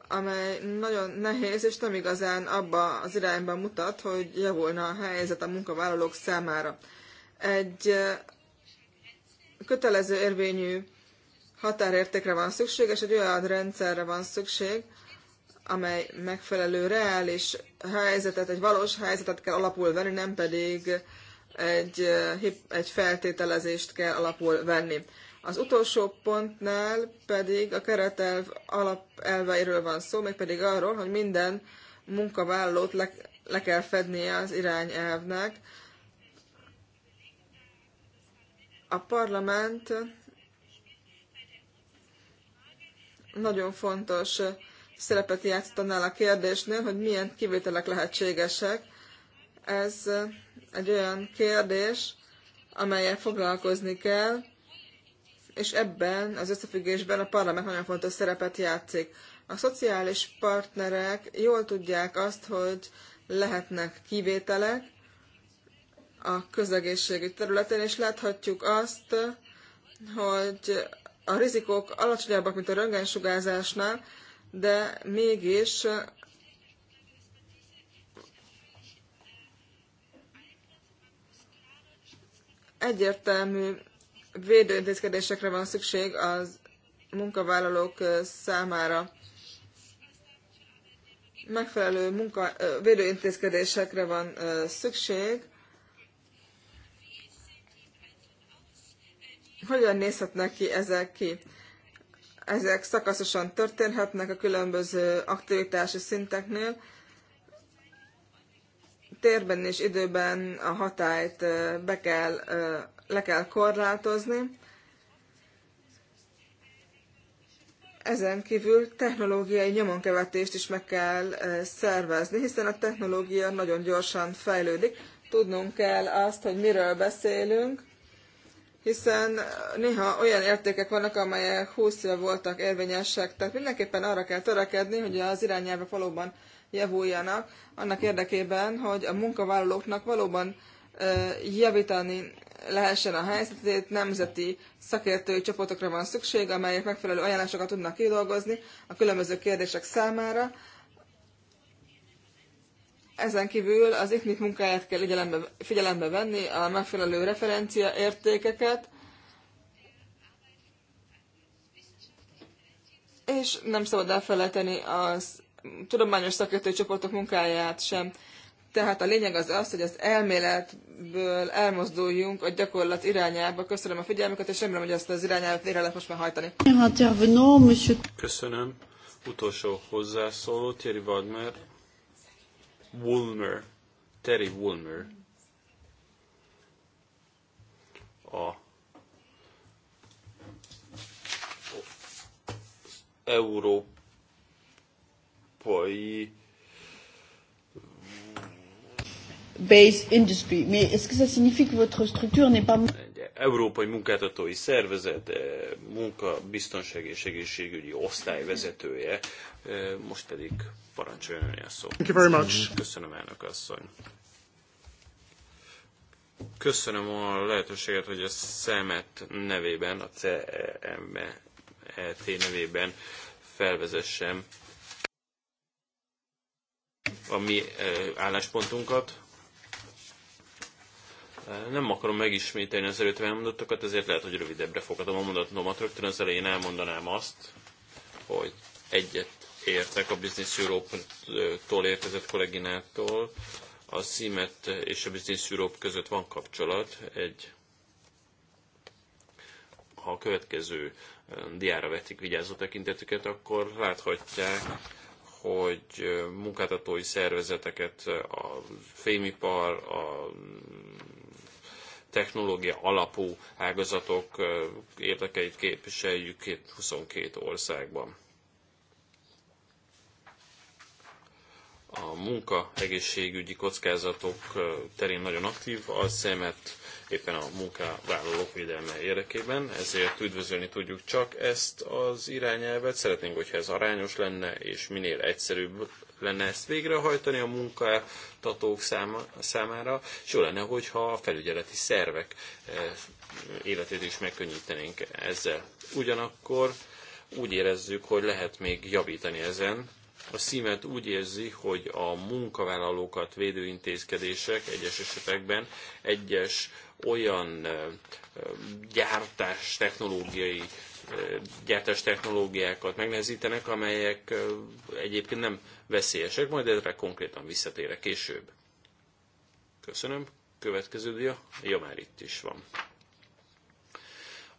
amely nagyon nehéz, és nem igazán abba az irányba mutat, hogy javulna a helyzet a munkavállalók számára. Egy kötelező érvényű határértékre van szükség, és egy olyan rendszerre van szükség, amely megfelelő reális helyzetet, egy valós helyzetet kell alapul venni, nem pedig egy, egy feltételezést kell alapul venni. Az utolsó pontnál pedig a keretelv alapelveiről van szó, mégpedig arról, hogy minden munkavállalót le, le kell fednie az irányelvnek. A parlament nagyon fontos szerepet játszott annál a kérdésnél, hogy milyen kivételek lehetségesek. Ez egy olyan kérdés, amelyel foglalkozni kell, és ebben az összefüggésben a parlament nagyon fontos szerepet játszik. A szociális partnerek jól tudják azt, hogy lehetnek kivételek a közegészségügy területén, és láthatjuk azt, hogy a rizikók alacsonyabbak, mint a röntgensugázásnál, de mégis egyértelmű védőintézkedésekre van szükség az munkavállalók számára. Megfelelő munka, védőintézkedésekre van szükség. Hogyan nézhetnek ki ezek ki? Ezek szakaszosan történhetnek a különböző aktivitási szinteknél, térben és időben a hatályt be kell le kell korlátozni. Ezen kívül technológiai nyomonkövetést is meg kell szervezni, hiszen a technológia nagyon gyorsan fejlődik. Tudnunk kell azt, hogy miről beszélünk, hiszen néha olyan értékek vannak, amelyek 20 éve voltak érvényesek, tehát mindenképpen arra kell törekedni, hogy az irányelvek valóban javuljanak, annak érdekében, hogy a munkavállalóknak valóban javítani lehessen a helyzetét, nemzeti szakértői csoportokra van szükség, amelyek megfelelő ajánlásokat tudnak kidolgozni a különböző kérdések számára. Ezen kívül az ICNIC munkáját kell figyelembe, figyelembe venni, a megfelelő referencia értékeket, és nem szabad elfelejteni az tudományos szakértői csoportok munkáját sem. Tehát a lényeg az az, hogy az elméletből elmozduljunk a gyakorlat irányába. Köszönöm a figyelmüket, és remélem, hogy ezt az irányát végre lehet most már hajtani. Köszönöm. Utolsó hozzászóló, Thierry Wagner. Woolmer. Terry Woolmer. A európai based industry. Mais est-ce que ça signifie que votre structure n'est pas... Egy európai munkáltatói szervezet, eh, munka, biztonság és egészségügyi osztály vezetője, eh, most pedig parancsoljon ön a szó. Thank you very much. Köszönöm, elnök asszony. Köszönöm a lehetőséget, hogy a szemet nevében, a CEMT e nevében felvezessem a mi eh, álláspontunkat. Nem akarom megismételni az előtt elmondottakat, ezért lehet, hogy rövidebbre fogadom a mondatomat. Rögtön az elején elmondanám azt, hogy egyet értek a Business Europe-tól érkezett kolléginától. A CIMET és a Business Europe között van kapcsolat. Egy, ha a következő diára vetik vigyázó tekintetüket, akkor láthatják, hogy munkáltatói szervezeteket, a fémipar, a technológia alapú ágazatok érdekeit képviseljük 22 országban. A munka egészségügyi kockázatok terén nagyon aktív, a szemet éppen a munkavállalók védelme érdekében, ezért üdvözölni tudjuk csak ezt az irányelvet. Szeretnénk, hogyha ez arányos lenne, és minél egyszerűbb lenne ezt végrehajtani a munkáltatók száma, számára, és jó lenne, hogyha a felügyeleti szervek eh, életét is megkönnyítenénk ezzel. Ugyanakkor úgy érezzük, hogy lehet még javítani ezen, a szímet úgy érzi, hogy a munkavállalókat védő intézkedések egyes esetekben egyes olyan gyártás technológiai gyártás technológiákat megnehezítenek, amelyek egyébként nem veszélyesek, majd erre konkrétan visszatérek később. Köszönöm. Következő dia. Ja, már itt is van.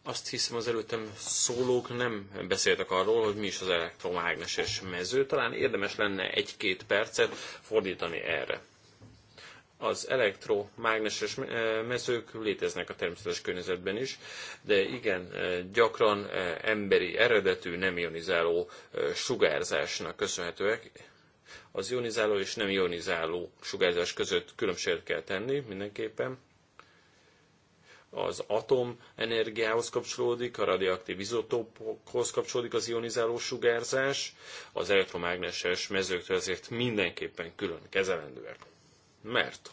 Azt hiszem az előttem szólók nem beszéltek arról, hogy mi is az elektromágneses mező. Talán érdemes lenne egy-két percet fordítani erre. Az elektromágneses e, mezők léteznek a természetes környezetben is, de igen, e, gyakran e, emberi eredetű, nem ionizáló sugárzásnak köszönhetőek. Az ionizáló és nem ionizáló sugárzás között különbséget kell tenni mindenképpen az atomenergiához kapcsolódik, a radioaktív izotópokhoz kapcsolódik az ionizáló sugárzás, az elektromágneses mezőktől ezért mindenképpen külön kezelendőek. Mert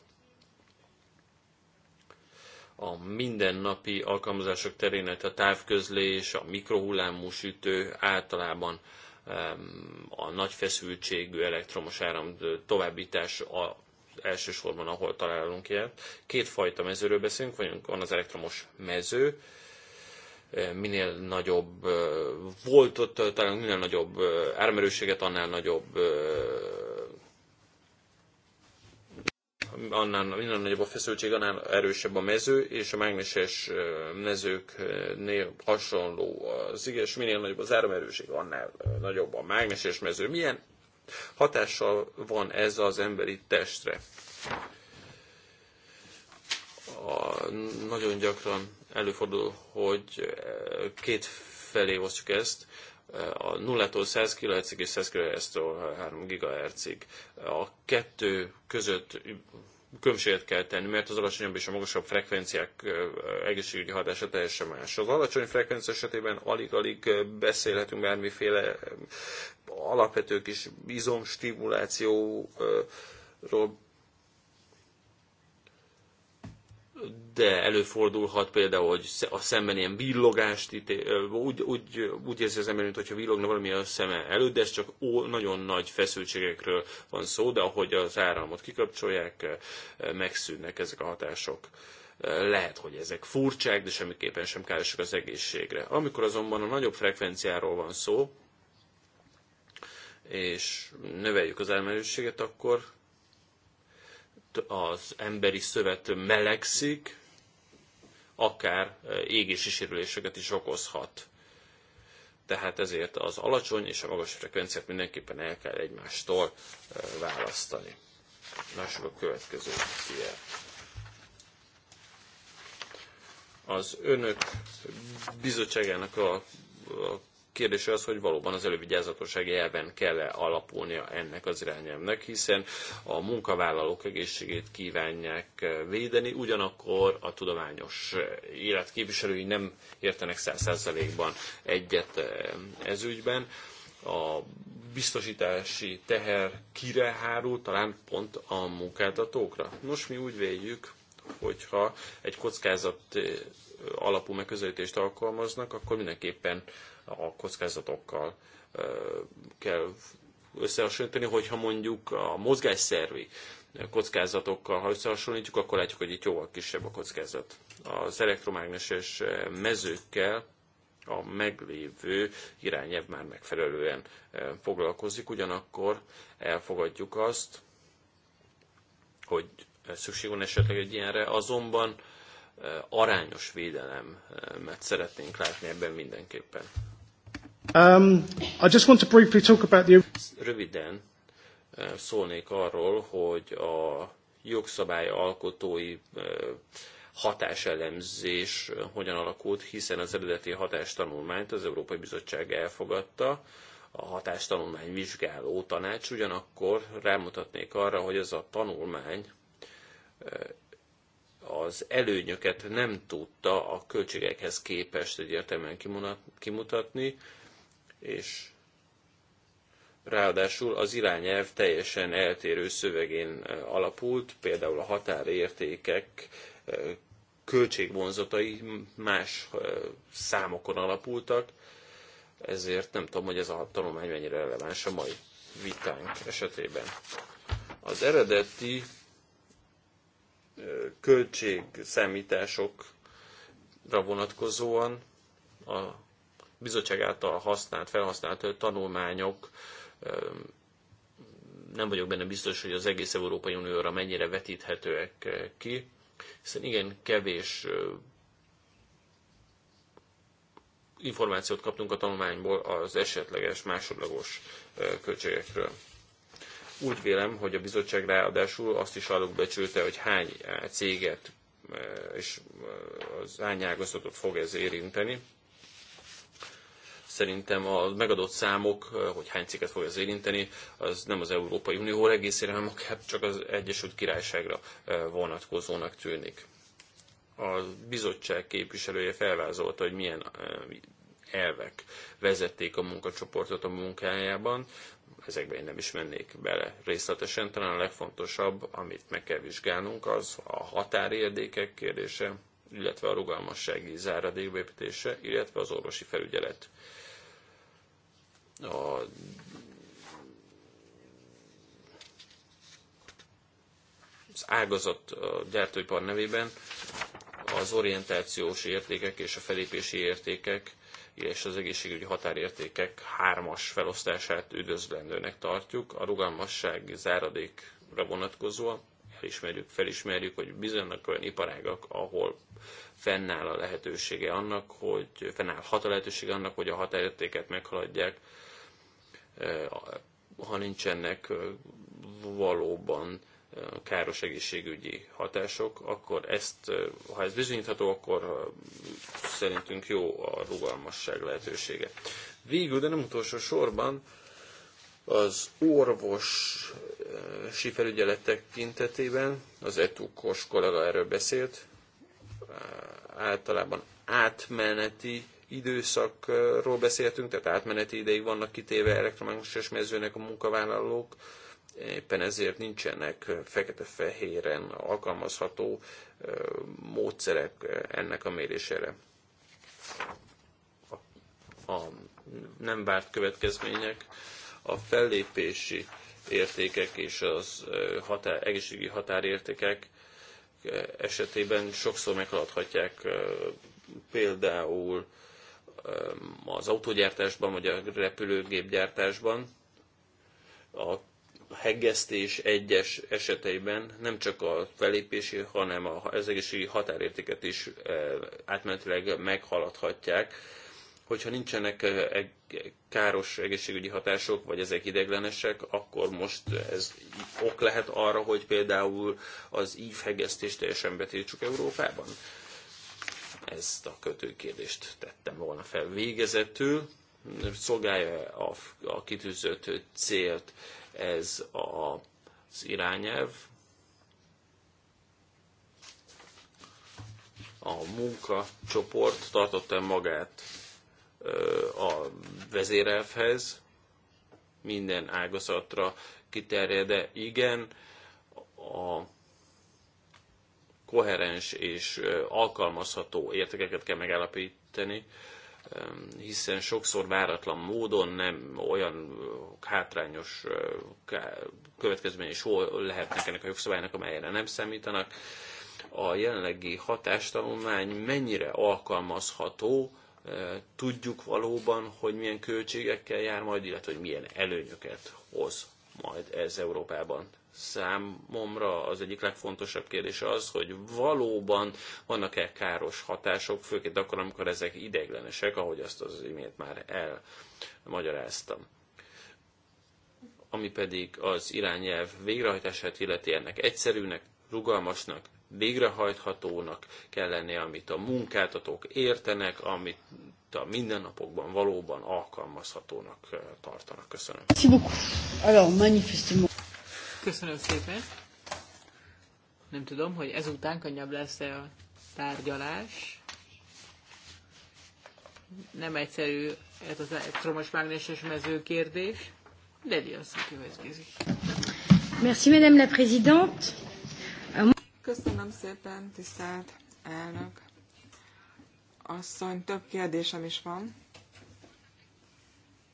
a mindennapi alkalmazások terén, a távközlés, a mikrohullámú sütő általában a nagy feszültségű elektromos áram továbbítás a elsősorban, ahol találunk ilyet. Kétfajta mezőről beszélünk, van az elektromos mező, minél nagyobb voltot, talán minél nagyobb áramerősséget, annál nagyobb annál, minél nagyobb a feszültség, annál erősebb a mező, és a mágneses mezőknél hasonló az iges, minél nagyobb az áramerőség, annál nagyobb a mágneses mező. Milyen Hatással van ez az emberi testre. A, nagyon gyakran előfordul, hogy eh, két felé osztjuk ezt, eh, a 0-tól 100 kHz-ig és 100 kHz-től 3 GHz-ig. A kettő között különbséget kell tenni, mert az alacsonyabb és a magasabb frekvenciák egészségügyi hatása teljesen más. Az alacsony frekvencia esetében alig-alig beszélhetünk bármiféle alapvető kis izomstimulációról, de előfordulhat például, hogy a szemben ilyen villogást, úgy, úgy, úgy érzi az ember, mintha villogna valami a szeme előtt, de ez csak ó, nagyon nagy feszültségekről van szó, de ahogy az áramot kikapcsolják, megszűnnek ezek a hatások. Lehet, hogy ezek furcsák, de semmiképpen sem károsak az egészségre. Amikor azonban a nagyobb frekvenciáról van szó, és növeljük az elmerősséget, akkor az emberi szövet melegszik, akár eh, égési sérüléseket is okozhat. Tehát ezért az alacsony és a magas frekvenciát mindenképpen el kell egymástól eh, választani. Lássuk a következő diát. Az önök bizottságának a, a kérdése az, hogy valóban az elővigyázatossági elven kell-e alapulnia ennek az irányelvnek, hiszen a munkavállalók egészségét kívánják eh, védeni, ugyanakkor a tudományos eh, életképviselői nem értenek száz egyet eh, ez ügyben. A biztosítási teher kire hárul, talán pont a munkáltatókra. Nos, mi úgy véljük, hogyha egy kockázat alapú megközelítést alkalmaznak, akkor mindenképpen a kockázatokkal kell összehasonlítani, hogyha mondjuk a mozgásszervi kockázatokkal, ha összehasonlítjuk, akkor látjuk, hogy itt jóval kisebb a kockázat. Az elektromágneses mezőkkel a meglévő irányelv már megfelelően foglalkozik, ugyanakkor elfogadjuk azt, hogy szükség van esetleg egy ilyenre, azonban arányos védelemet szeretnénk látni ebben mindenképpen. Um, I just want to briefly talk about the... Röviden eh, szólnék arról, hogy a jogszabály alkotói eh, hatáselemzés eh, hogyan alakult, hiszen az eredeti hatástanulmányt az Európai Bizottság elfogadta, a hatástanulmány vizsgáló tanács, ugyanakkor rámutatnék arra, hogy ez a tanulmány az előnyöket nem tudta a költségekhez képest egyértelműen kimutatni, és ráadásul az irányelv teljesen eltérő szövegén alapult, például a határértékek költségvonzatai más számokon alapultak, ezért nem tudom, hogy ez a tanulmány mennyire releváns a mai vitánk esetében. Az eredeti költségszámításokra vonatkozóan a bizottság által használt, felhasznált tanulmányok nem vagyok benne biztos, hogy az egész Európai Unióra mennyire vetíthetőek ki, hiszen igen kevés információt kaptunk a tanulmányból az esetleges másodlagos költségekről. Úgy vélem, hogy a bizottság ráadásul azt is becsülte, hogy hány céget és az hány ágazatot fog ez érinteni. Szerintem a megadott számok, eh, hogy hány céget fog az érinteni, az nem az Európai Unió egészére, hanem akár csak az Egyesült Királyságra eh, vonatkozónak tűnik. A bizottság képviselője felvázolta, hogy milyen eh, elvek vezették a munkacsoportot a munkájában, ezekben én nem is mennék bele részletesen. Talán a legfontosabb, amit meg kell vizsgálnunk, az a határérdékek kérdése, illetve a rugalmassági záradék beépítése, illetve az orvosi felügyelet a az ágazat a gyártóipar nevében az orientációs értékek és a felépési értékek és az egészségügyi határértékek hármas felosztását üdvözlendőnek tartjuk. A rugalmasság záradékra vonatkozóan elismerjük, felismerjük, hogy bizonyos olyan iparágak, ahol fennáll a lehetősége annak, hogy fennállhat a lehetősége annak, hogy a határértéket meghaladják, Eh, ha nincsenek eh, valóban eh, káros egészségügyi hatások, akkor ezt, ha ez bizonyítható, akkor szerintünk jó a rugalmasság lehetősége. Végül, de nem utolsó sorban, az orvosi felügyeletek tekintetében, az etukos kollega erről beszélt, általában átmeneti időszakról beszéltünk, tehát átmeneti ideig vannak kitéve elektromágneses mezőnek a munkavállalók, éppen ezért nincsenek fekete-fehéren alkalmazható módszerek ennek a mérésére. A nem várt következmények, a fellépési értékek és az határ, egészségügyi határértékek esetében sokszor meghaladhatják például az autógyártásban vagy a repülőgépgyártásban a hegesztés egyes eseteiben nem csak a felépési, hanem az egészségügyi határértéket is átmenetileg meghaladhatják. Hogyha nincsenek káros egészségügyi hatások, vagy ezek ideglenesek, akkor most ez ok lehet arra, hogy például az hegesztést teljesen betiltsuk Európában? Ezt a kötőkérdést tettem volna fel végezetül. Szolgálja a, a kitűzött célt ez a, az irányelv, a munkacsoport tartotta magát a vezérelvhez, minden ágazatra kiterjed, de igen, a koherens és alkalmazható értékeket kell megállapítani, hiszen sokszor váratlan módon nem olyan hátrányos következményei is lehetnek ennek a jogszabálynak, amelyre nem számítanak. A jelenlegi hatástanulmány mennyire alkalmazható, tudjuk valóban, hogy milyen költségekkel jár majd, illetve hogy milyen előnyöket hoz majd ez Európában számomra az egyik legfontosabb kérdés az, hogy valóban vannak-e káros hatások, főként akkor, amikor ezek ideiglenesek, ahogy azt az imént már elmagyaráztam. Ami pedig az irányelv végrehajtását illeti ennek egyszerűnek, rugalmasnak, végrehajthatónak kell lennie, amit a munkáltatók értenek, amit a mindennapokban valóban alkalmazhatónak tartanak. Köszönöm. Köszönöm szépen. Nem tudom, hogy ezután könnyebb lesz-e a tárgyalás. Nem egyszerű ez az elektromos mágneses mező kérdés, de Diasz következik. Merci, Madame la Présidente. Köszönöm szépen, tisztelt elnök. Asszony, több kérdésem is van.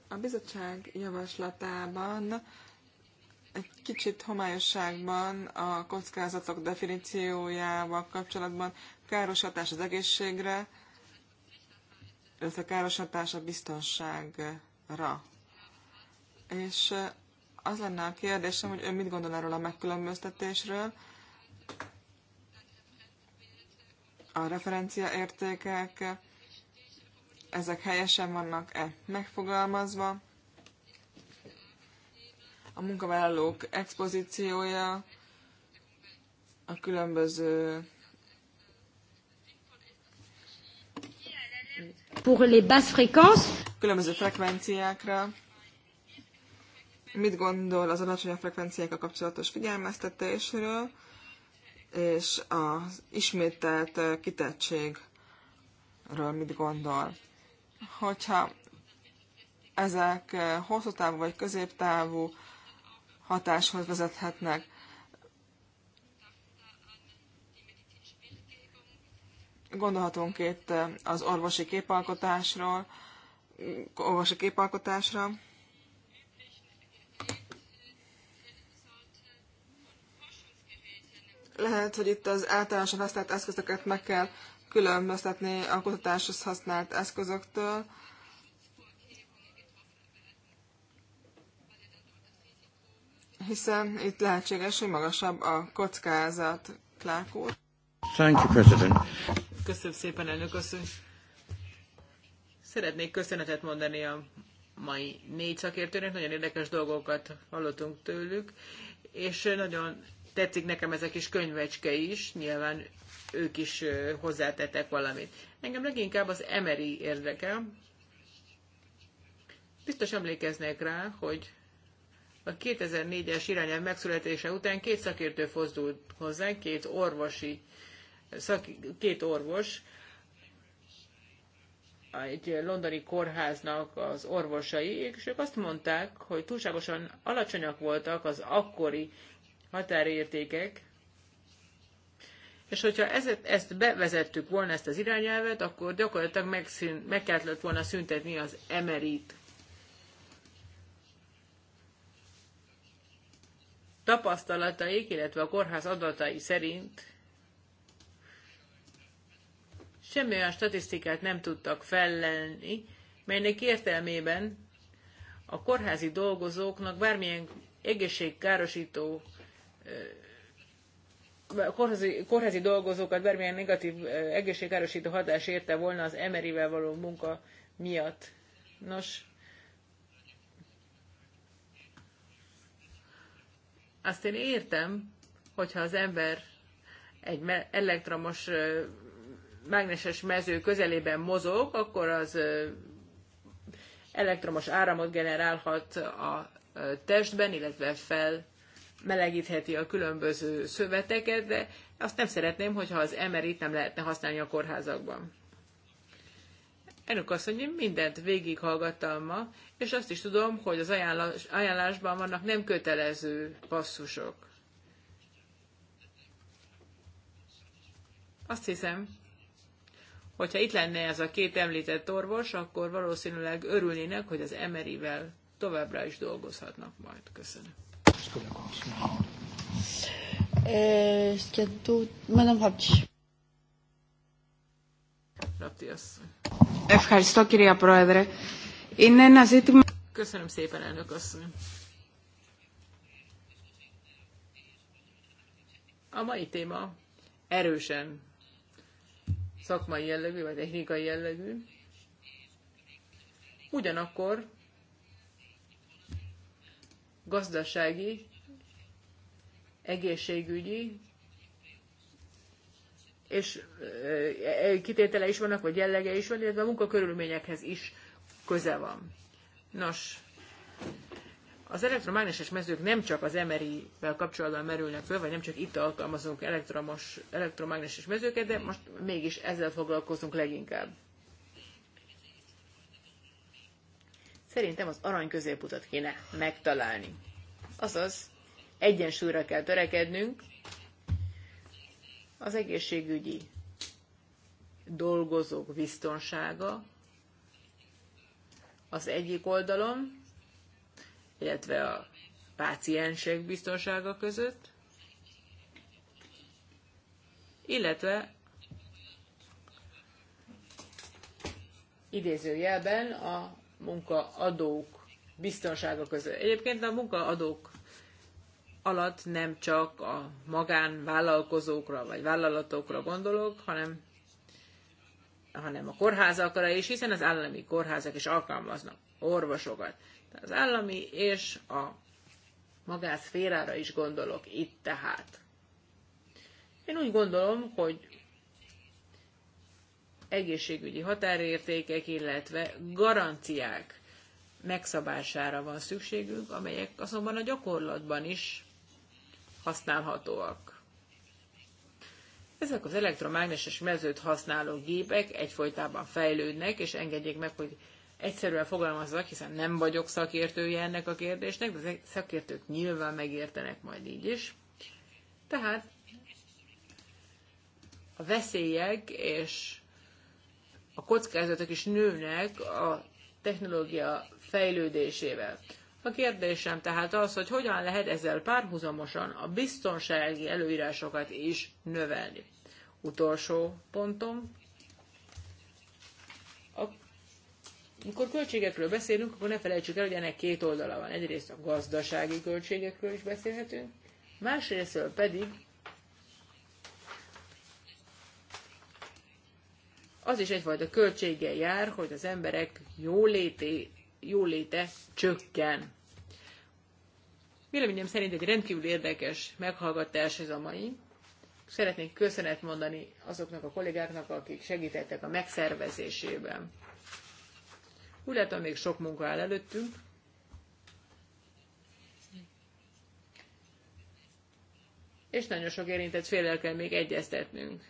A bizottság javaslatában egy kicsit homályosságban a kockázatok definíciójával kapcsolatban káros hatás az egészségre, illetve káros hatás a biztonságra. És az lenne a kérdésem, hogy ön mit gondol erről a megkülönböztetésről, a referenciaértékek, ezek helyesen vannak-e megfogalmazva, a munkavállalók expozíciója, a különböző pour les basses fréquences. Különböző frekvenciákra. Mit gondol az alacsonyabb frekvenciákkal kapcsolatos figyelmeztetésről, és az ismételt kitettségről mit gondol? Hogyha ezek hosszú távú vagy középtávú hatáshoz vezethetnek. Gondolhatunk itt az orvosi képalkotásról, orvosi képalkotásra. Lehet, hogy itt az általánosan használt eszközöket meg kell különböztetni a kutatáshoz használt eszközöktől hiszen itt lehetséges, hogy magasabb a kockázat, Clark úr. Thank you, President. Köszönöm szépen, elnök asszony. Szeretnék köszönetet mondani a mai négy szakértőnek, nagyon érdekes dolgokat hallottunk tőlük, és nagyon tetszik nekem ezek a kis könyvecske is, nyilván ők is hozzátettek valamit. Engem leginkább az emeri érdekel. Biztos emlékeznek rá, hogy a 2004-es irányelv megszületése után két szakértő fozdult hozzánk, két orvosi, szak, két orvos, egy londoni kórháznak az orvosai, és ők azt mondták, hogy túlságosan alacsonyak voltak az akkori határértékek, és hogyha ezt, ezt bevezettük volna, ezt az irányelvet, akkor gyakorlatilag megszűn, meg kellett volna szüntetni az emerit tapasztalataik, illetve a kórház adatai szerint semmi olyan statisztikát nem tudtak fellelni, melynek értelmében a kórházi dolgozóknak bármilyen egészségkárosító kórházi, kórházi dolgozókat bármilyen negatív egészségkárosító hatás érte volna az emerivel való munka miatt. Nos, Azt én értem, hogyha az ember egy elektromos mágneses mező közelében mozog, akkor az elektromos áramot generálhat a testben, illetve fel melegítheti a különböző szöveteket, de azt nem szeretném, hogyha az MRI-t nem lehetne használni a kórházakban. Elnök azt én mindent végighallgattam ma, és azt is tudom, hogy az ajánlás, ajánlásban vannak nem kötelező passzusok. Azt hiszem, hogyha itt lenne ez a két említett orvos, akkor valószínűleg örülnének, hogy az emerivel továbbra is dolgozhatnak majd. Köszönöm. Eh, Madame Hopch. Ευχαριστώ κυρία Πρόεδρε. Είναι ένα ζήτημα... Köszönöm szépen, elnök asszony. A mai téma erősen szakmai jellegű, vagy technikai jellegű. Ugyanakkor gazdasági, egészségügyi és kitétele is vannak, vagy jellege is van, illetve a munkakörülményekhez is köze van. Nos, az elektromágneses mezők nem csak az MRI-vel kapcsolatban merülnek föl, vagy nem csak itt alkalmazunk elektromos, elektromágneses mezőket, de most mégis ezzel foglalkozunk leginkább. Szerintem az arany középutat kéne megtalálni. Azaz, egyensúlyra kell törekednünk, az egészségügyi dolgozók biztonsága az egyik oldalon, illetve a páciensek biztonsága között, illetve idézőjelben a munkaadók biztonsága között. Egyébként a munkaadók alatt nem csak a magánvállalkozókra vagy vállalatokra gondolok, hanem, hanem a kórházakra is, hiszen az állami kórházak is alkalmaznak orvosokat. Tehát az állami és a magánszférára is gondolok itt tehát. Én úgy gondolom, hogy egészségügyi határértékek, illetve garanciák megszabására van szükségünk, amelyek azonban a gyakorlatban is használhatóak. Ezek az elektromágneses mezőt használó gépek egyfolytában fejlődnek, és engedjék meg, hogy egyszerűen fogalmazzak, hiszen nem vagyok szakértője ennek a kérdésnek, de szakértők nyilván megértenek majd így is. Tehát a veszélyek és a kockázatok is nőnek a technológia fejlődésével. A kérdésem tehát az, hogy hogyan lehet ezzel párhuzamosan a biztonsági előírásokat is növelni. Utolsó pontom. Amikor költségekről beszélünk, akkor ne felejtsük el, hogy ennek két oldala van. Egyrészt a gazdasági költségekről is beszélhetünk, másrészt pedig az is egyfajta költséggel jár, hogy az emberek jóléte jóléte csökken. Véleményem szerint egy rendkívül érdekes meghallgatás ez a mai. Szeretnék köszönet mondani azoknak a kollégáknak, akik segítettek a megszervezésében. Úgy látom, még sok munka áll előttünk. És nagyon sok érintett félel kell még egyeztetnünk.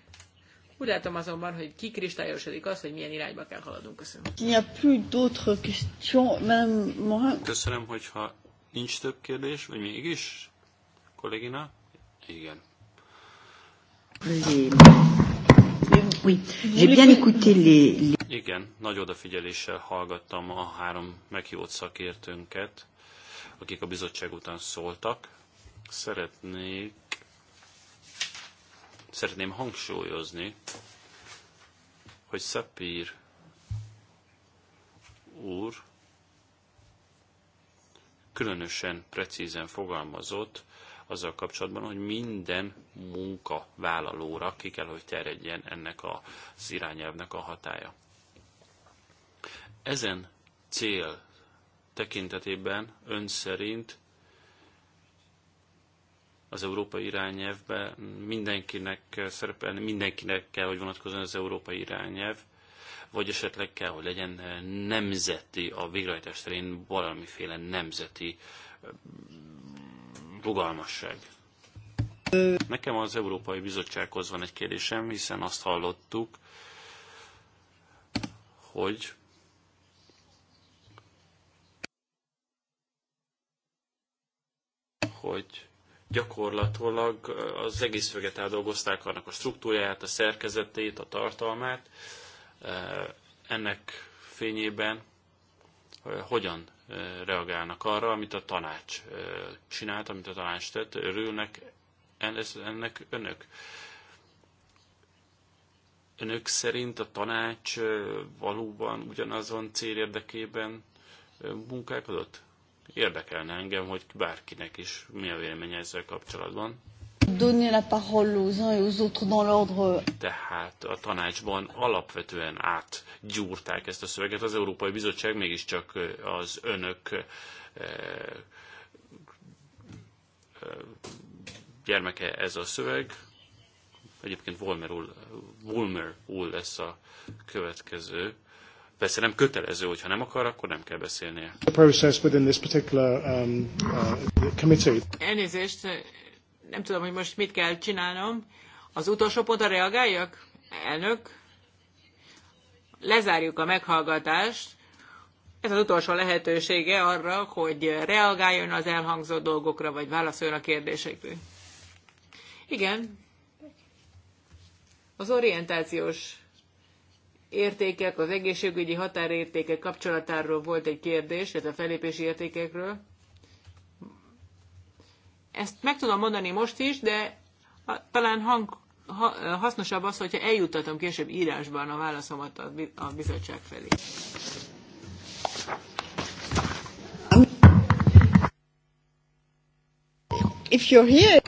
Úgy látom azonban, hogy kikristályosodik az, hogy milyen irányba kell haladnunk. Köszönöm. Köszönöm, hogyha Nincs több kérdés, vagy mégis? Kollégina? Igen. Igen, nagy odafigyeléssel hallgattam a három meghívott szakértőnket, akik a bizottság után szóltak. Szeretnék, szeretném hangsúlyozni, hogy Szapír úr különösen precízen fogalmazott azzal kapcsolatban, hogy minden munkavállalóra ki kell, hogy terjedjen ennek az irányelvnek a hatája. Ezen cél tekintetében ön szerint az európai irányelvben mindenkinek szerepelni, mindenkinek kell, hogy vonatkozzon az európai irányelv, vagy esetleg kell, hogy legyen eh, nemzeti, a végrehajtás terén valamiféle nemzeti eh, rugalmasság. Nekem az Európai Bizottsághoz van egy kérdésem, hiszen azt hallottuk, hogy hogy gyakorlatilag eh, az egész szöget eldolgozták annak a struktúráját, a szerkezetét, a tartalmát, ennek fényében hogyan reagálnak arra, amit a tanács csinált, amit a tanács tett, örülnek ennek önök? Önök szerint a tanács valóban ugyanazon cél érdekében munkálkodott? Érdekelne engem, hogy bárkinek is mi a véleménye ezzel kapcsolatban. Tehát a tanácsban alapvetően átgyúrták ezt a szöveget. Az Európai Bizottság mégiscsak az önök gyermeke ez a szöveg. Egyébként Volmer úr, Volmer úr lesz a következő. Persze nem kötelező, hogyha nem akar, akkor nem kell beszélnie. Um, uh, Elnézést, nem tudom, hogy most mit kell csinálnom. Az utolsó pontra reagáljak? Elnök, lezárjuk a meghallgatást. Ez az utolsó lehetősége arra, hogy reagáljon az elhangzott dolgokra, vagy válaszoljon a kérdésekre. Igen. Az orientációs értékek, az egészségügyi határértékek kapcsolatáról volt egy kérdés, ez a felépési értékekről. Ezt meg tudom mondani most is, de talán hang, ha, hasznosabb az, hogyha eljuttatom később írásban a válaszomat a, a bizottság felé. If you're here...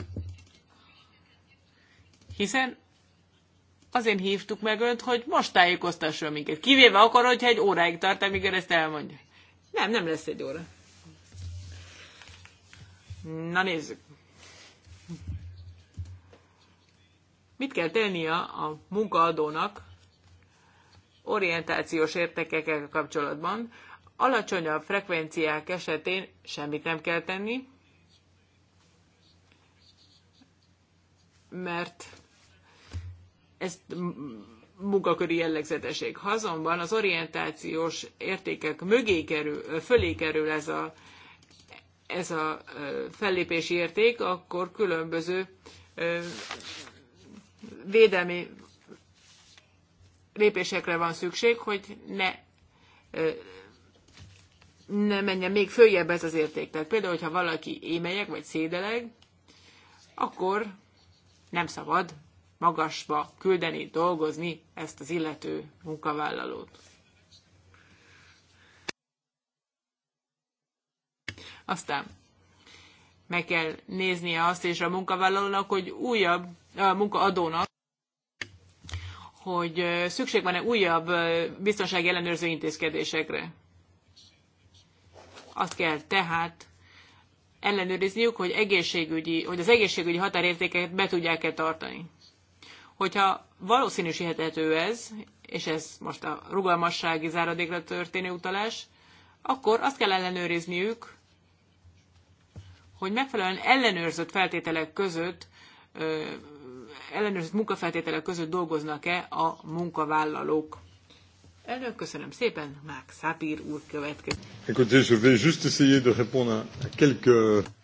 Hiszen azért hívtuk meg önt, hogy most tájékoztasson minket. Kivéve akkor, hogyha egy óráig tart, amíg ezt elmondja. Nem, nem lesz egy óra. Na nézzük. Mit kell tennie a munkaadónak orientációs értékekkel kapcsolatban? Alacsonyabb frekvenciák esetén semmit nem kell tenni, mert ezt munkaköri jellegzetesség. Ha azonban az orientációs értékek mögé kerül, fölé kerül ez a ez a fellépési érték, akkor különböző védelmi lépésekre van szükség, hogy ne, ne menjen még följebb ez az érték. Tehát például, hogyha valaki émelyek vagy szédeleg, akkor nem szabad magasba küldeni, dolgozni ezt az illető munkavállalót. Aztán meg kell néznie azt és a munkavállalónak, hogy újabb, a munkaadónak, hogy szükség van-e újabb biztonsági ellenőrző intézkedésekre. Azt kell tehát ellenőrizniük, hogy, egészségügyi, hogy az egészségügyi határértéket be tudják-e tartani. Hogyha valószínűsíthető ez, és ez most a rugalmassági záradékra történő utalás, akkor azt kell ellenőrizniük, hogy megfelelően ellenőrzött feltételek között, ellenőrzött munkafeltételek között dolgoznak-e a munkavállalók. Elnök, köszönöm szépen, Mák Szápír úr következik.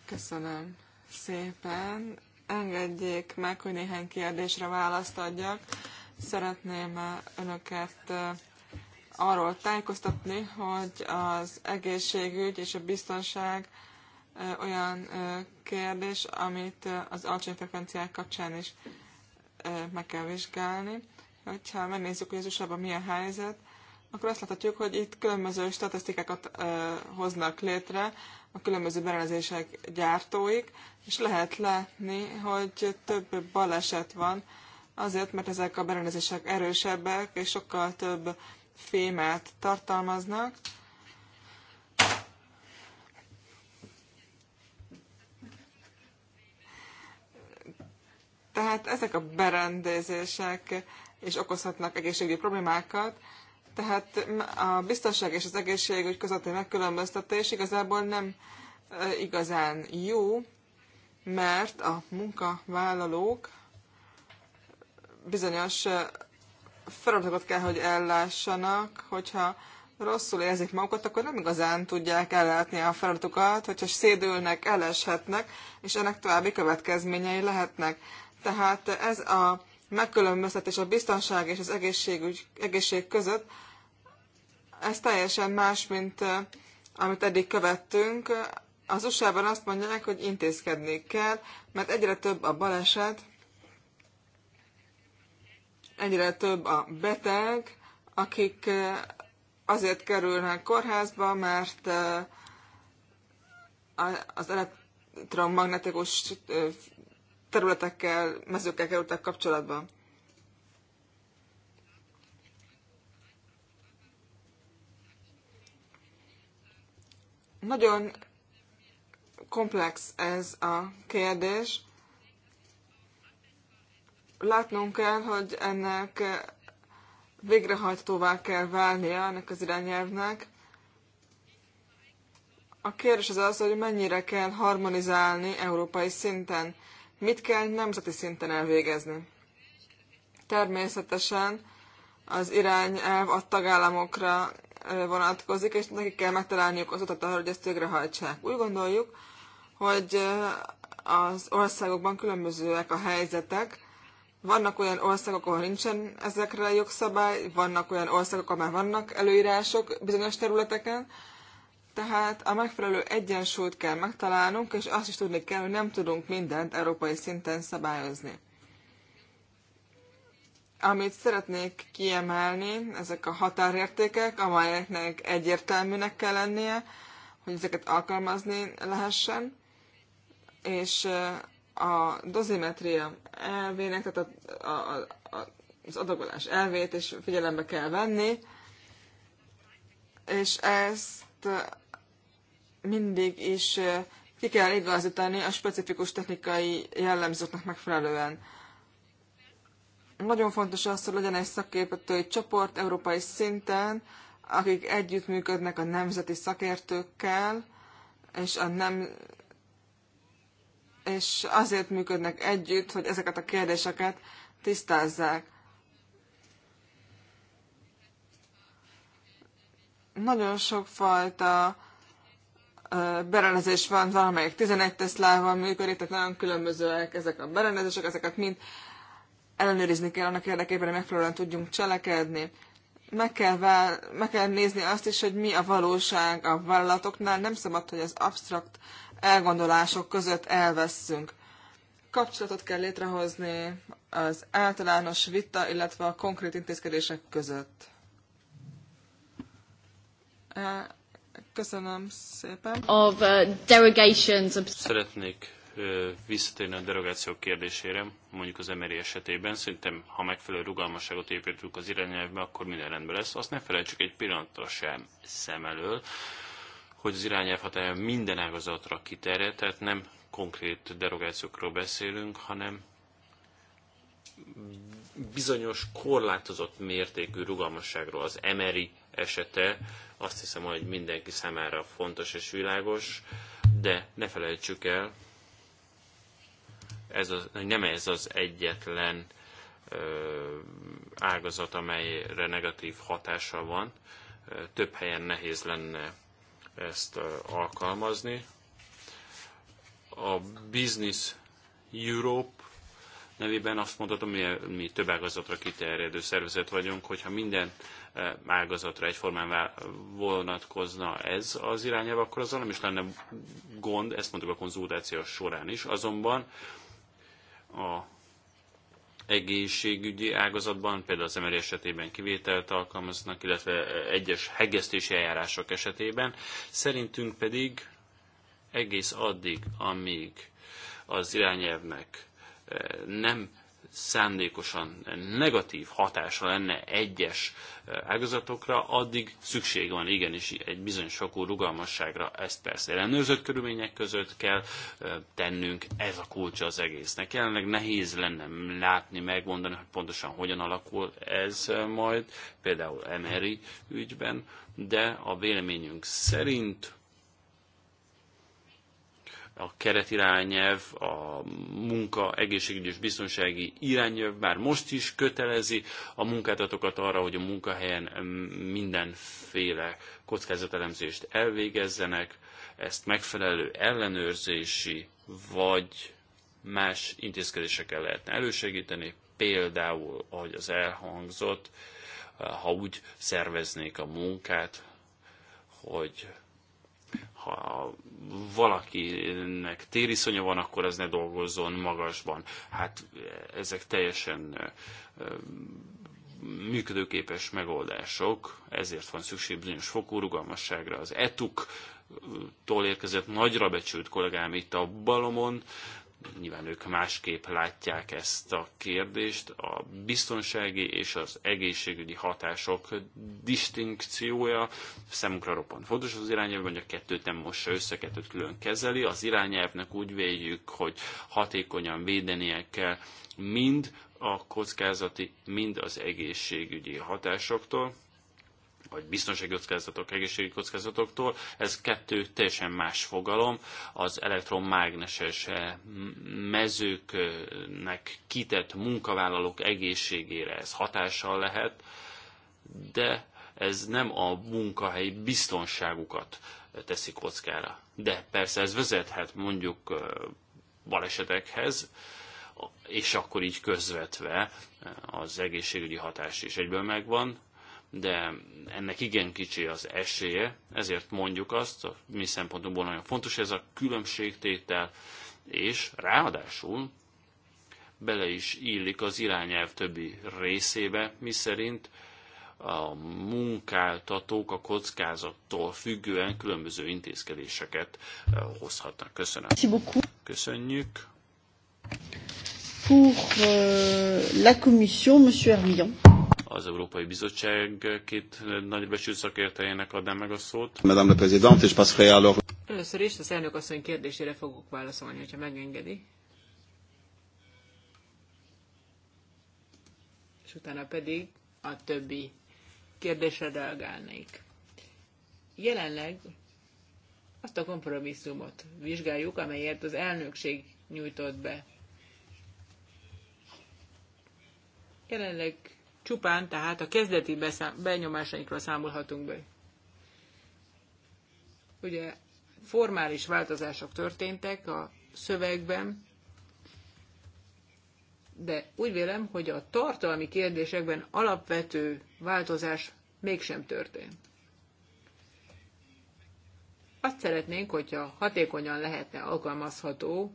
Köszönöm szépen. Engedjék meg, hogy néhány kérdésre választ adjak. Szeretném önöket arról tájékoztatni, hogy az egészségügy és a biztonság olyan kérdés, amit az alacsony frekvenciák kapcsán is meg kell vizsgálni. Ha megnézzük, hogy az usa milyen helyzet, akkor azt láthatjuk, hogy itt különböző statisztikákat hoznak létre a különböző berendezések gyártóik, és lehet látni, hogy több baleset van, azért, mert ezek a berendezések erősebbek, és sokkal több fémet tartalmaznak, Tehát ezek a berendezések is okozhatnak egészségügyi problémákat, tehát a biztonság és az egészségügy közötti megkülönböztetés igazából nem igazán jó, mert a munkavállalók bizonyos feladatokat kell, hogy ellássanak, hogyha rosszul érzik magukat, akkor nem igazán tudják ellátni a feladatokat, hogyha szédülnek, eleshetnek, és ennek további következményei lehetnek. Tehát ez a megkülönböztetés a biztonság és az egészségügy, egészség között, ez teljesen más, mint amit eddig követtünk. Az USA-ban azt mondják, hogy intézkedni kell, mert egyre több a baleset, egyre több a beteg, akik azért kerülnek kórházba, mert az elektromagnetikus területekkel, mezőkkel kerültek kapcsolatba. Nagyon komplex ez a kérdés. Látnunk kell, hogy ennek végrehajtóvá kell válnia ennek az irányelvnek. A kérdés az az, hogy mennyire kell harmonizálni európai szinten. Mit kell nemzeti szinten elvégezni? Természetesen az irányelv a tagállamokra vonatkozik, és nekik kell megtalálniuk az utat arra, hogy ezt végrehajtsák. Úgy gondoljuk, hogy az országokban különbözőek a helyzetek. Vannak olyan országok, ahol nincsen ezekre jogszabály, vannak olyan országok, ahol már vannak előírások bizonyos területeken, tehát a megfelelő egyensúlyt kell megtalálnunk, és azt is tudni kell, hogy nem tudunk mindent európai szinten szabályozni. Amit szeretnék kiemelni, ezek a határértékek, amelyeknek egyértelműnek kell lennie, hogy ezeket alkalmazni lehessen, és eh, a dozimetria elvének, tehát a, a, a, az adagolás elvét is figyelembe kell venni, és ezt mindig is ki kell igazítani a specifikus technikai jellemzőknek megfelelően. Nagyon fontos az, hogy legyen egy szakértői csoport európai szinten, akik együttműködnek a nemzeti szakértőkkel, és, a nem, és azért működnek együtt, hogy ezeket a kérdéseket tisztázzák. Nagyon sokfajta berendezés van, valamelyik 11 Tesla-val működik, tehát nagyon különbözőek ezek a berendezések, ezeket mind ellenőrizni kell annak érdekében, hogy megfelelően tudjunk cselekedni. Meg kell, vál, meg kell nézni azt is, hogy mi a valóság a vállalatoknál, nem szabad, hogy az absztrakt elgondolások között elveszünk. Kapcsolatot kell létrehozni az általános vita, illetve a konkrét intézkedések között Köszönöm szépen. Of, uh, derogations. Szeretnék visszatérni a derogációk kérdésére, mondjuk az MRI esetében, szerintem ha megfelelő rugalmasságot építünk az irányelvbe, akkor minden rendben lesz. Azt ne felejtsük egy pillanatra sem szem elől, hogy az irányelv hatája minden ágazatra kiterjed, tehát nem konkrét derogációkról beszélünk, hanem bizonyos korlátozott mértékű rugalmasságról az emeri esete azt hiszem, hogy mindenki számára fontos és világos, de ne felejtsük el, ez az, nem ez az egyetlen ö, ágazat, amelyre negatív hatása van. Több helyen nehéz lenne ezt alkalmazni. A Business Europe nevében azt mondhatom, mi, mi több ágazatra kiterjedő szervezet vagyunk, hogyha minden ágazatra egyformán vonatkozna ez az irányába, akkor azzal nem is lenne gond, ezt mondtuk a konzultáció során is. Azonban a egészségügyi ágazatban, például az emeri esetében kivételt alkalmaznak, illetve egyes hegesztési eljárások esetében. Szerintünk pedig egész addig, amíg az irányelvnek nem szándékosan negatív hatása lenne egyes ágazatokra, addig szükség van igenis egy bizonyos sokú rugalmasságra, ezt persze ellenőrzött körülmények között kell tennünk, ez a kulcsa az egésznek. Jelenleg nehéz lenne látni, megmondani, hogy pontosan hogyan alakul ez majd, például Emery ügyben, de a véleményünk szerint a keretirányelv, a munka, egészségügyi és biztonsági irányelv már most is kötelezi a munkáltatókat arra, hogy a munkahelyen mindenféle kockázatelemzést elvégezzenek, ezt megfelelő ellenőrzési vagy más intézkedésekkel lehetne elősegíteni, például, ahogy az elhangzott, ha úgy szerveznék a munkát, hogy ha valakinek tériszonya van, akkor az ne dolgozzon magasban. Hát ezek teljesen működőképes megoldások, ezért van szükség bizonyos fokú rugalmasságra. Az etuk tól érkezett nagyra becsült kollégám itt a balomon Nyilván ők másképp látják ezt a kérdést. A biztonsági és az egészségügyi hatások distinkciója számunkra roppant fontos az irányelv, hogy a kettőt nem mossa össze, kettőt külön kezeli. Az irányelvnek úgy véljük, hogy hatékonyan védenie kell mind a kockázati, mind az egészségügyi hatásoktól vagy biztonsági kockázatok, egészségügyi kockázatoktól. Ez kettő teljesen más fogalom. Az elektromágneses eh, mezőknek kitett munkavállalók egészségére ez hatással lehet, de ez nem a munkahelyi biztonságukat teszi kockára. De persze ez vezethet mondjuk eh, balesetekhez, és akkor így közvetve eh, az egészségügyi hatás is egyből megvan, de ennek igen kicsi az esélye, ezért mondjuk azt, a mi szempontunkból nagyon fontos ez a különbségtétel, és ráadásul bele is illik az irányelv többi részébe, miszerint a munkáltatók a kockázattól függően különböző intézkedéseket eh, hozhatnak. Köszönöm. Köszönjük. Pour euh, la commission, Monsieur Hermillon az Európai Bizottság két nagybecsült szakértőjének adnám meg a szót. Madame la Présidente, és passerai alors... Először is az elnök asszony kérdésére fogok válaszolni, hogyha megengedi. És utána pedig a többi kérdésre reagálnék. Jelenleg azt a kompromisszumot vizsgáljuk, amelyet az elnökség nyújtott be. Jelenleg Csupán tehát a kezdeti beszám, benyomásainkról számolhatunk be. Ugye formális változások történtek a szövegben, de úgy vélem, hogy a tartalmi kérdésekben alapvető változás mégsem történt. Azt szeretnénk, hogyha hatékonyan lehetne alkalmazható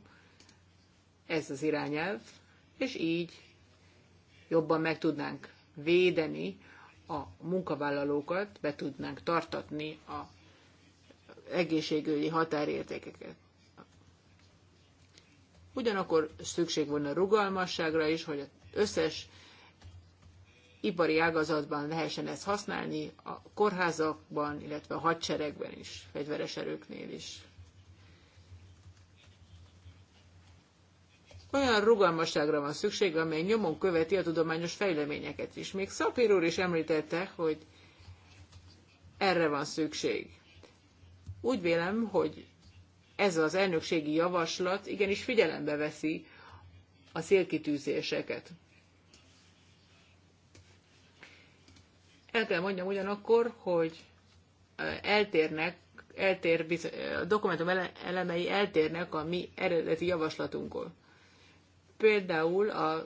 ez az irányelv, és így jobban meg tudnánk védeni a munkavállalókat, be tudnánk tartatni a egészségügyi határértékeket. Ugyanakkor szükség volna rugalmasságra is, hogy az összes ipari ágazatban lehessen ezt használni, a kórházakban, illetve a hadseregben is, fegyveres erőknél is. Olyan rugalmasságra van szükség, amely nyomon követi a tudományos fejleményeket is. Még Szapír úr is említette, hogy erre van szükség. Úgy vélem, hogy ez az elnökségi javaslat igenis figyelembe veszi a szélkitűzéseket. El kell mondjam ugyanakkor, hogy eh, eltérnek, eltér, eh, a dokumentum elemei eltérnek a mi eredeti javaslatunkból például a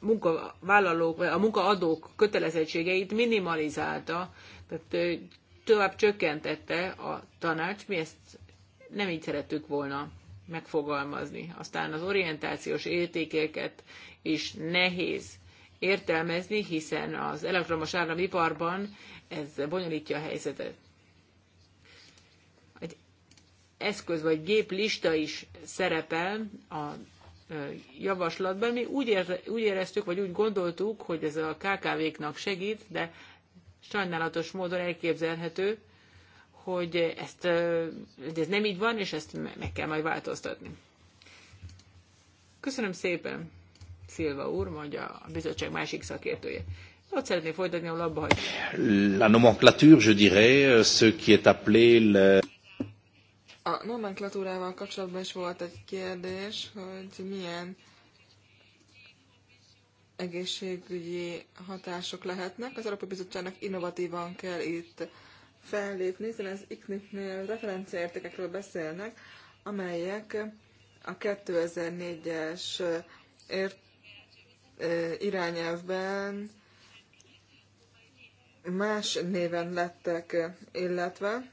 munkavállalók, a munkaadók kötelezettségeit minimalizálta, tehát tovább csökkentette a tanács, mi ezt nem így szerettük volna megfogalmazni. Aztán az orientációs értékeket is nehéz értelmezni, hiszen az elektromos áramiparban ez bonyolítja a helyzetet eszköz vagy géplista is szerepel a javaslatban. Mi úgy, ére, úgy éreztük, vagy úgy gondoltuk, hogy ez a KKV-knak segít, de sajnálatos módon elképzelhető, hogy, ezt, hogy ez nem így van, és ezt meg kell majd változtatni. Köszönöm szépen, Szilva úr, mondja a bizottság másik szakértője. Ott szeretném folytatni, ahol abba La nomenclature, je dirais, euh, ce qui est appelé le... A nomenklatúrával kapcsolatban is volt egy kérdés, hogy milyen egészségügyi hatások lehetnek. Az Európai Bizottságnak innovatívan kell itt fellépni, hiszen az ICNIP-nél referenciaértékekről beszélnek, amelyek a 2004-es eh, irányelvben más néven lettek eh, illetve.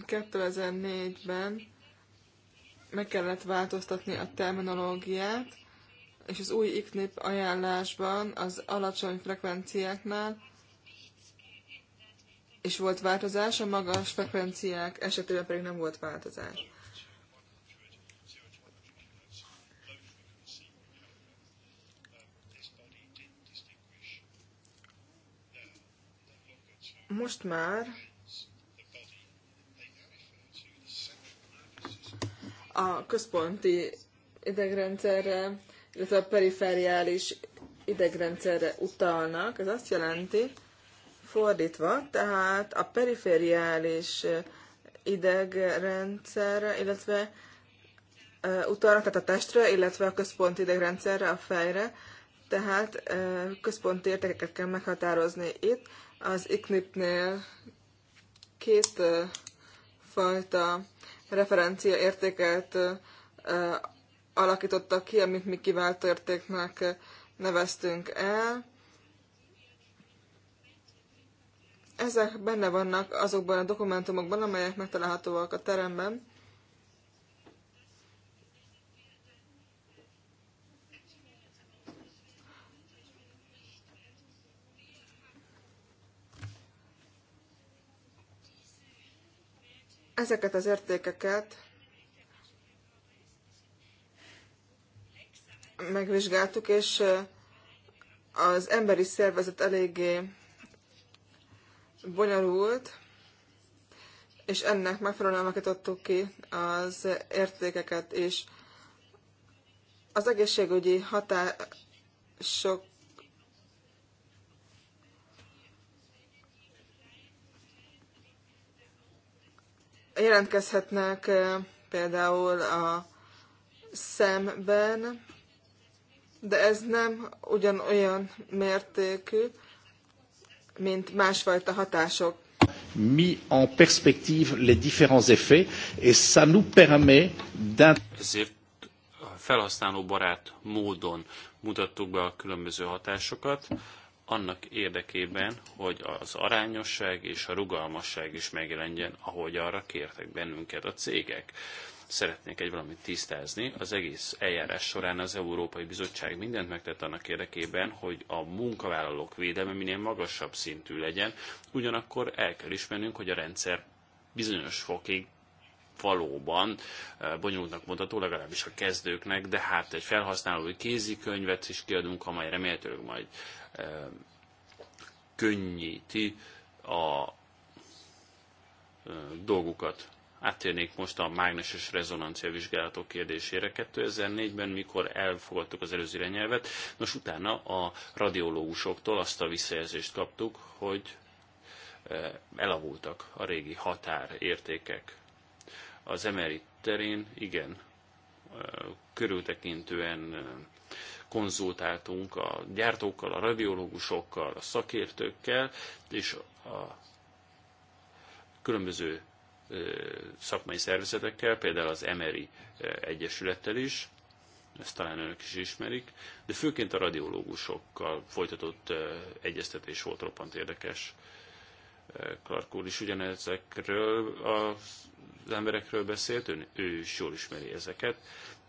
2004-ben meg kellett változtatni a terminológiát, és az új ICNIP ajánlásban az alacsony frekvenciáknál és volt változás, a magas frekvenciák esetében pedig nem volt változás. Most már a központi idegrendszerre, illetve a perifériális idegrendszerre utalnak. Ez azt jelenti, fordítva, tehát a perifériális idegrendszerre, illetve utalnak, tehát a testre, illetve a központi idegrendszerre, a fejre, tehát központi értékeket kell meghatározni itt. Az ICNIP-nél két fajta referencia értéket alakítottak ki, amit mi kiváltó értéknek neveztünk el. Ezek benne vannak azokban a dokumentumokban, amelyek megtalálhatóak a teremben. Ezeket az értékeket megvizsgáltuk, és az emberi szervezet eléggé bonyolult, és ennek megfelelően alakítottuk ki az értékeket, és az egészségügyi hatások jelentkezhetnek például a szemben, de ez nem ugyanolyan mértékű, mint másfajta hatások. Mis en perspective les différents effets, et ça nous permet Ezért felhasználó barát módon mutattuk be a különböző hatásokat, annak érdekében, hogy az arányosság és a rugalmasság is megjelenjen, ahogy arra kértek bennünket a cégek. Szeretnék egy valamit tisztázni. Az egész eljárás során az Európai Bizottság mindent megtett annak érdekében, hogy a munkavállalók védelme minél magasabb szintű legyen, ugyanakkor el kell ismernünk, hogy a rendszer bizonyos fokig valóban bonyolultnak mondható, legalábbis a kezdőknek, de hát egy felhasználói kézikönyvet is kiadunk, amely remélhetőleg majd könnyíti a dolgukat. Áttérnék most a mágneses rezonancia vizsgálatok kérdésére. 2004-ben, mikor elfogadtuk az előző irányelvet, nos utána a radiológusoktól azt a visszajelzést kaptuk, hogy elavultak a régi határértékek az emeri terén igen, körültekintően konzultáltunk a gyártókkal, a radiológusokkal, a szakértőkkel, és a különböző szakmai szervezetekkel, például az Emeri Egyesülettel is, ezt talán önök is ismerik, de főként a radiológusokkal folytatott egyeztetés volt roppant érdekes. Clark úr is ugyanezekről az emberekről beszélt, ön, ő is jól ismeri ezeket.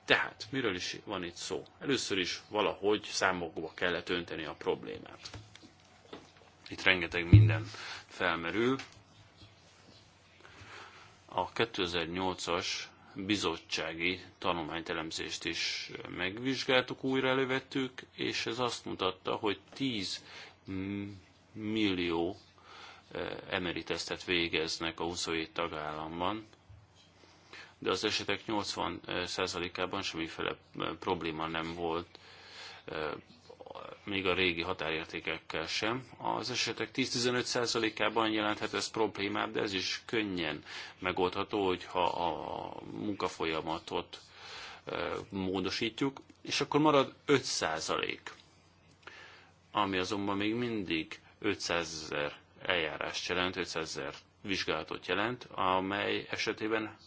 Tehát, miről is van itt szó? Először is valahogy számokba kellett önteni a problémát. Itt rengeteg minden felmerül. A 2008-as bizottsági tanulmánytelemzést is megvizsgáltuk, újra elővettük, és ez azt mutatta, hogy 10 millió emeritesztet végeznek a 27 tagállamban, de az esetek 80%-ában eh, semmiféle eh, probléma nem volt, eh, még a régi határértékekkel sem. Az esetek 10-15%-ában jelenthet ez problémát, de ez is könnyen megoldható, hogyha a munkafolyamatot módosítjuk, és akkor marad 5%, ami azonban még mindig 500 ezer eljárást jelent, 500 ezer vizsgálatot jelent, amely esetében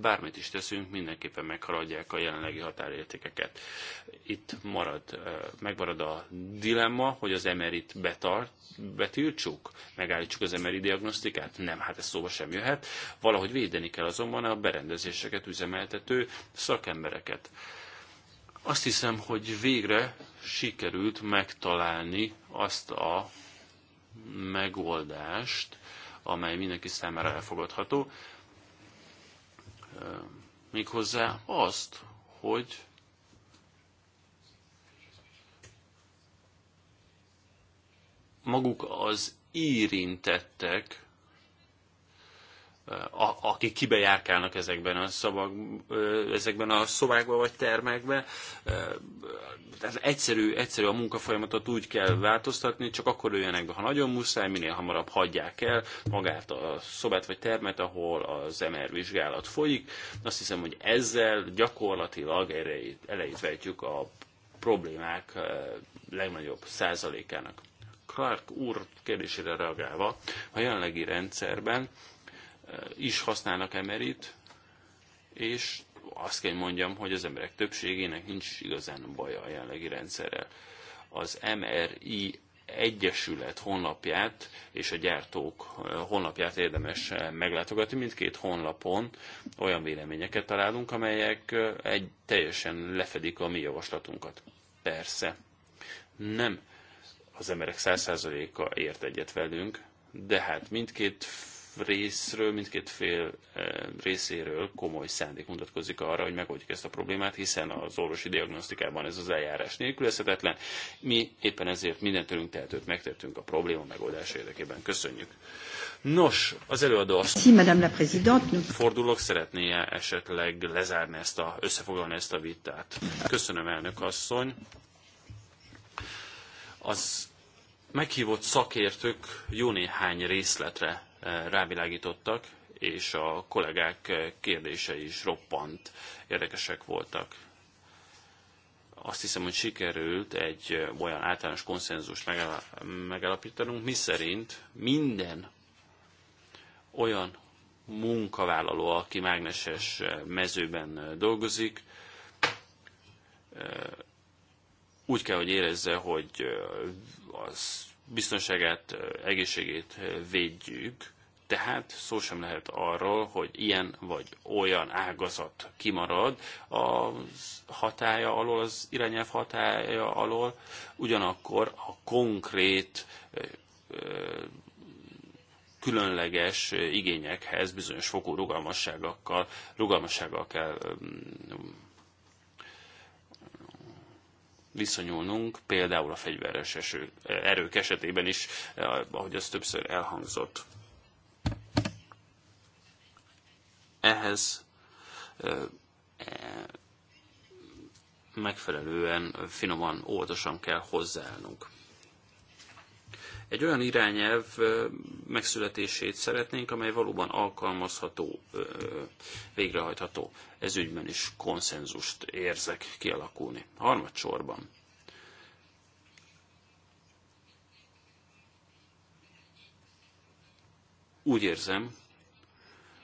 bármit is teszünk, mindenképpen meghaladják a jelenlegi határértékeket. Itt marad, megmarad a dilemma, hogy az emerit betart, betiltsuk, megállítsuk az emeri diagnosztikát? Nem, hát ez szóba sem jöhet. Valahogy védeni kell azonban a berendezéseket üzemeltető szakembereket. Azt hiszem, hogy végre sikerült megtalálni azt a megoldást, amely mindenki számára elfogadható, méghozzá azt, hogy maguk az érintettek akik kibejárkálnak ezekben a szavak, ezekben a szobákban vagy termekben. Tehát egyszerű, egyszerű a munkafolyamatot úgy kell változtatni, csak akkor üljenek be, ha nagyon muszáj, minél hamarabb hagyják el magát a szobát vagy termet, ahol az MR vizsgálat folyik. Azt hiszem, hogy ezzel gyakorlatilag elejét, elejét vetjük a problémák legnagyobb százalékának. Clark úr kérdésére reagálva, a jelenlegi rendszerben is használnak emerit, és azt kell mondjam, hogy az emberek többségének nincs igazán baja a jelenlegi rendszerrel. Az MRI Egyesület honlapját és a gyártók eh, honlapját érdemes eh, meglátogatni. Mindkét honlapon olyan véleményeket találunk, amelyek eh, egy teljesen lefedik a mi javaslatunkat. Persze, nem az emberek 100%-a ért egyet velünk, de hát mindkét részről, mindkét fél eh, részéről komoly szándék mutatkozik arra, hogy megoldjuk ezt a problémát, hiszen az orvosi diagnosztikában ez az eljárás nélkülözhetetlen. Mi éppen ezért minden tőlünk tehetőt megtettünk a probléma megoldása érdekében. Köszönjük. Nos, az előadó azt sí, Madame la Présidente. fordulok, szeretné -e esetleg lezárni ezt a, összefoglalni ezt a vitát. Köszönöm, elnök asszony. Az meghívott szakértők jó néhány részletre rávilágítottak, és a kollégák kérdései is roppant érdekesek voltak. Azt hiszem, hogy sikerült egy olyan általános konszenzus megállapítanunk, miszerint minden olyan munkavállaló, aki mágneses mezőben dolgozik, úgy kell, hogy érezze, hogy az biztonságát, egészségét védjük, tehát szó sem lehet arról, hogy ilyen vagy olyan ágazat kimarad a hatája alól, az irányelv hatája alól, ugyanakkor a konkrét különleges igényekhez bizonyos fokú rugalmasságokkal, rugalmassággal kell mm, viszonyulnunk, például a fegyveres eső, erők esetében is, eh, ahogy az többször elhangzott. Ehhez eh, megfelelően finoman, óvatosan kell hozzáállnunk. Egy olyan irányelv megszületését szeretnénk, amely valóban alkalmazható, végrehajtható. Ez ügyben is konszenzust érzek kialakulni. Harmadsorban. Úgy érzem,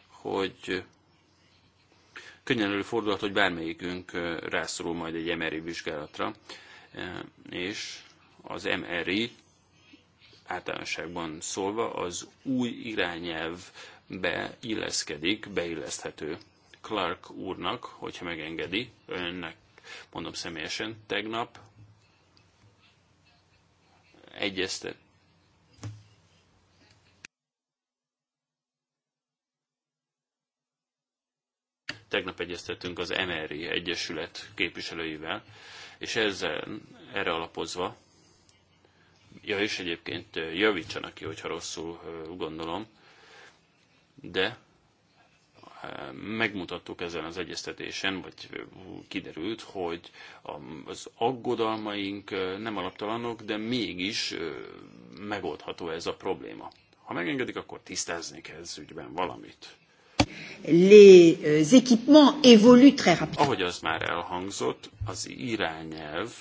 hogy könnyen előfordulhat, hogy bármelyikünk rászorul majd egy MRI vizsgálatra, és az MRI általánosságban szólva az új irányelv illeszkedik, beilleszthető Clark úrnak, hogyha megengedi, önnek mondom személyesen, tegnap egyeztet, tegnap egyeztettünk az MRI Egyesület képviselőivel, és ezzel erre alapozva ja és egyébként javítsanak ki, hogyha rosszul gondolom, de megmutattuk ezen az egyeztetésen, vagy kiderült, hogy az aggodalmaink nem alaptalanok, de mégis megoldható ez a probléma. Ha megengedik, akkor tisztázni kell ez ügyben valamit. Les euh, équipements évoluent très rapidement. Ahogy az már elhangzott, az irányelv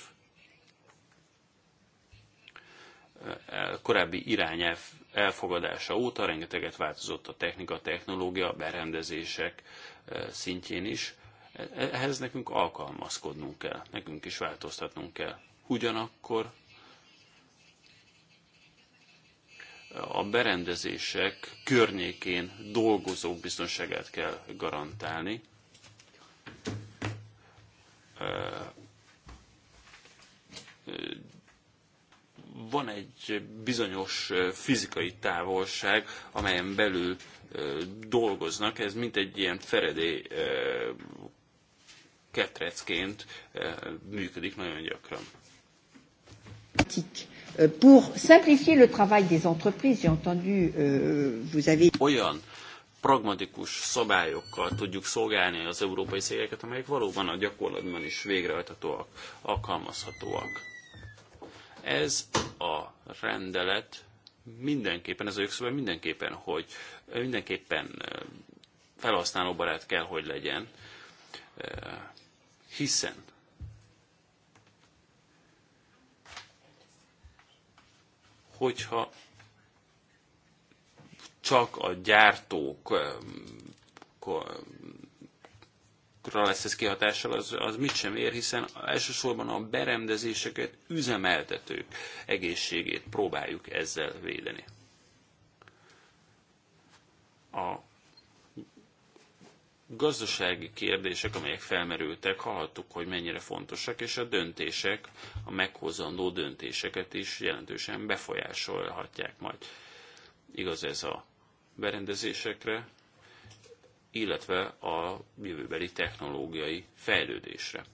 korábbi irányelv elfogadása óta rengeteget változott a technika, a technológia, a berendezések szintjén is. Ehhez nekünk alkalmazkodnunk kell, nekünk is változtatnunk kell. Ugyanakkor a berendezések környékén dolgozók biztonságát kell garantálni van egy bizonyos fizikai távolság, amelyen belül dolgoznak, ez mint egy ilyen feredé ketrecként működik nagyon gyakran. Euh, pour simplifier le travail des entreprises, j'ai entendu, euh, vous avez... Olyan pragmatikus szabályokkal tudjuk szolgálni az európai cégeket, amelyek valóban a gyakorlatban is végrehajthatóak, alkalmazhatóak. Ez a rendelet mindenképpen, ez a jogszabály mindenképpen, hogy mindenképpen felhasználóbarát kell, hogy legyen, hiszen hogyha csak a gyártók kra lesz ez kihatással, az, az mit sem ér, hiszen elsősorban a berendezéseket üzemeltetők egészségét próbáljuk ezzel védeni. A gazdasági kérdések, amelyek felmerültek, hallhattuk, hogy mennyire fontosak, és a döntések, a meghozandó döntéseket is jelentősen befolyásolhatják majd. Igaz ez a berendezésekre, illetve a jövőbeli technológiai fejlődésre.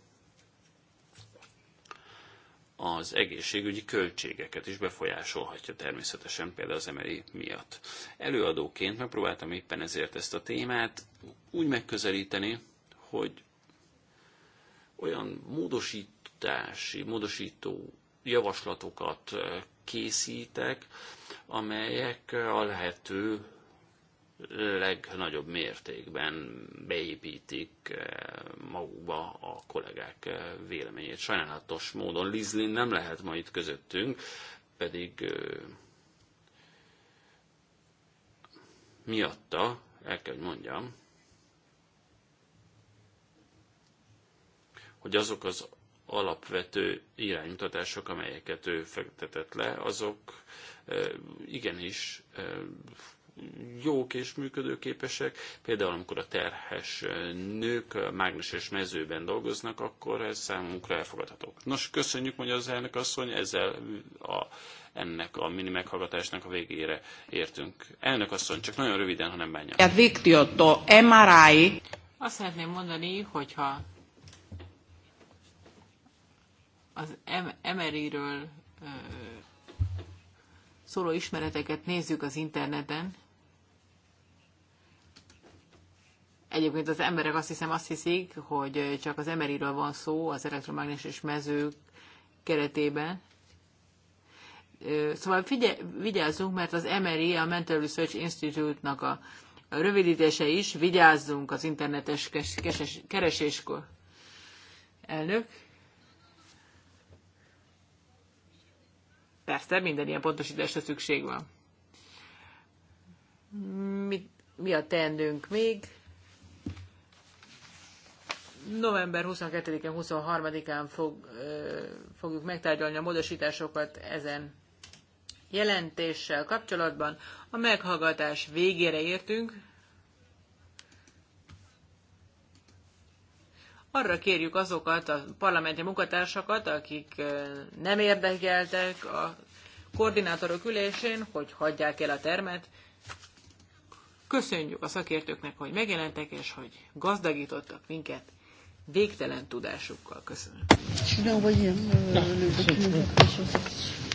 Az egészségügyi költségeket is befolyásolhatja természetesen, például az emeli miatt. Előadóként megpróbáltam éppen ezért ezt a témát úgy megközelíteni, hogy olyan módosítási, módosító javaslatokat készítek, amelyek a lehető legnagyobb mértékben beépítik eh, magukba a kollégák eh, véleményét. Sajnálatos módon Lizlin nem lehet ma itt közöttünk, pedig eh, miatta, el kell, hogy mondjam, hogy azok az alapvető iránymutatások, amelyeket ő fektetett le, azok igenis jók és működőképesek. Például amikor a terhes nők mágneses mezőben dolgoznak, akkor ez számunkra elfogadható. Nos, köszönjük, hogy az elnök asszony, ezzel a, ennek a mini meghallgatásnak a végére értünk. Elnök asszony, csak nagyon röviden, ha nem bánja. Azt szeretném mondani, hogyha az MRI-ről er szóló ismereteket nézzük az interneten, Egyébként az emberek azt hiszem azt hiszik, hogy csak az emeriről van szó az elektromágneses mezők keretében. Szóval figye, vigyázzunk, mert az MRI, a Mental Research Institute-nak a, a rövidítése is, vigyázzunk az internetes kes, keses, kereséskor. Elnök. Persze, minden ilyen pontosításra szükség van. Mi, mi a teendőnk még? november 22-én, 23-án fog, fogjuk megtárgyalni a módosításokat ezen jelentéssel kapcsolatban. A meghallgatás végére értünk. Arra kérjük azokat a parlamenti munkatársakat, akik nem érdekeltek a koordinátorok ülésén, hogy hagyják el a termet. Köszönjük a szakértőknek, hogy megjelentek, és hogy gazdagítottak minket végtelen tudásukkal. Köszönöm. Euh, ah,